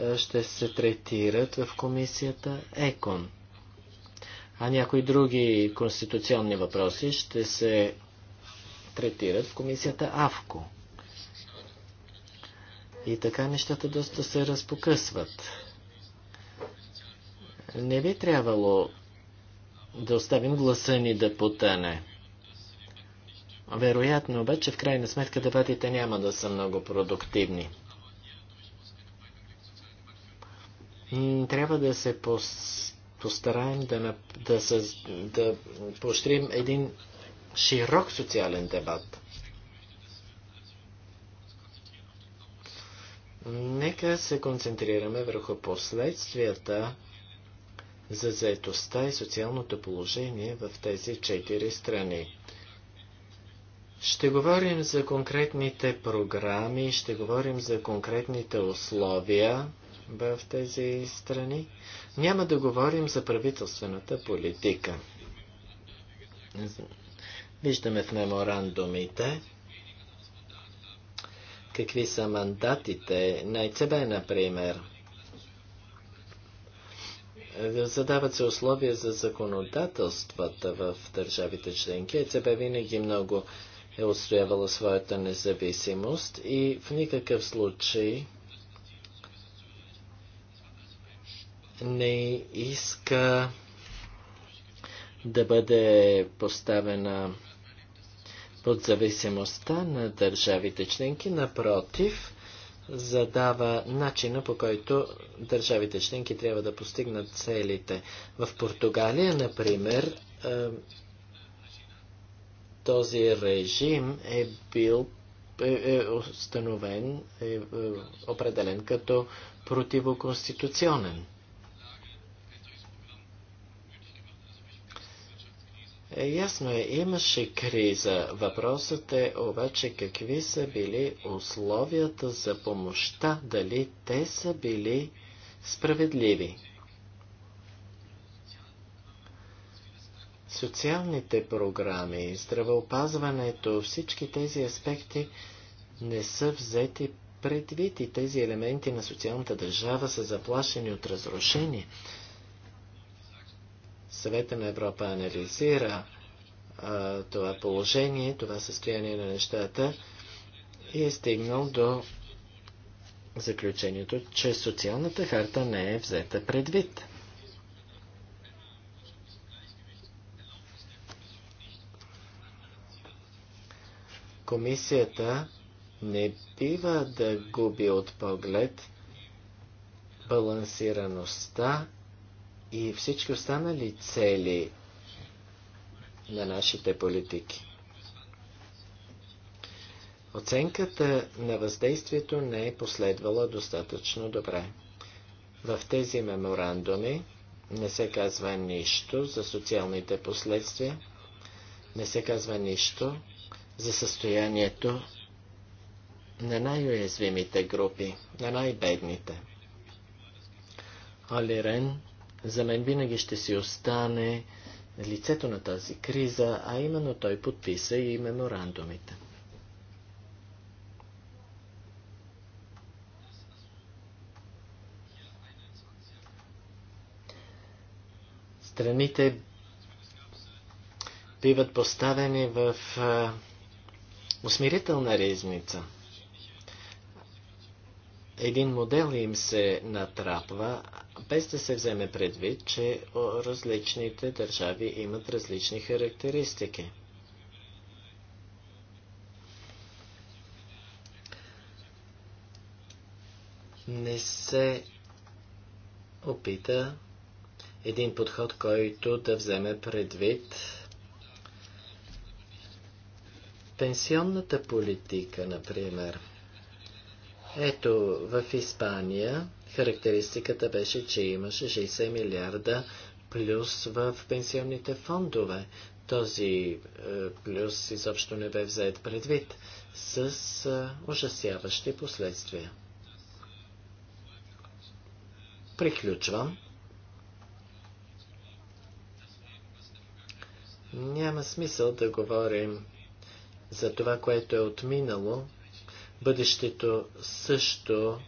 S1: е, ще се третират в комисията ЕКОН. А някои други конституционни въпроси ще се третират в комисията АВКО. И така нещата доста се разпокъсват. Не би трябвало да оставим гласа ни да потъне. Вероятно обаче в крайна сметка дебатите няма да са много продуктивни. Трябва да се постараем да, да, да поощрим един широк социален дебат. Нека се концентрираме върху последствията за заетостта и социалното положение в тези четири страни. Ще говорим за конкретните програми, ще говорим за конкретните условия в тези страни. Няма да говорим за правителствената политика. Виждаме в меморандумите, какви са мандатите на ЕЦБ, например. Задават се условия за законодателствата в държавите членки. ЕЦБ винаги много е устоявала своята независимост и в никакъв случай не иска да бъде поставена под зависимостта на държавите членки, напротив, задава начина по който държавите членки трябва да постигнат целите. В Португалия, например, е, този режим е бил е, е установен, е, е определен като противоконституционен. Е, ясно е, имаше криза. Въпросът е обаче какви са били условията за помощта, дали те са били справедливи. Социалните програми, здравеопазването, всички тези аспекти не са взети предвид и тези елементи на социалната държава са заплашени от разрушение. Съвета на Европа анализира а, това положение, това състояние на нещата и е стигнал до заключението, че социалната харта не е взета предвид. Комисията не бива да губи от поглед балансираността и всички останали цели на нашите политики. Оценката на въздействието не е последвала достатъчно добре. В тези меморандуми не се казва нищо за социалните последствия, не се казва нищо за състоянието на най-уязвимите групи, на най-бедните. Олирен за мен винаги ще си остане лицето на тази криза, а именно той подписа и меморандумите. Страните биват поставени в усмирителна резница. Един модел им се натрапва, без да се вземе предвид, че различните държави имат различни характеристики. Не се опита един подход, който да вземе предвид пенсионната политика, например. Ето, в Испания характеристиката беше, че имаше 60 милиарда плюс в пенсионните фондове. Този е, плюс изобщо не бе взет предвид с е, ужасяващи последствия. Приключвам. Няма смисъл да говорим за това, което е отминало. Бъдещето също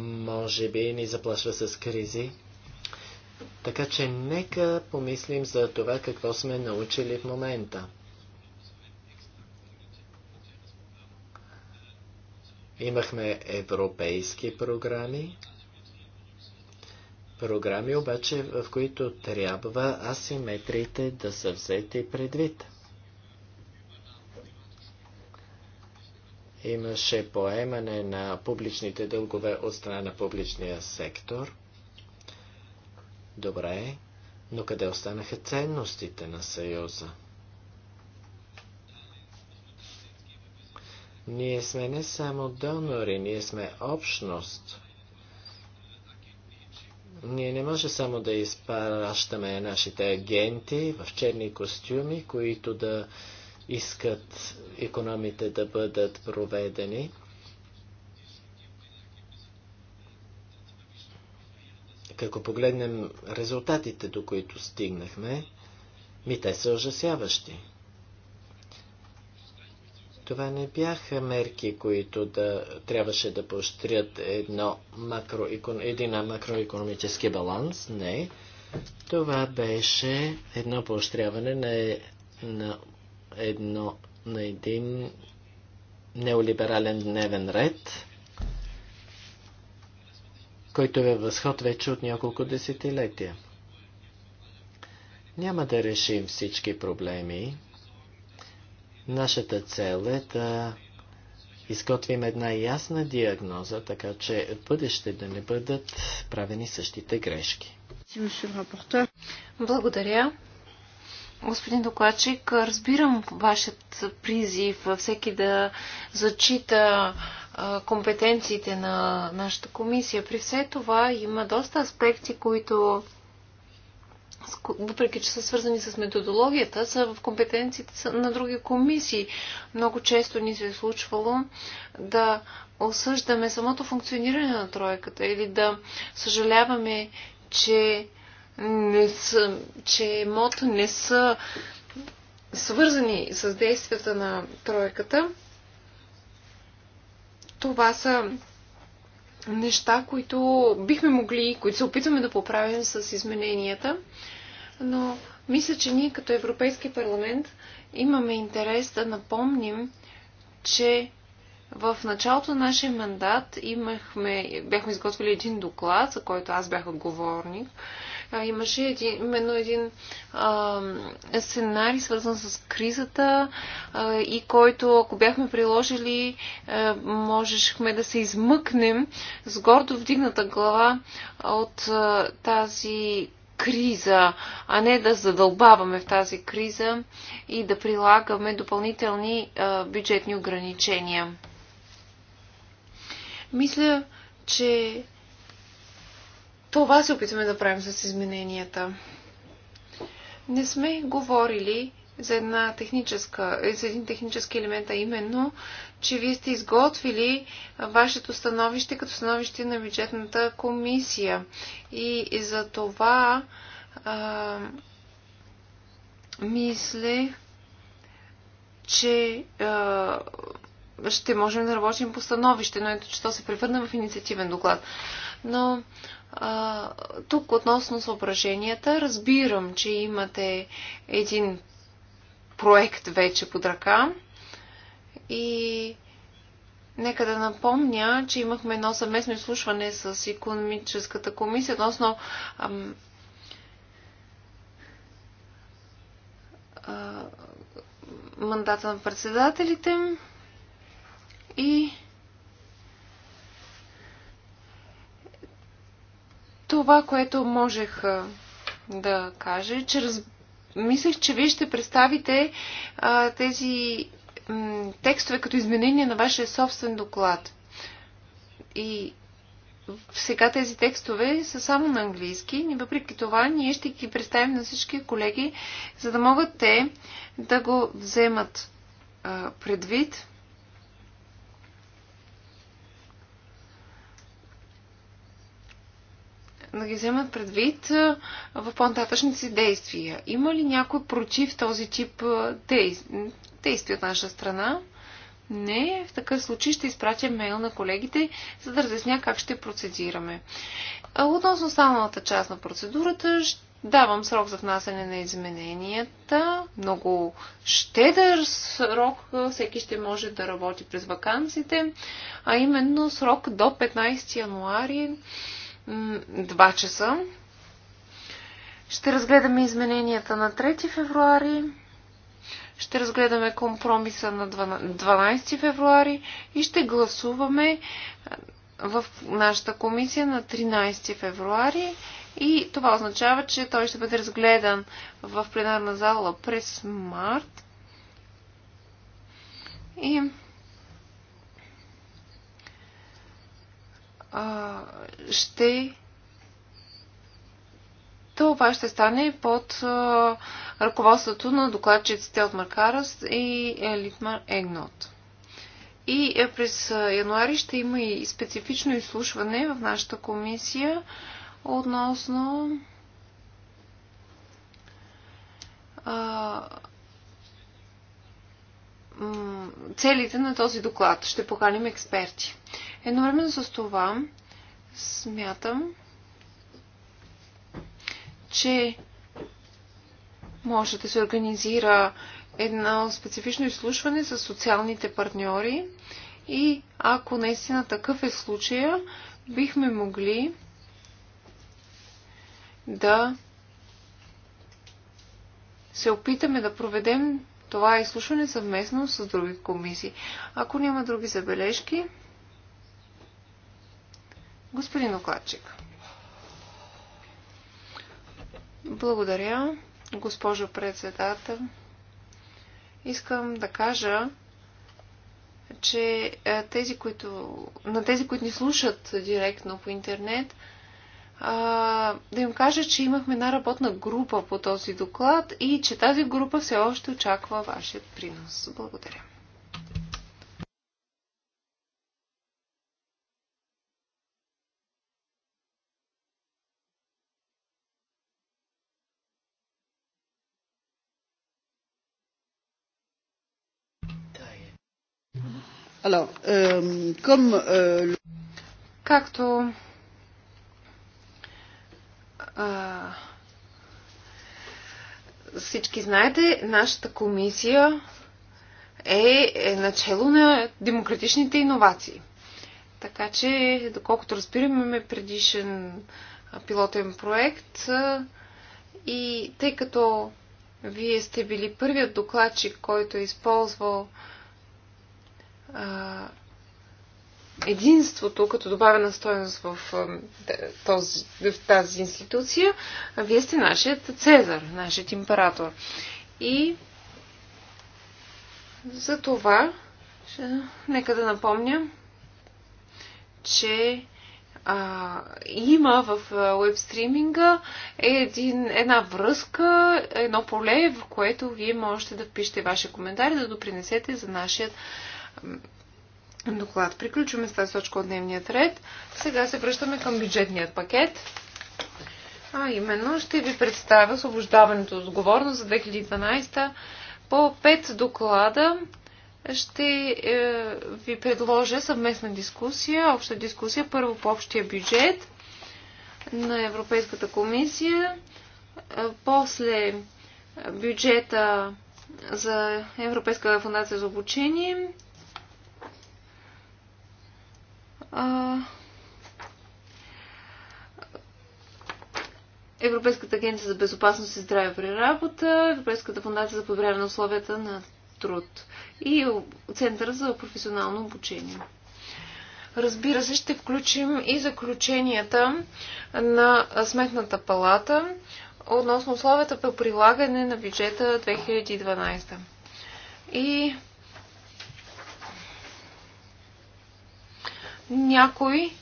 S1: може би ни заплашва с кризи. Така че нека помислим за това какво сме научили в момента. Имахме европейски програми, програми обаче, в които трябва асиметриите да са взети предвид. Имаше поемане на публичните дългове от страна на публичния сектор. Добре, но къде останаха ценностите на Съюза? Ние сме не само донори, ние сме общност. Ние не може само да изпращаме нашите агенти в черни костюми, които да искат економите да бъдат проведени. Ако погледнем резултатите, до които стигнахме, ми те са ужасяващи. Това не бяха мерки, които да трябваше да поощрят едно макро, един макроекономически баланс. Не. Това беше едно поощряване на, на едно, на един неолиберален дневен ред, който е възход вече от няколко десетилетия. Няма да решим всички проблеми. Нашата цел е да изготвим една ясна диагноза, така че в бъдеще да не бъдат правени същите грешки.
S2: Благодаря. Господин докладчик, разбирам вашият призив всеки да зачита компетенциите на нашата комисия. При все това има доста аспекти, които въпреки че са свързани с методологията, са в компетенциите на други комисии. Много често ни се е случвало да осъждаме самото функциониране на тройката или да съжаляваме, че не са, че МОД не са свързани с действията на тройката. Това са неща, които бихме могли, които се опитваме да поправим с измененията, но мисля, че ние като Европейски парламент имаме интерес да напомним, че в началото на нашия мандат имахме, бяхме изготвили един доклад, за който аз бях отговорник, имаше един, именно един а, сценарий, свързан с кризата а, и който, ако бяхме приложили, а, можехме да се измъкнем с гордо вдигната глава от а, тази криза, а не да задълбаваме в тази криза и да прилагаме допълнителни а, бюджетни ограничения. Мисля, че това се опитваме да правим с измененията. Не сме говорили за, една техническа, за един технически елемент, а именно, че вие сте изготвили вашето становище като становище на бюджетната комисия. И, и за това а, мисля, че а, ще можем да работим по становище, но ето, че то се превърна в инициативен доклад. Но а, тук относно съображенията, разбирам, че имате един проект вече под ръка и Нека да напомня, че имахме едно съвместно изслушване с економическата комисия относно ам, а, мандата на председателите и това, което можех да кажа, че раз... мислех, че вие ще представите а, тези м, текстове като изменение на вашия собствен доклад. И сега тези текстове са само на английски, и въпреки това ние ще ги представим на всички колеги, за да могат те да го вземат а, предвид да ги вземат предвид в по-нататъчните си действия. Има ли някой против този тип действия от наша страна? Не, в такъв случай ще изпратя мейл на колегите, за да разясня как ще процедираме. Относно останалата част на процедурата, давам срок за внасяне на измененията. Много щедър срок, всеки ще може да работи през вакансите, а именно срок до 15 януари 2 часа. Ще разгледаме измененията на 3 февруари. Ще разгледаме компромиса на 12 февруари и ще гласуваме в нашата комисия на 13 февруари и това означава, че той ще бъде разгледан в пленарна зала през март. И а, ще това ще стане под а, ръководството на докладчиците от Маркарас и Елитмар Егнот. И е, през януари ще има и специфично изслушване в нашата комисия относно а, целите на този доклад. Ще поканим експерти. Едновременно с това смятам, че може да се организира едно специфично изслушване с социалните партньори и ако наистина такъв е случая, бихме могли да се опитаме да проведем това изслушване съвместно с други комисии. Ако няма други забележки, господин Окладчик, Благодаря, госпожо председател. Искам да кажа, че е, тези, които, на тези, които ни слушат директно по интернет, а, да им кажа, че имахме една работна група по този доклад и че тази група все още очаква вашия принос. Благодаря.
S3: Alors, euh, comme euh, Както
S2: а, всички знаете, нашата комисия е, е начало на демократичните иновации. Така че, доколкото разбираме, имаме предишен пилотен проект и тъй като вие сте били първият докладчик, който е използвал а, единството като добавена стоеност в, в тази институция, вие сте нашият Цезар, нашият император. И за това, ще, нека да напомня, че а, има в веб стриминга един, една връзка, едно поле, в което вие можете да впишете ваши коментари, да допринесете за нашия доклад. Приключваме с тази точка от дневния ред. Сега се връщаме към бюджетният пакет. А именно ще ви представя освобождаването от отговорност за 2012 по 5 доклада. Ще е, ви предложа съвместна дискусия, обща дискусия, първо по общия бюджет на Европейската комисия, е, после бюджета за Европейска фундация за обучение, Европейската агенция за безопасност и здраве при работа, Европейската фундация за подобряване на условията на труд и Центъра за професионално обучение. Разбира се, ще включим и заключенията на Сметната палата относно условията по прилагане на бюджета 2012. И Някой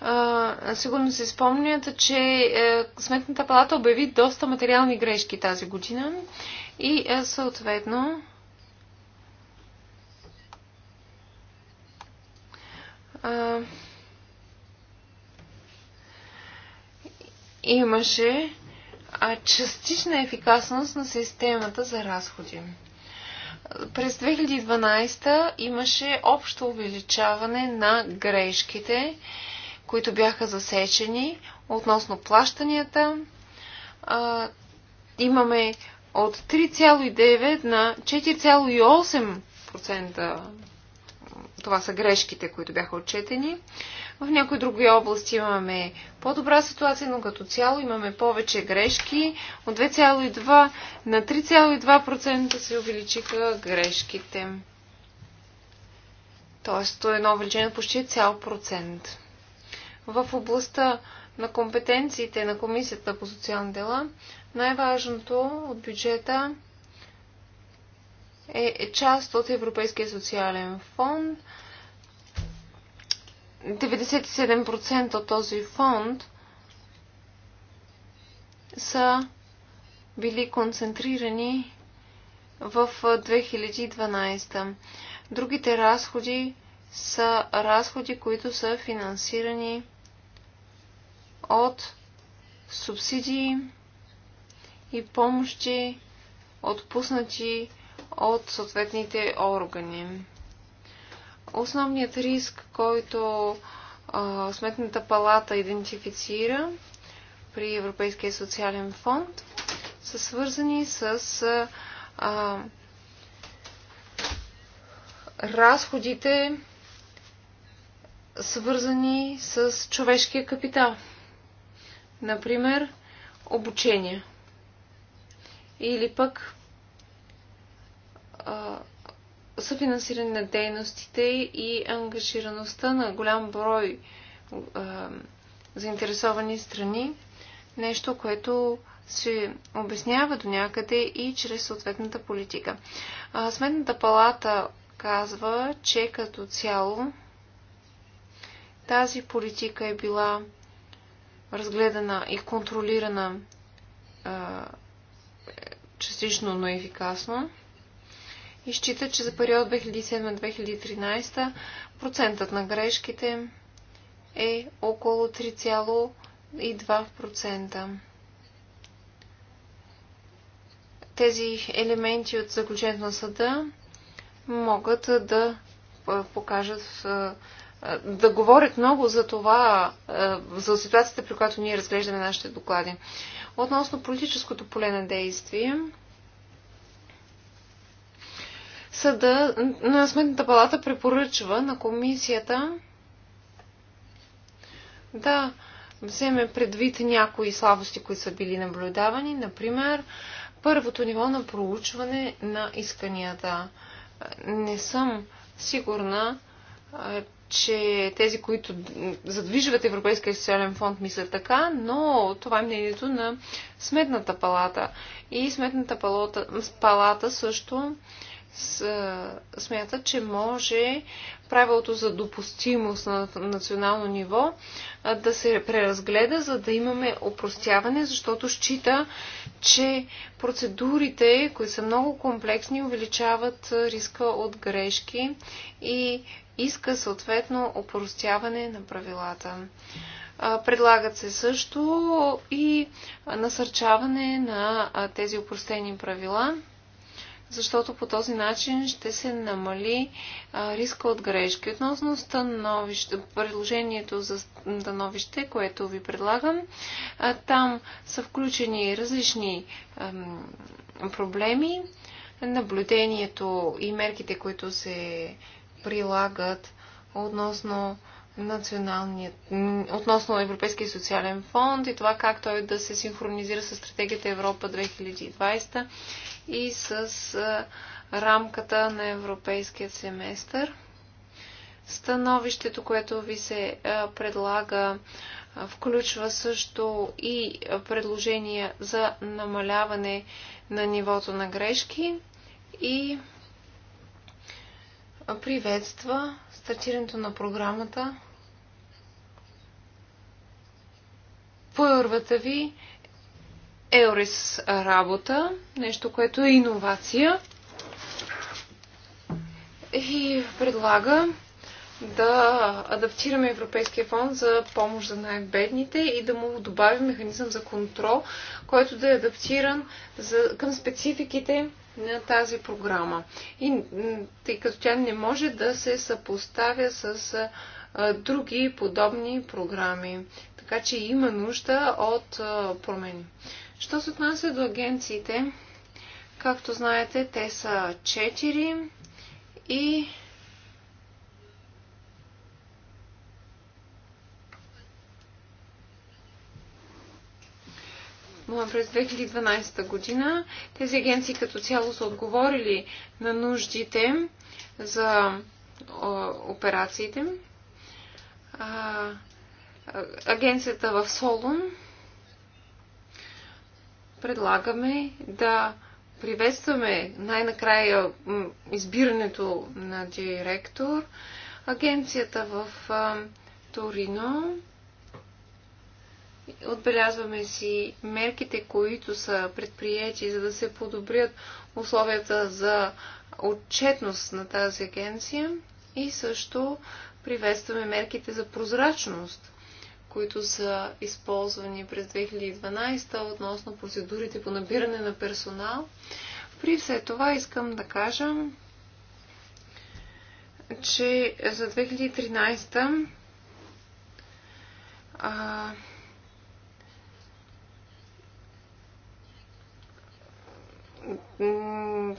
S2: а, сигурно се спомнят, че а, е, Сметната палата обяви доста материални грешки тази година и а, е, съответно а, имаше а, частична ефикасност на системата за разходи. През 2012 имаше общо увеличаване на грешките, които бяха засечени относно плащанията. А, имаме от 3,9 на 4,8% това са грешките, които бяха отчетени. В някои други области имаме по-добра ситуация, но като цяло имаме повече грешки. От 2,2 на 3,2% се увеличиха грешките. Тоест, е едно увеличение почти цял процент. В областта на компетенциите на Комисията по социални дела най-важното от бюджета е част от Европейския социален фонд. 97% от този фонд са били концентрирани в 2012. Другите разходи са разходи, които са финансирани от субсидии и помощи, отпуснати от съответните органи. Основният риск, който а, Сметната палата идентифицира при Европейския социален фонд, са свързани с а, разходите, свързани с човешкия капитал. Например, обучение. Или пък съфинансиране на дейностите и ангажираността на голям брой а, заинтересовани страни, нещо, което се обяснява до някъде и чрез съответната политика. А, Сметната палата казва, че като цяло тази политика е била разгледана и контролирана а, частично, но ефикасно и считат, че за период 2007-2013 процентът на грешките е около 3,2%. Тези елементи от заключението на съда могат да покажат, да говорят много за това, за ситуацията, при която ние разглеждаме нашите доклади. Относно политическото поле на действие, съда на Сметната палата препоръчва на комисията да вземе предвид някои слабости, които са били наблюдавани. Например, първото ниво на проучване на исканията. Не съм сигурна, че тези, които задвижват Европейския социален фонд, мислят така, но това е мнението на Сметната палата. И Сметната палата, палата също смятат, че може правилото за допустимост на национално ниво да се преразгледа, за да имаме опростяване, защото счита, че процедурите, които са много комплексни, увеличават риска от грешки и иска съответно опростяване на правилата. Предлагат се също и насърчаване на тези опростени правила защото по този начин ще се намали а, риска от грешки. Относно становище, предложението за становище, което ви предлагам, а, там са включени различни проблеми, наблюдението и мерките, които се прилагат относно националният, относно Европейския социален фонд и това как той да се синхронизира с стратегията Европа 2020 и с рамката на Европейския семестър. Становището, което ви се предлага, включва също и предложения за намаляване на нивото на грешки и приветства стартирането на програмата Първата ви е Еорис работа, нещо, което е иновация и предлага да адаптираме Европейския фонд за помощ за най-бедните и да му добавим механизъм за контрол, който да е адаптиран за, към спецификите на тази програма. И тъй като тя не може да се съпоставя с а, други подобни програми. Така че има нужда от промени. Що се отнася до агенциите, както знаете, те са 4 и през 2012 година. Тези агенции като цяло са отговорили на нуждите за операциите агенцията в Солун предлагаме да приветстваме най-накрая избирането на директор. Агенцията в Торино отбелязваме си мерките, които са предприяти, за да се подобрят условията за отчетност на тази агенция и също приветстваме мерките за прозрачност които са използвани през 2012 относно процедурите по набиране на персонал. При все това искам да кажа, че за 2013 а,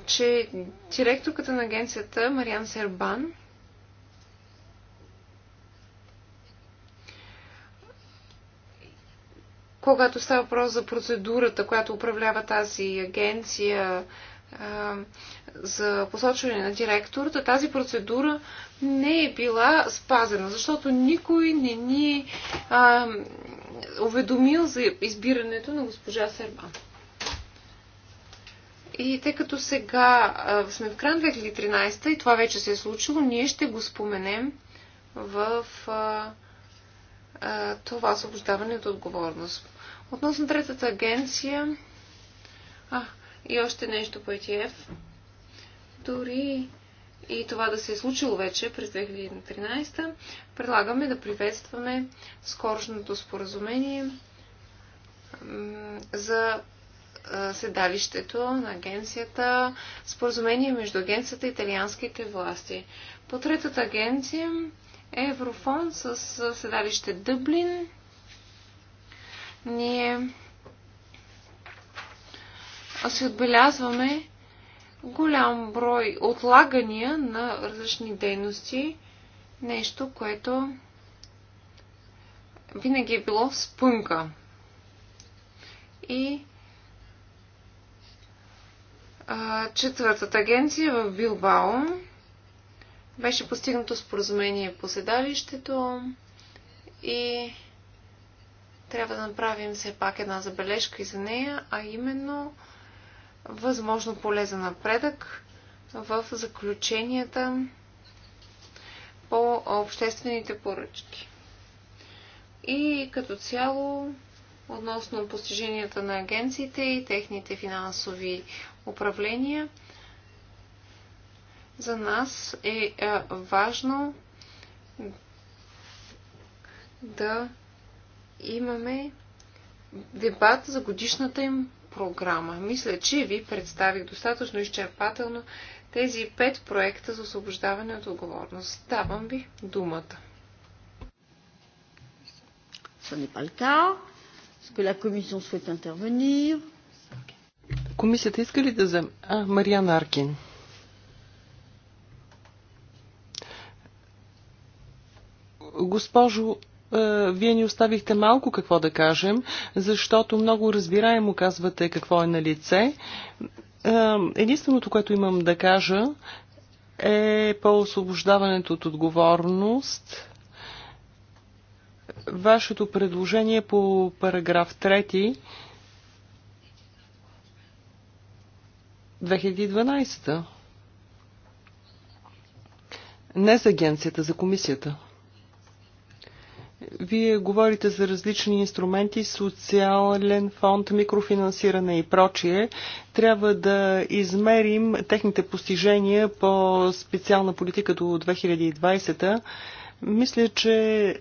S2: че директорката на агенцията Мариан Сербан когато става въпрос за процедурата, която управлява тази агенция а, за посочване на директората, тази процедура не е била спазена, защото никой не ни е уведомил за избирането на госпожа Сербан. И тъй като сега а, сме в кран 2013 и това вече се е случило, ние ще го споменем в а, а, това освобождаване от отговорност. Относно третата агенция. А, и още нещо по ETF. Е Дори и това да се е случило вече през 2013, предлагаме да приветстваме скорошното споразумение за седалището на агенцията, споразумение между агенцията и италианските власти. По третата агенция е Еврофон с седалище Дъблин – ние си отбелязваме голям брой отлагания на различни дейности, нещо, което винаги е било спънка. И четвъртата агенция в Билбао беше постигнато споразумение по седалището и трябва да направим все пак една забележка и за нея, а именно възможно поле за напредък в заключенията по обществените поръчки. И като цяло относно постиженията на агенциите и техните финансови управления, за нас е, е важно да имаме дебат за годишната им програма. Мисля, че ви представих достатъчно изчерпателно тези пет проекта за освобождаване от отговорност. Давам ви думата.
S3: Комисията иска ли да вземе? А, Мариан Аркин. Госпожо е, вие ни оставихте малко какво да кажем, защото много разбираемо казвате какво е на лице. Е, единственото, което имам да кажа е по освобождаването от отговорност. Вашето предложение по параграф 3 2012. Не за агенцията, за комисията. Вие говорите за различни инструменти, социален фонд, микрофинансиране и прочие. Трябва да измерим техните постижения по специална политика до 2020 мисля, че е,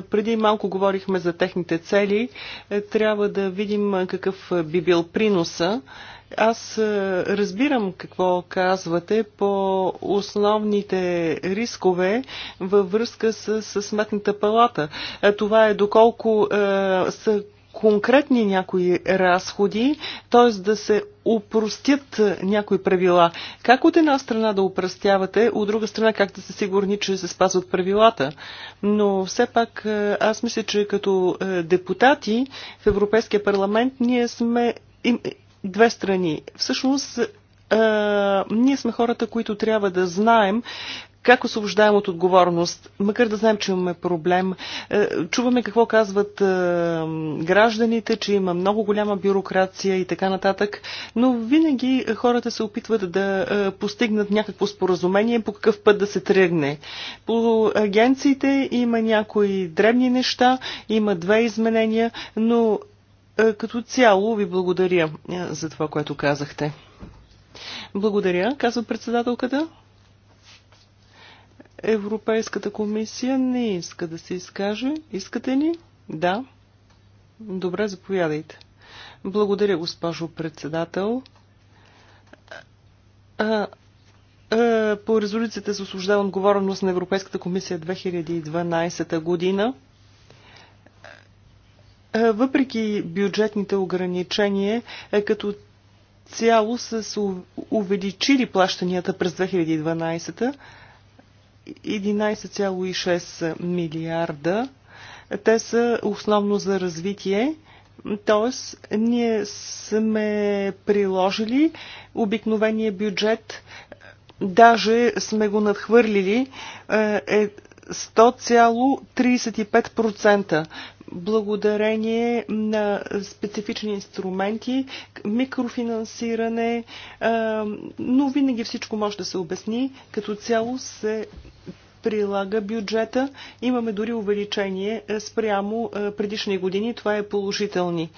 S3: преди малко говорихме за техните цели. Е, трябва да видим е, какъв би бил приноса. Аз е, разбирам какво казвате по основните рискове във връзка с, с сметната палата. Е, това е доколко е, са конкретни някои разходи, т.е. да се упростят някои правила. Как от една страна да упростявате, от друга страна как да се сигурни, че се спазват правилата. Но все пак е, аз мисля, че като депутати в Европейския парламент ние сме две страни. Всъщност, а, е, ние сме хората, които трябва да знаем как освобождаем от отговорност, макар да знаем, че имаме проблем. Е, чуваме какво казват е, гражданите, че има много голяма бюрокрация и така нататък, но винаги хората се опитват да постигнат някакво споразумение по какъв път да се тръгне. По агенциите има някои дребни неща, има две изменения, но е, като цяло ви благодаря е, за това, което казахте. Благодаря, казва председателката. Европейската комисия не иска да се изкаже. Искате ли? Да. Добре, заповядайте. Благодаря, госпожо председател. А, е, по резолюцията за освобождава отговорност на Европейската комисия 2012 година въпреки бюджетните ограничения, е, като цяло са се увеличили плащанията през 2012 11,6 милиарда. Те са основно за развитие, т.е. ние сме приложили обикновения бюджет, даже сме го надхвърлили, е 100,35%. Е, благодарение на специфични инструменти, микрофинансиране, но винаги всичко може да се обясни. Като цяло се прилага бюджета. Имаме дори увеличение спрямо предишни години. Това е положителни.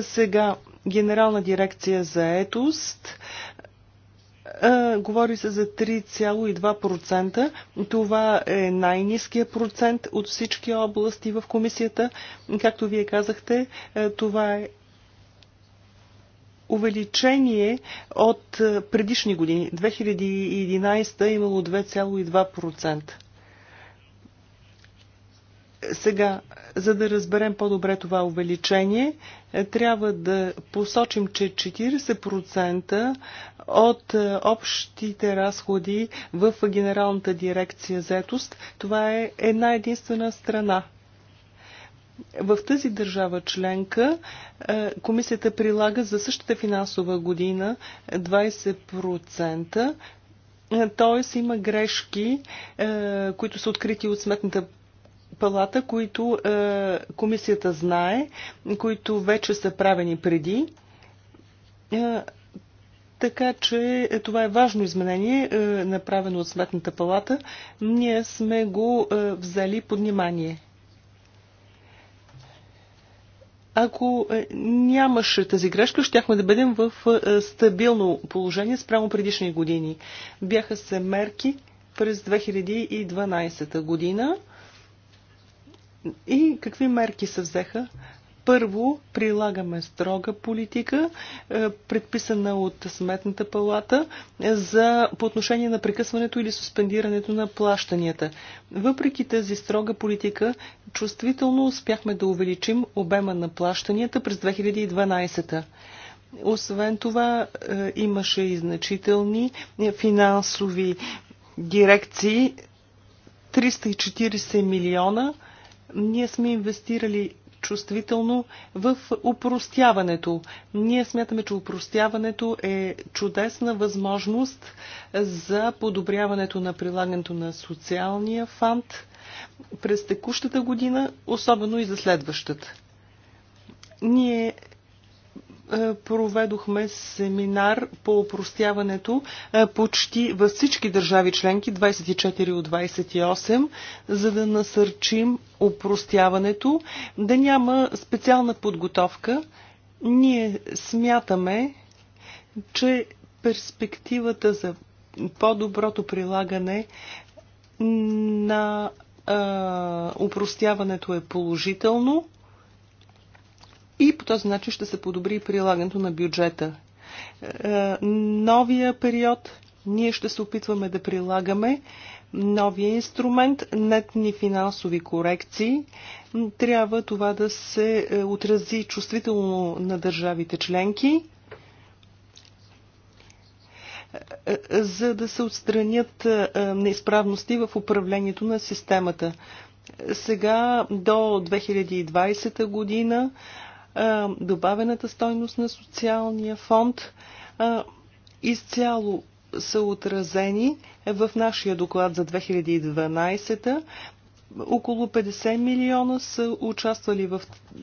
S3: Сега Генерална дирекция за етост. Говори се за 3,2%. Това е най-низкия процент от всички области в комисията. Както вие казахте, това е увеличение от предишни години. 2011 имало 2,2%. Сега, за да разберем по-добре това увеличение, е, трябва да посочим, че 40% от е, общите разходи в Генералната дирекция заетост, това е една единствена страна. В тази държава членка е, комисията прилага за същата финансова година 20%, т.е. има грешки, които са открити от сметната палата, които е, комисията знае, които вече са правени преди. Е, така че е, това е важно изменение, е, направено от Сметната палата. Ние сме го е, взели под внимание. Ако е, нямаше тази грешка, щяхме да бъдем в е, стабилно положение спрямо предишни години. Бяха се мерки през 2012 година. И какви мерки се взеха? Първо, прилагаме строга политика, е, предписана от Сметната палата, е, за, по отношение на прекъсването или суспендирането на плащанията. Въпреки тази строга политика, чувствително успяхме да увеличим обема на плащанията през 2012 -та. Освен това, е, имаше и значителни финансови дирекции 340 милиона – ние сме инвестирали чувствително в упростяването. Ние смятаме, че упростяването е чудесна възможност за подобряването на прилагането на социалния фант през текущата година, особено и за следващата. Ние е, проведохме семинар по опростяването е, почти във всички държави членки, 24 от 28, за да насърчим опростяването, да няма специална подготовка. Ние смятаме, че перспективата за по-доброто прилагане на а, е, упростяването е положително и по този начин ще се подобри прилагането на бюджета. Е, новия период ние ще се опитваме да прилагаме новия инструмент, нетни финансови корекции. Трябва това да се е, отрази чувствително на държавите членки, е, за да се отстранят неизправности в управлението на системата. Сега до 2020 година добавената стойност на социалния фонд изцяло са отразени в нашия доклад за 2012 около 50 милиона са участвали в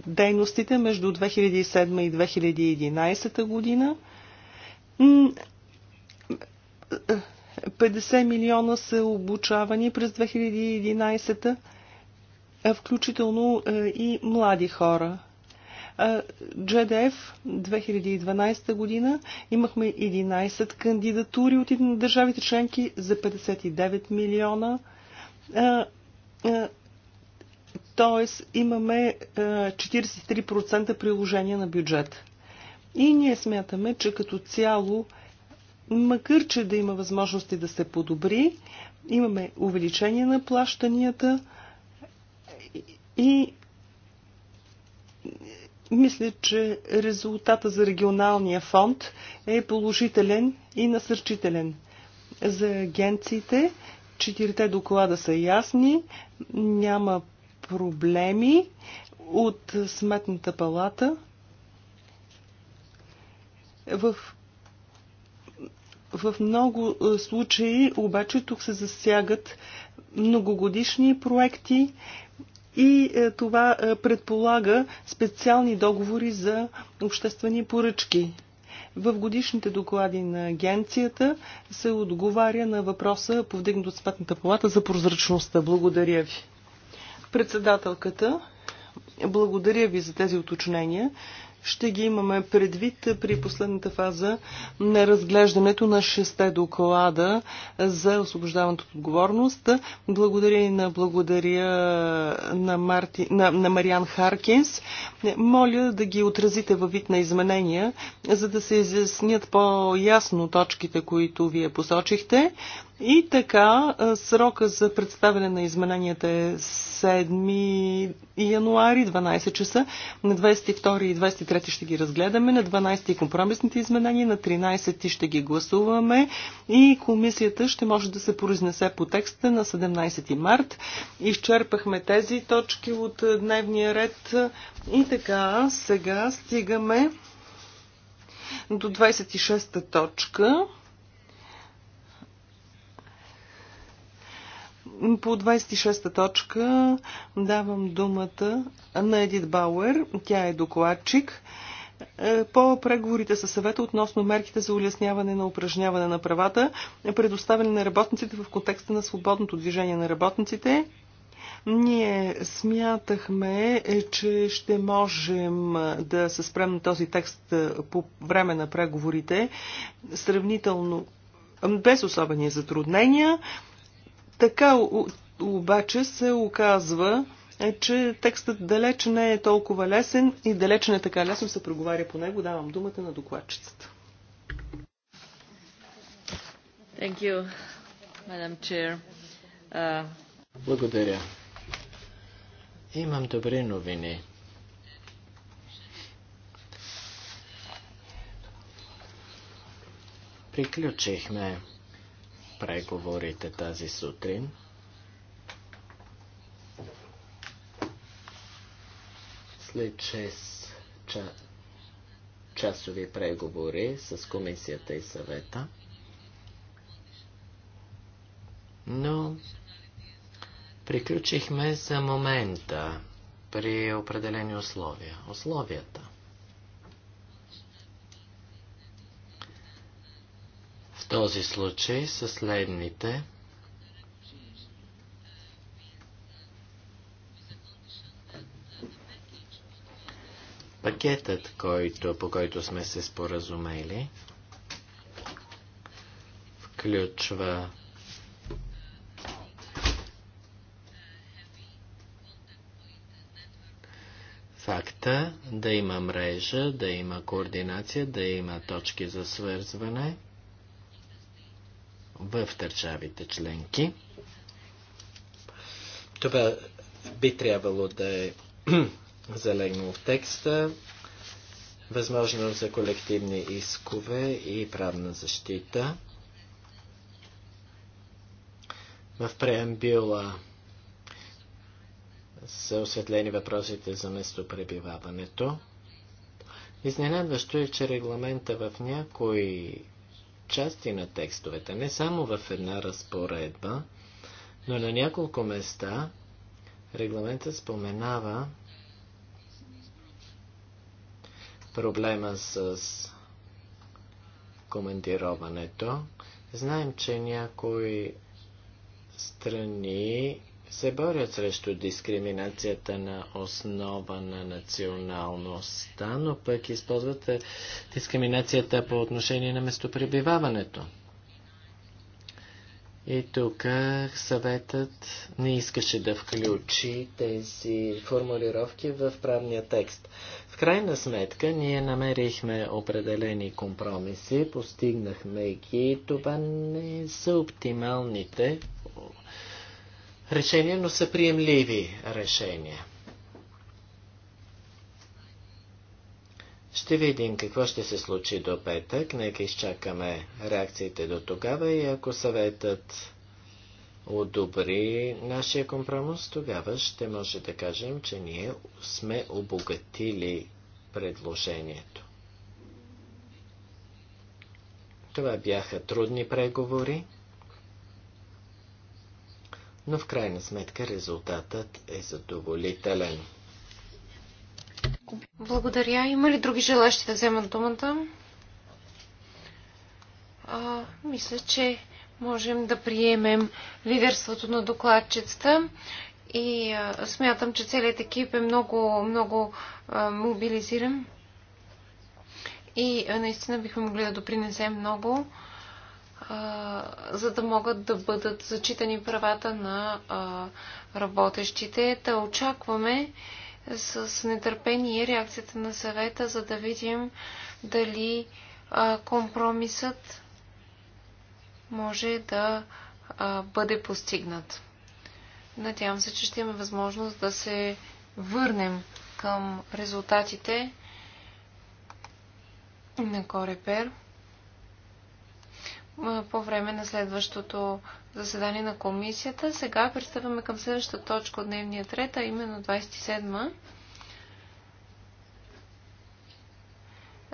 S3: дейностите между 2007 и 2011 година. 50 милиона са обучавани през 2011, включително е, и млади хора. GDF 2012 година имахме 11 кандидатури от на държавите членки за 59 милиона. Тоест имаме 43% приложение на бюджет. И ние смятаме, че като цяло, макар че да има възможности да се подобри, имаме увеличение на плащанията и мисля, че резултата за регионалния фонд е положителен и насърчителен. За агенциите четирите доклада са ясни, няма проблеми от Сметната палата. В, в много е, случаи обаче тук се засягат многогодишни проекти, и е, това е, предполага специални договори за обществени поръчки. В годишните доклади на агенцията се отговаря на въпроса, повдигнат от Сметната палата за прозрачността. Благодаря ви. Председателката, благодаря ви за тези уточнения ще ги имаме предвид при последната фаза на разглеждането на шесте доклада за освобождаването от отговорност. Благодаря и на благодаря на, Марти, на, на Мариан Харкинс. Моля да ги отразите във вид на изменения, за да се изяснят по-ясно точките, които вие посочихте. И така, срока за представяне на измененията е 7 януари, 12 часа. На 22 и 23 ще ги разгледаме, на 12 компромисните изменения, на 13 ще ги гласуваме и комисията ще може да се произнесе по текста на 17 март. Изчерпахме тези точки от дневния ред. И така, сега стигаме до 26 точка. По 26-та точка давам думата на Едит Бауер. Тя е докладчик е, по преговорите със съвета относно мерките за улесняване на упражняване на правата, предоставяне на работниците в контекста на свободното движение на работниците. Ние смятахме, е, че ще можем е, да се спрем на този текст по време на преговорите сравнително без особени затруднения. Така обаче се оказва, е, че текстът далеч не е толкова лесен и далеч не е така лесно се преговаря по него. Давам думата на докладчицата.
S1: Thank you, Madam Chair. Uh... Благодаря. Имам добри новини. Приключихме преговорите тази сутрин. След 6 ча... часови преговори с комисията и съвета, но приключихме за момента при определени условия. Условията. този случай са следните. Пакетът, който, по който сме се споразумели, включва факта да има мрежа, да има координация, да има точки за свързване – в държавите членки. Това би трябвало да е *clears throat* залегнало в текста. Възможност за колективни искове и правна защита. В преамбила са осветлени въпросите за местопребиваването. Изненадващо е, че регламента в някои части на текстовете, не само в една разпоредба, но на няколко места регламента споменава проблема с командироването. Знаем, че някои страни се борят срещу дискриминацията на основа на националността, но пък използват е, дискриминацията по отношение на местопребиваването. И тук съветът не искаше да включи тези формулировки в правния текст. В крайна сметка ние намерихме определени компромиси, постигнахме ги. Това не са оптималните решения, но са приемливи решения. Ще видим какво ще се случи до петък. Нека изчакаме реакциите до тогава и ако съветът одобри нашия компромис, тогава ще може да кажем, че ние сме обогатили предложението. Това бяха трудни преговори но в крайна сметка резултатът е задоволителен.
S2: Благодаря. Има ли други желащи да вземат думата? А, мисля, че можем да приемем лидерството на докладчицата и а, смятам, че целият екип е много, много а, мобилизиран и а, наистина бихме могли да допринесем много. А, за да могат да бъдат зачитани правата на работещите. Да очакваме с нетърпение реакцията на съвета, за да видим дали компромисът може да бъде постигнат. Надявам се, че ще имаме възможност да се върнем към резултатите на Корепер по време на следващото заседание на комисията. Сега пристъпваме към следващата точка от дневния трета, именно 27-ма.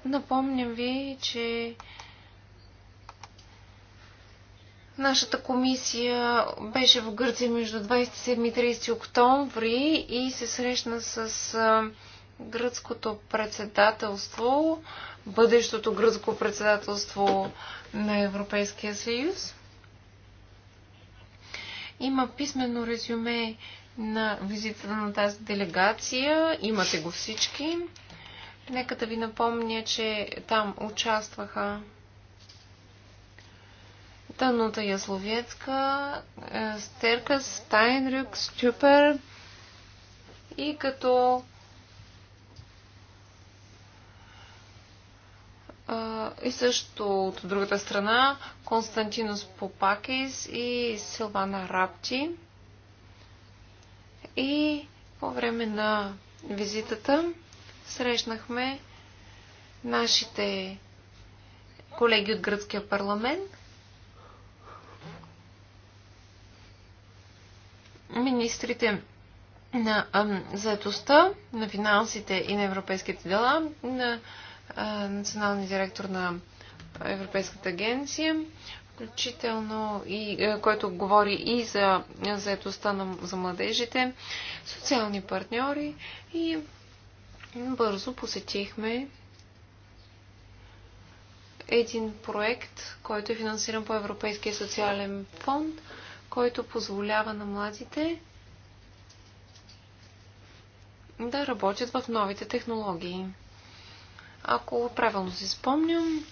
S2: Напомням ви, че Нашата комисия беше в Гърция между 27 и 30 октомври и се срещна с гръцкото председателство, бъдещото гръцко председателство на Европейския съюз. Има писмено резюме на визитата на тази делегация. Имате го всички. Нека да ви напомня, че там участваха Танута Ясловецка, е, Стеркас, Стайнрюк, Стюпер и като и също от другата страна Константинос Попакис и Силвана Рапти. И по време на визитата срещнахме нашите колеги от гръцкия парламент, министрите на заедостта, на финансите и на европейските дела, на националния директор на Европейската агенция, включително и който говори и за заедостта на, за младежите, социални партньори и бързо посетихме един проект, който е финансиран по Европейския социален фонд, който позволява на младите да работят в новите технологии ако правилно си спомням,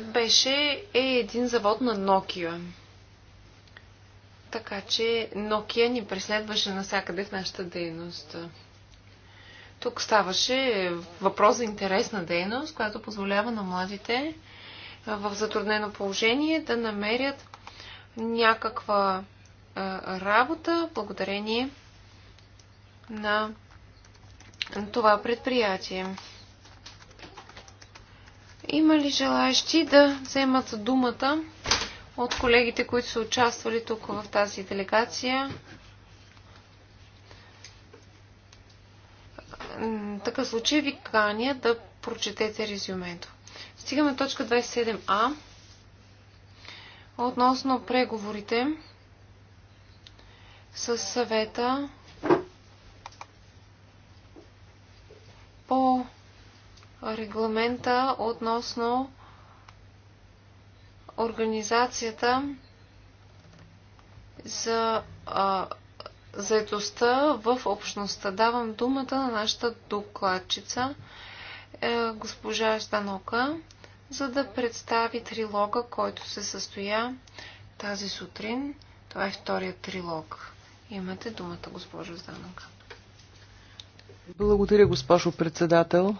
S2: беше е един завод на Nokia. Така че Nokia ни преследваше навсякъде в нашата дейност. Тук ставаше въпрос за интересна дейност, която позволява на младите в затруднено положение да намерят някаква работа благодарение на това предприятие. Има ли желаящи да вземат думата от колегите, които са участвали тук в тази делегация? такъв случай ви каня да прочетете резюмето. Стигаме точка 27а относно преговорите с съвета регламента относно организацията за а, заедостта в общността. Давам думата на нашата докладчица, е, госпожа Жданока, за да представи трилога, който се състоя тази сутрин. Това е вторият трилог. Имате думата, госпожа Жданока.
S3: Благодаря, госпожо председател.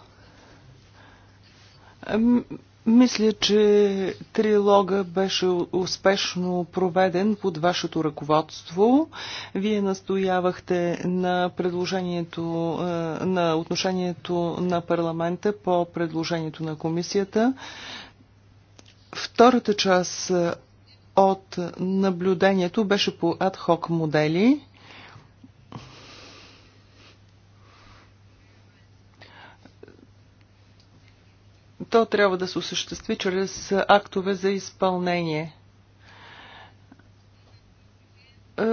S3: Мисля, че трилога беше успешно проведен под вашето ръководство. Вие настоявахте на предложението, е, на отношението на парламента по предложението на комисията. Втората част е, от наблюдението беше по адхок модели. то трябва да се осъществи чрез актове за изпълнение. Е,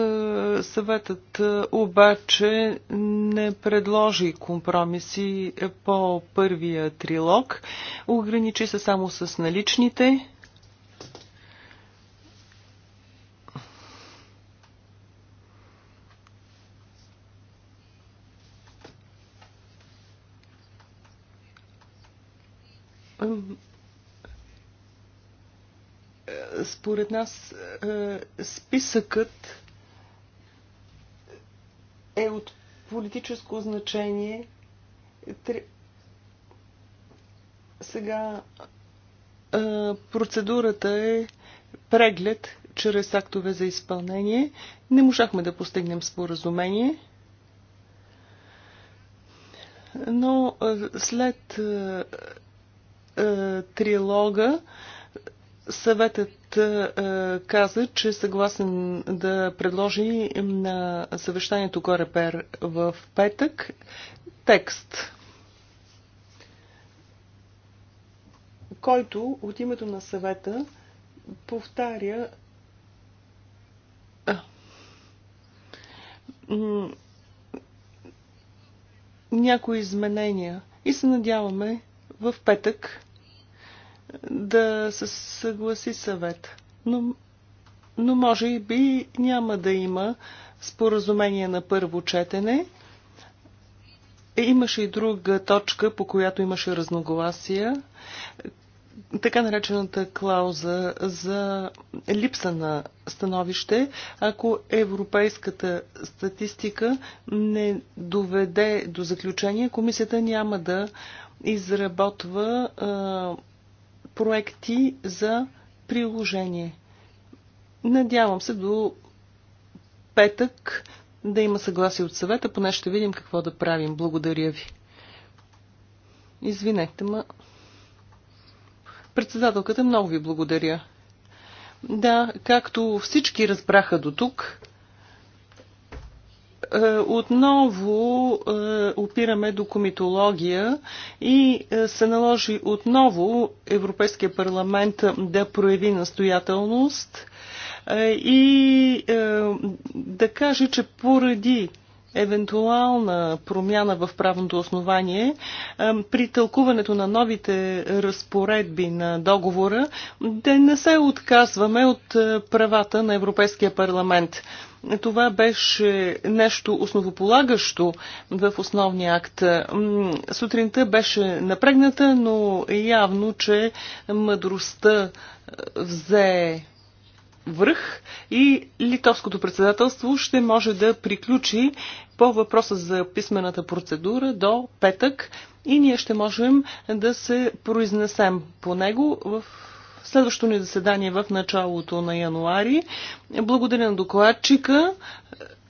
S3: съветът е, обаче не предложи компромиси по първия трилог. Ограничи се само с наличните Според нас е, списъкът е от политическо значение. Сега е, процедурата е преглед чрез актове за изпълнение. Не можахме да постигнем споразумение но е, след е, е, трилога Съветът каза, че е съгласен да предложи на съвещанието Корепер в петък текст, който от името на съвета повтаря а, някои изменения и се надяваме в петък да се съгласи съвет. Но, но може и би няма да има споразумение на първо четене. Имаше и друга точка, по която имаше разногласия. Така наречената клауза за липса на становище, ако европейската статистика не доведе до заключение, комисията няма да изработва проекти за приложение. Надявам се до петък да има съгласие от съвета, поне ще видим какво да правим. Благодаря ви. Извинете, ма... Председателката, много ви благодаря. Да, както всички разбраха до тук, е, отново е, опираме до комитология и е, се наложи отново Европейския парламент да прояви настоятелност и да каже, че поради евентуална промяна в правното основание, при тълкуването на новите разпоредби на договора, да не се отказваме от правата на Европейския парламент. Това беше нещо основополагащо в основния акт. Сутринта беше напрегната, но явно, че мъдростта е, взе връх и литовското председателство ще може да приключи по въпроса за писмената процедура до петък и ние ще можем да се произнесем по него в следващото ни заседание в началото на януари. Благодаря на докладчика.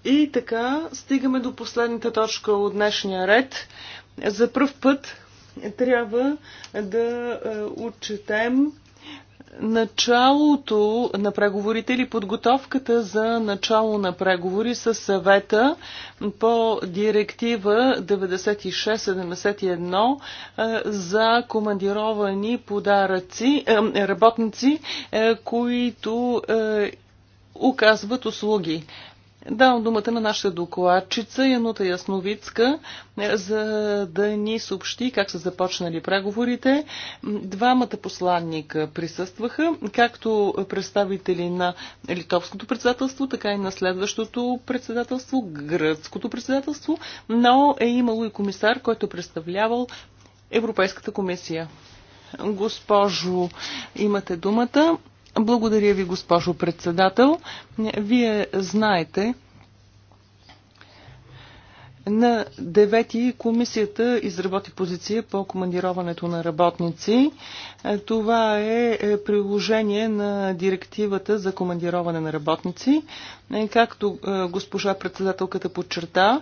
S3: И така, стигаме до последната точка от днешния ред. За първ път трябва да е, отчетем началото на преговорите или подготовката за начало на преговори с съвета по директива 96-71 е, за командировани подаръци, е, работници, е, които оказват услуги. Давам думата на нашата докладчица Янута Ясновицка, е, за да ни съобщи как са започнали преговорите. Двамата посланника присъстваха, както представители на Литовското председателство, така и на следващото председателство, Гръцкото председателство, но е имало и комисар, който е представлявал Европейската комисия. Госпожо, имате думата. Благодаря ви, госпожо председател. Вие знаете, на 9 комисията изработи позиция по командироването на работници. Е, това е, е приложение на директивата за командироване на работници. Е, както госпожа председателката подчерта,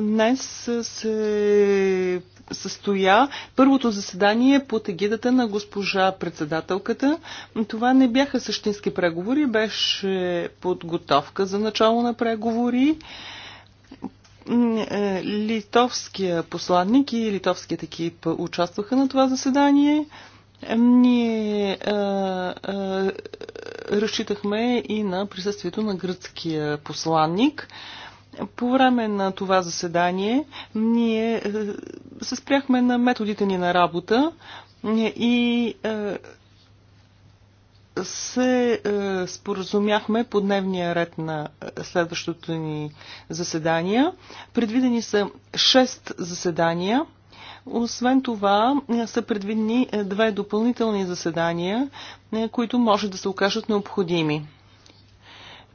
S3: днес се състоя първото заседание под егидата на госпожа председателката. Това не бяха същински преговори, беше подготовка за начало на преговори. Е, литовския посланник и литовският екип участваха на това заседание. Ние а, е, а, е, разчитахме и на присъствието на гръцкия посланник. По време на това заседание ние се спряхме на методите ни на работа и се е, споразумяхме по дневния ред на е, следващото ни заседания. Предвидени са 6 заседания. Освен това е, са предвидени е, две допълнителни заседания, които може да се окажат необходими.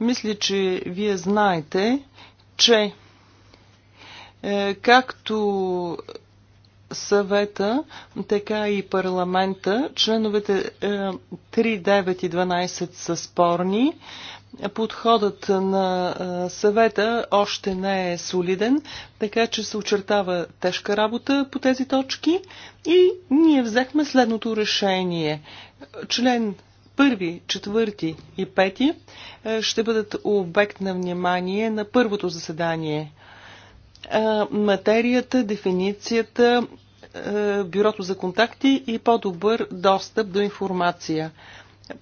S3: Мисля, че вие знаете, че както съвета, така и парламента. Членовете 3, е, 9 и 12 са спорни. Подходът на е, съвета още не е солиден, така че се очертава тежка работа по тези точки и ние взехме следното решение. Член първи, четвърти и пети е, ще бъдат обект на внимание на първото заседание материята, дефиницията, бюрото за контакти и по-добър достъп до информация.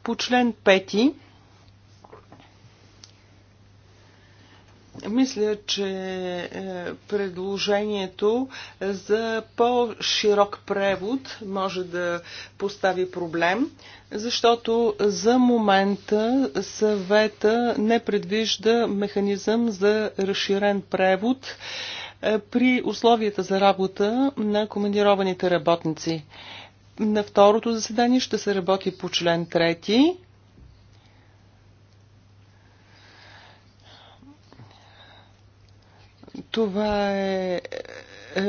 S3: По член 5 Мисля, че е, предложението за по-широк превод може да постави проблем, защото за момента съвета не предвижда механизъм за разширен превод е, при условията за работа на командированите работници. На второто заседание ще се работи по член 3 Това е, е,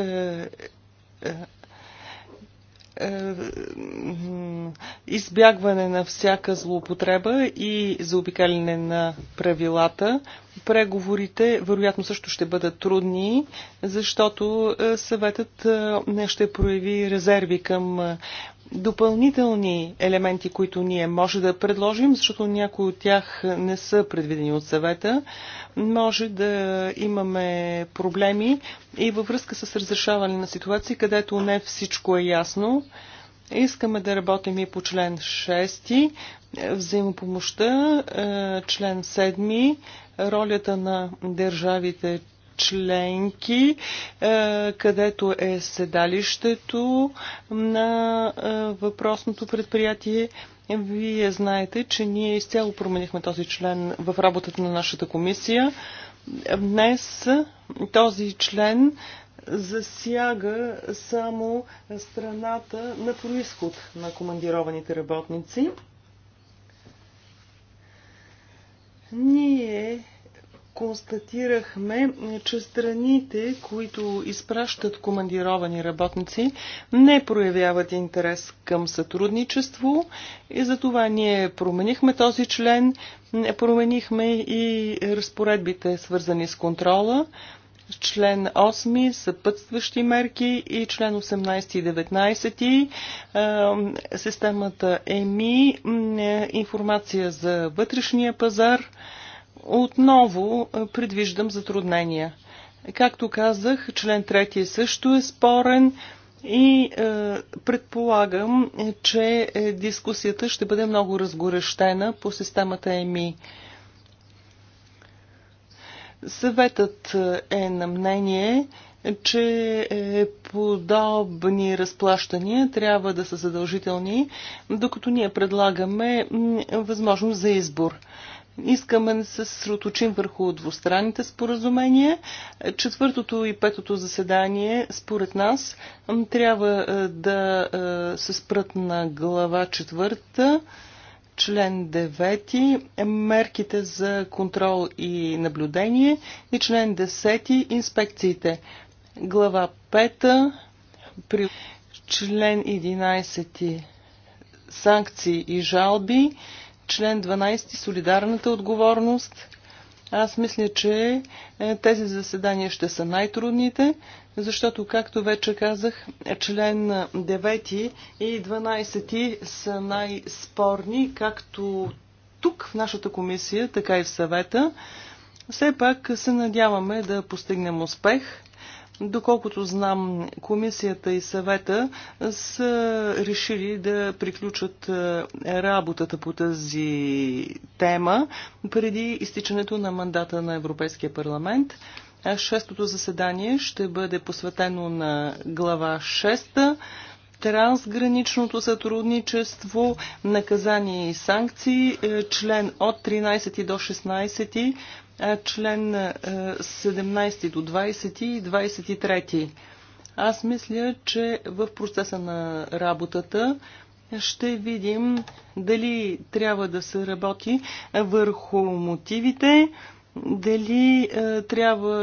S3: е, е избягване на всяка злоупотреба и заобикаляне на правилата. Преговорите вероятно също ще бъдат трудни, защото е, съветът е, ще прояви резерви към допълнителни елементи, които ние може да предложим, защото някои от тях не са предвидени от съвета. Може да имаме проблеми и във връзка с разрешаване на ситуации, където не всичко е ясно. Искаме да работим и по член 6, взаимопомощта, е, член 7, ролята на държавите членки, е, където е седалището на е, въпросното предприятие. Вие знаете, че ние изцяло променихме този член в работата на нашата комисия. Днес този член засяга само страната на происход на командированите работници. Ние констатирахме, че страните, които изпращат командировани работници, не проявяват интерес към сътрудничество и затова ние променихме този член, променихме и разпоредбите свързани с контрола, член 8 съпътстващи мерки и член 18 и 19 системата ЕМИ информация за вътрешния пазар, отново предвиждам затруднения. Както казах, член 3 също е спорен и е, предполагам, че е, дискусията ще бъде много разгорещена по системата ЕМИ. Съветът е на мнение, че е, подобни разплащания трябва да са задължителни, докато ние предлагаме възможност за избор. Искаме да се съсредоточим върху двустранните споразумения. Четвъртото и петото заседание, според нас, трябва е, да е, се спрат на глава четвърта член 9 мерките за контрол и наблюдение и член 10 инспекциите. Глава 5 при член 11 санкции и жалби Член 12. Солидарната отговорност. Аз мисля, че е, тези заседания ще са най-трудните, защото, както вече казах, член 9 и 12 са най-спорни, както тук в нашата комисия, така и в съвета. Все пак се надяваме да постигнем успех. Доколкото знам, комисията и съвета са решили да приключат е, работата по тази тема преди изтичането на мандата на Европейския парламент. Шестото заседание ще бъде посветено на глава 6 трансграничното сътрудничество, наказание и санкции, е, член от 13 до 16 член 17 до 20 и 23. Аз мисля, че в процеса на работата ще видим дали трябва да се работи върху мотивите, дали е, трябва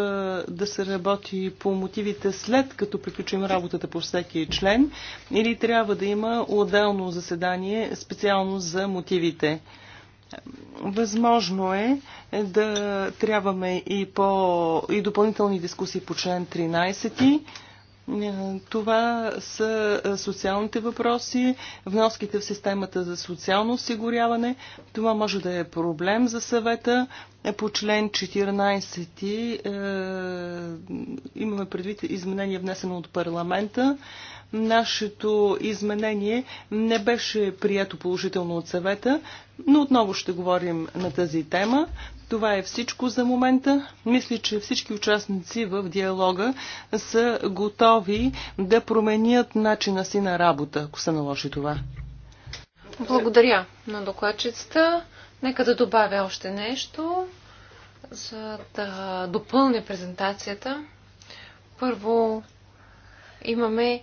S3: да се работи по мотивите след като приключим работата по всеки член или трябва да има отделно заседание специално за мотивите. Възможно е да трябваме и, по, и допълнителни дискусии по член 13. Е, това са социалните въпроси, вноските в системата за социално осигуряване. Това може да е проблем за съвета. Е, по член 14 е, имаме предвид изменение внесено от парламента. Нашето изменение не беше прието положително от съвета, но отново ще говорим на тази тема. Това е всичко за момента. Мисля, че всички участници в диалога са готови да променят начина си на работа, ако се наложи това.
S2: Благодаря на докладчицата. Нека да добавя още нещо, за да допълня презентацията. Първо имаме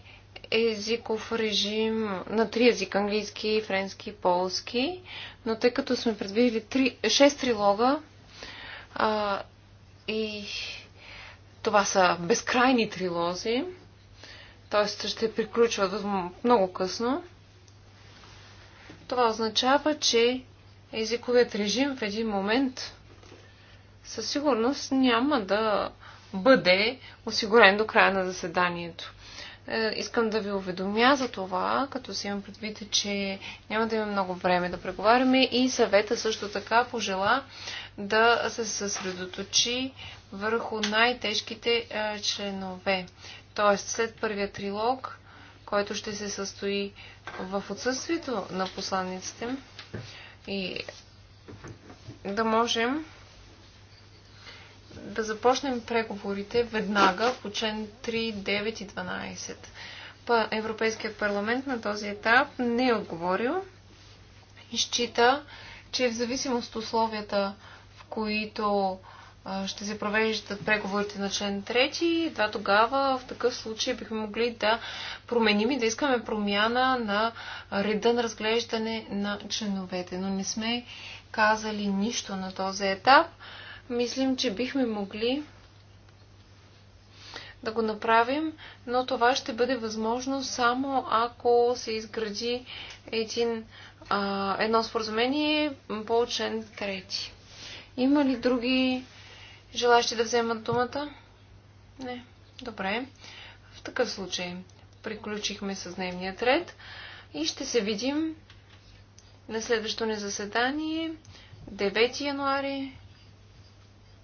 S2: езиков режим на три езика английски, френски, полски, но тъй като сме предвидили три, шест трилога а, и това са безкрайни трилози, т.е. ще приключват много късно, това означава, че езиковият режим в един момент със сигурност няма да бъде осигурен до края на заседанието. Е, искам да ви уведомя за това, като си имам предвид, че няма да има много време да преговаряме и съвета също така пожела да се съсредоточи върху най-тежките е, членове. Тоест, след първия трилог, който ще се състои в отсъствието на посланниците и да можем да започнем преговорите веднага по член 3, 9 и 12. Па Европейският парламент на този етап не е отговорил и счита, че в зависимост от условията, в които ще се провеждат преговорите на член 3, едва тогава в такъв случай бихме могли да променим и да искаме промяна на реда на разглеждане на членовете. Но не сме казали нищо на този етап мислим, че бихме могли да го направим, но това ще бъде възможно само ако се изгради един, а, едно споразумение по член трети. Има ли други желащи да вземат думата? Не. Добре. В такъв случай приключихме с дневния ред и ще се видим на следващото ни заседание 9 януари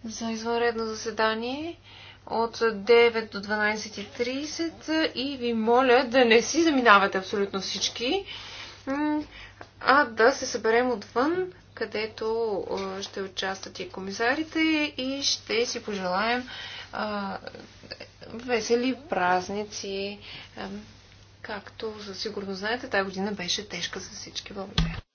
S2: за извънредно заседание от 9 до 12.30 и ви моля да не си заминавате абсолютно всички, а да се съберем отвън, където ще участват и комисарите и ще си пожелаем весели празници. Както със сигурно знаете, тази година беше тежка за всички. Благодаря.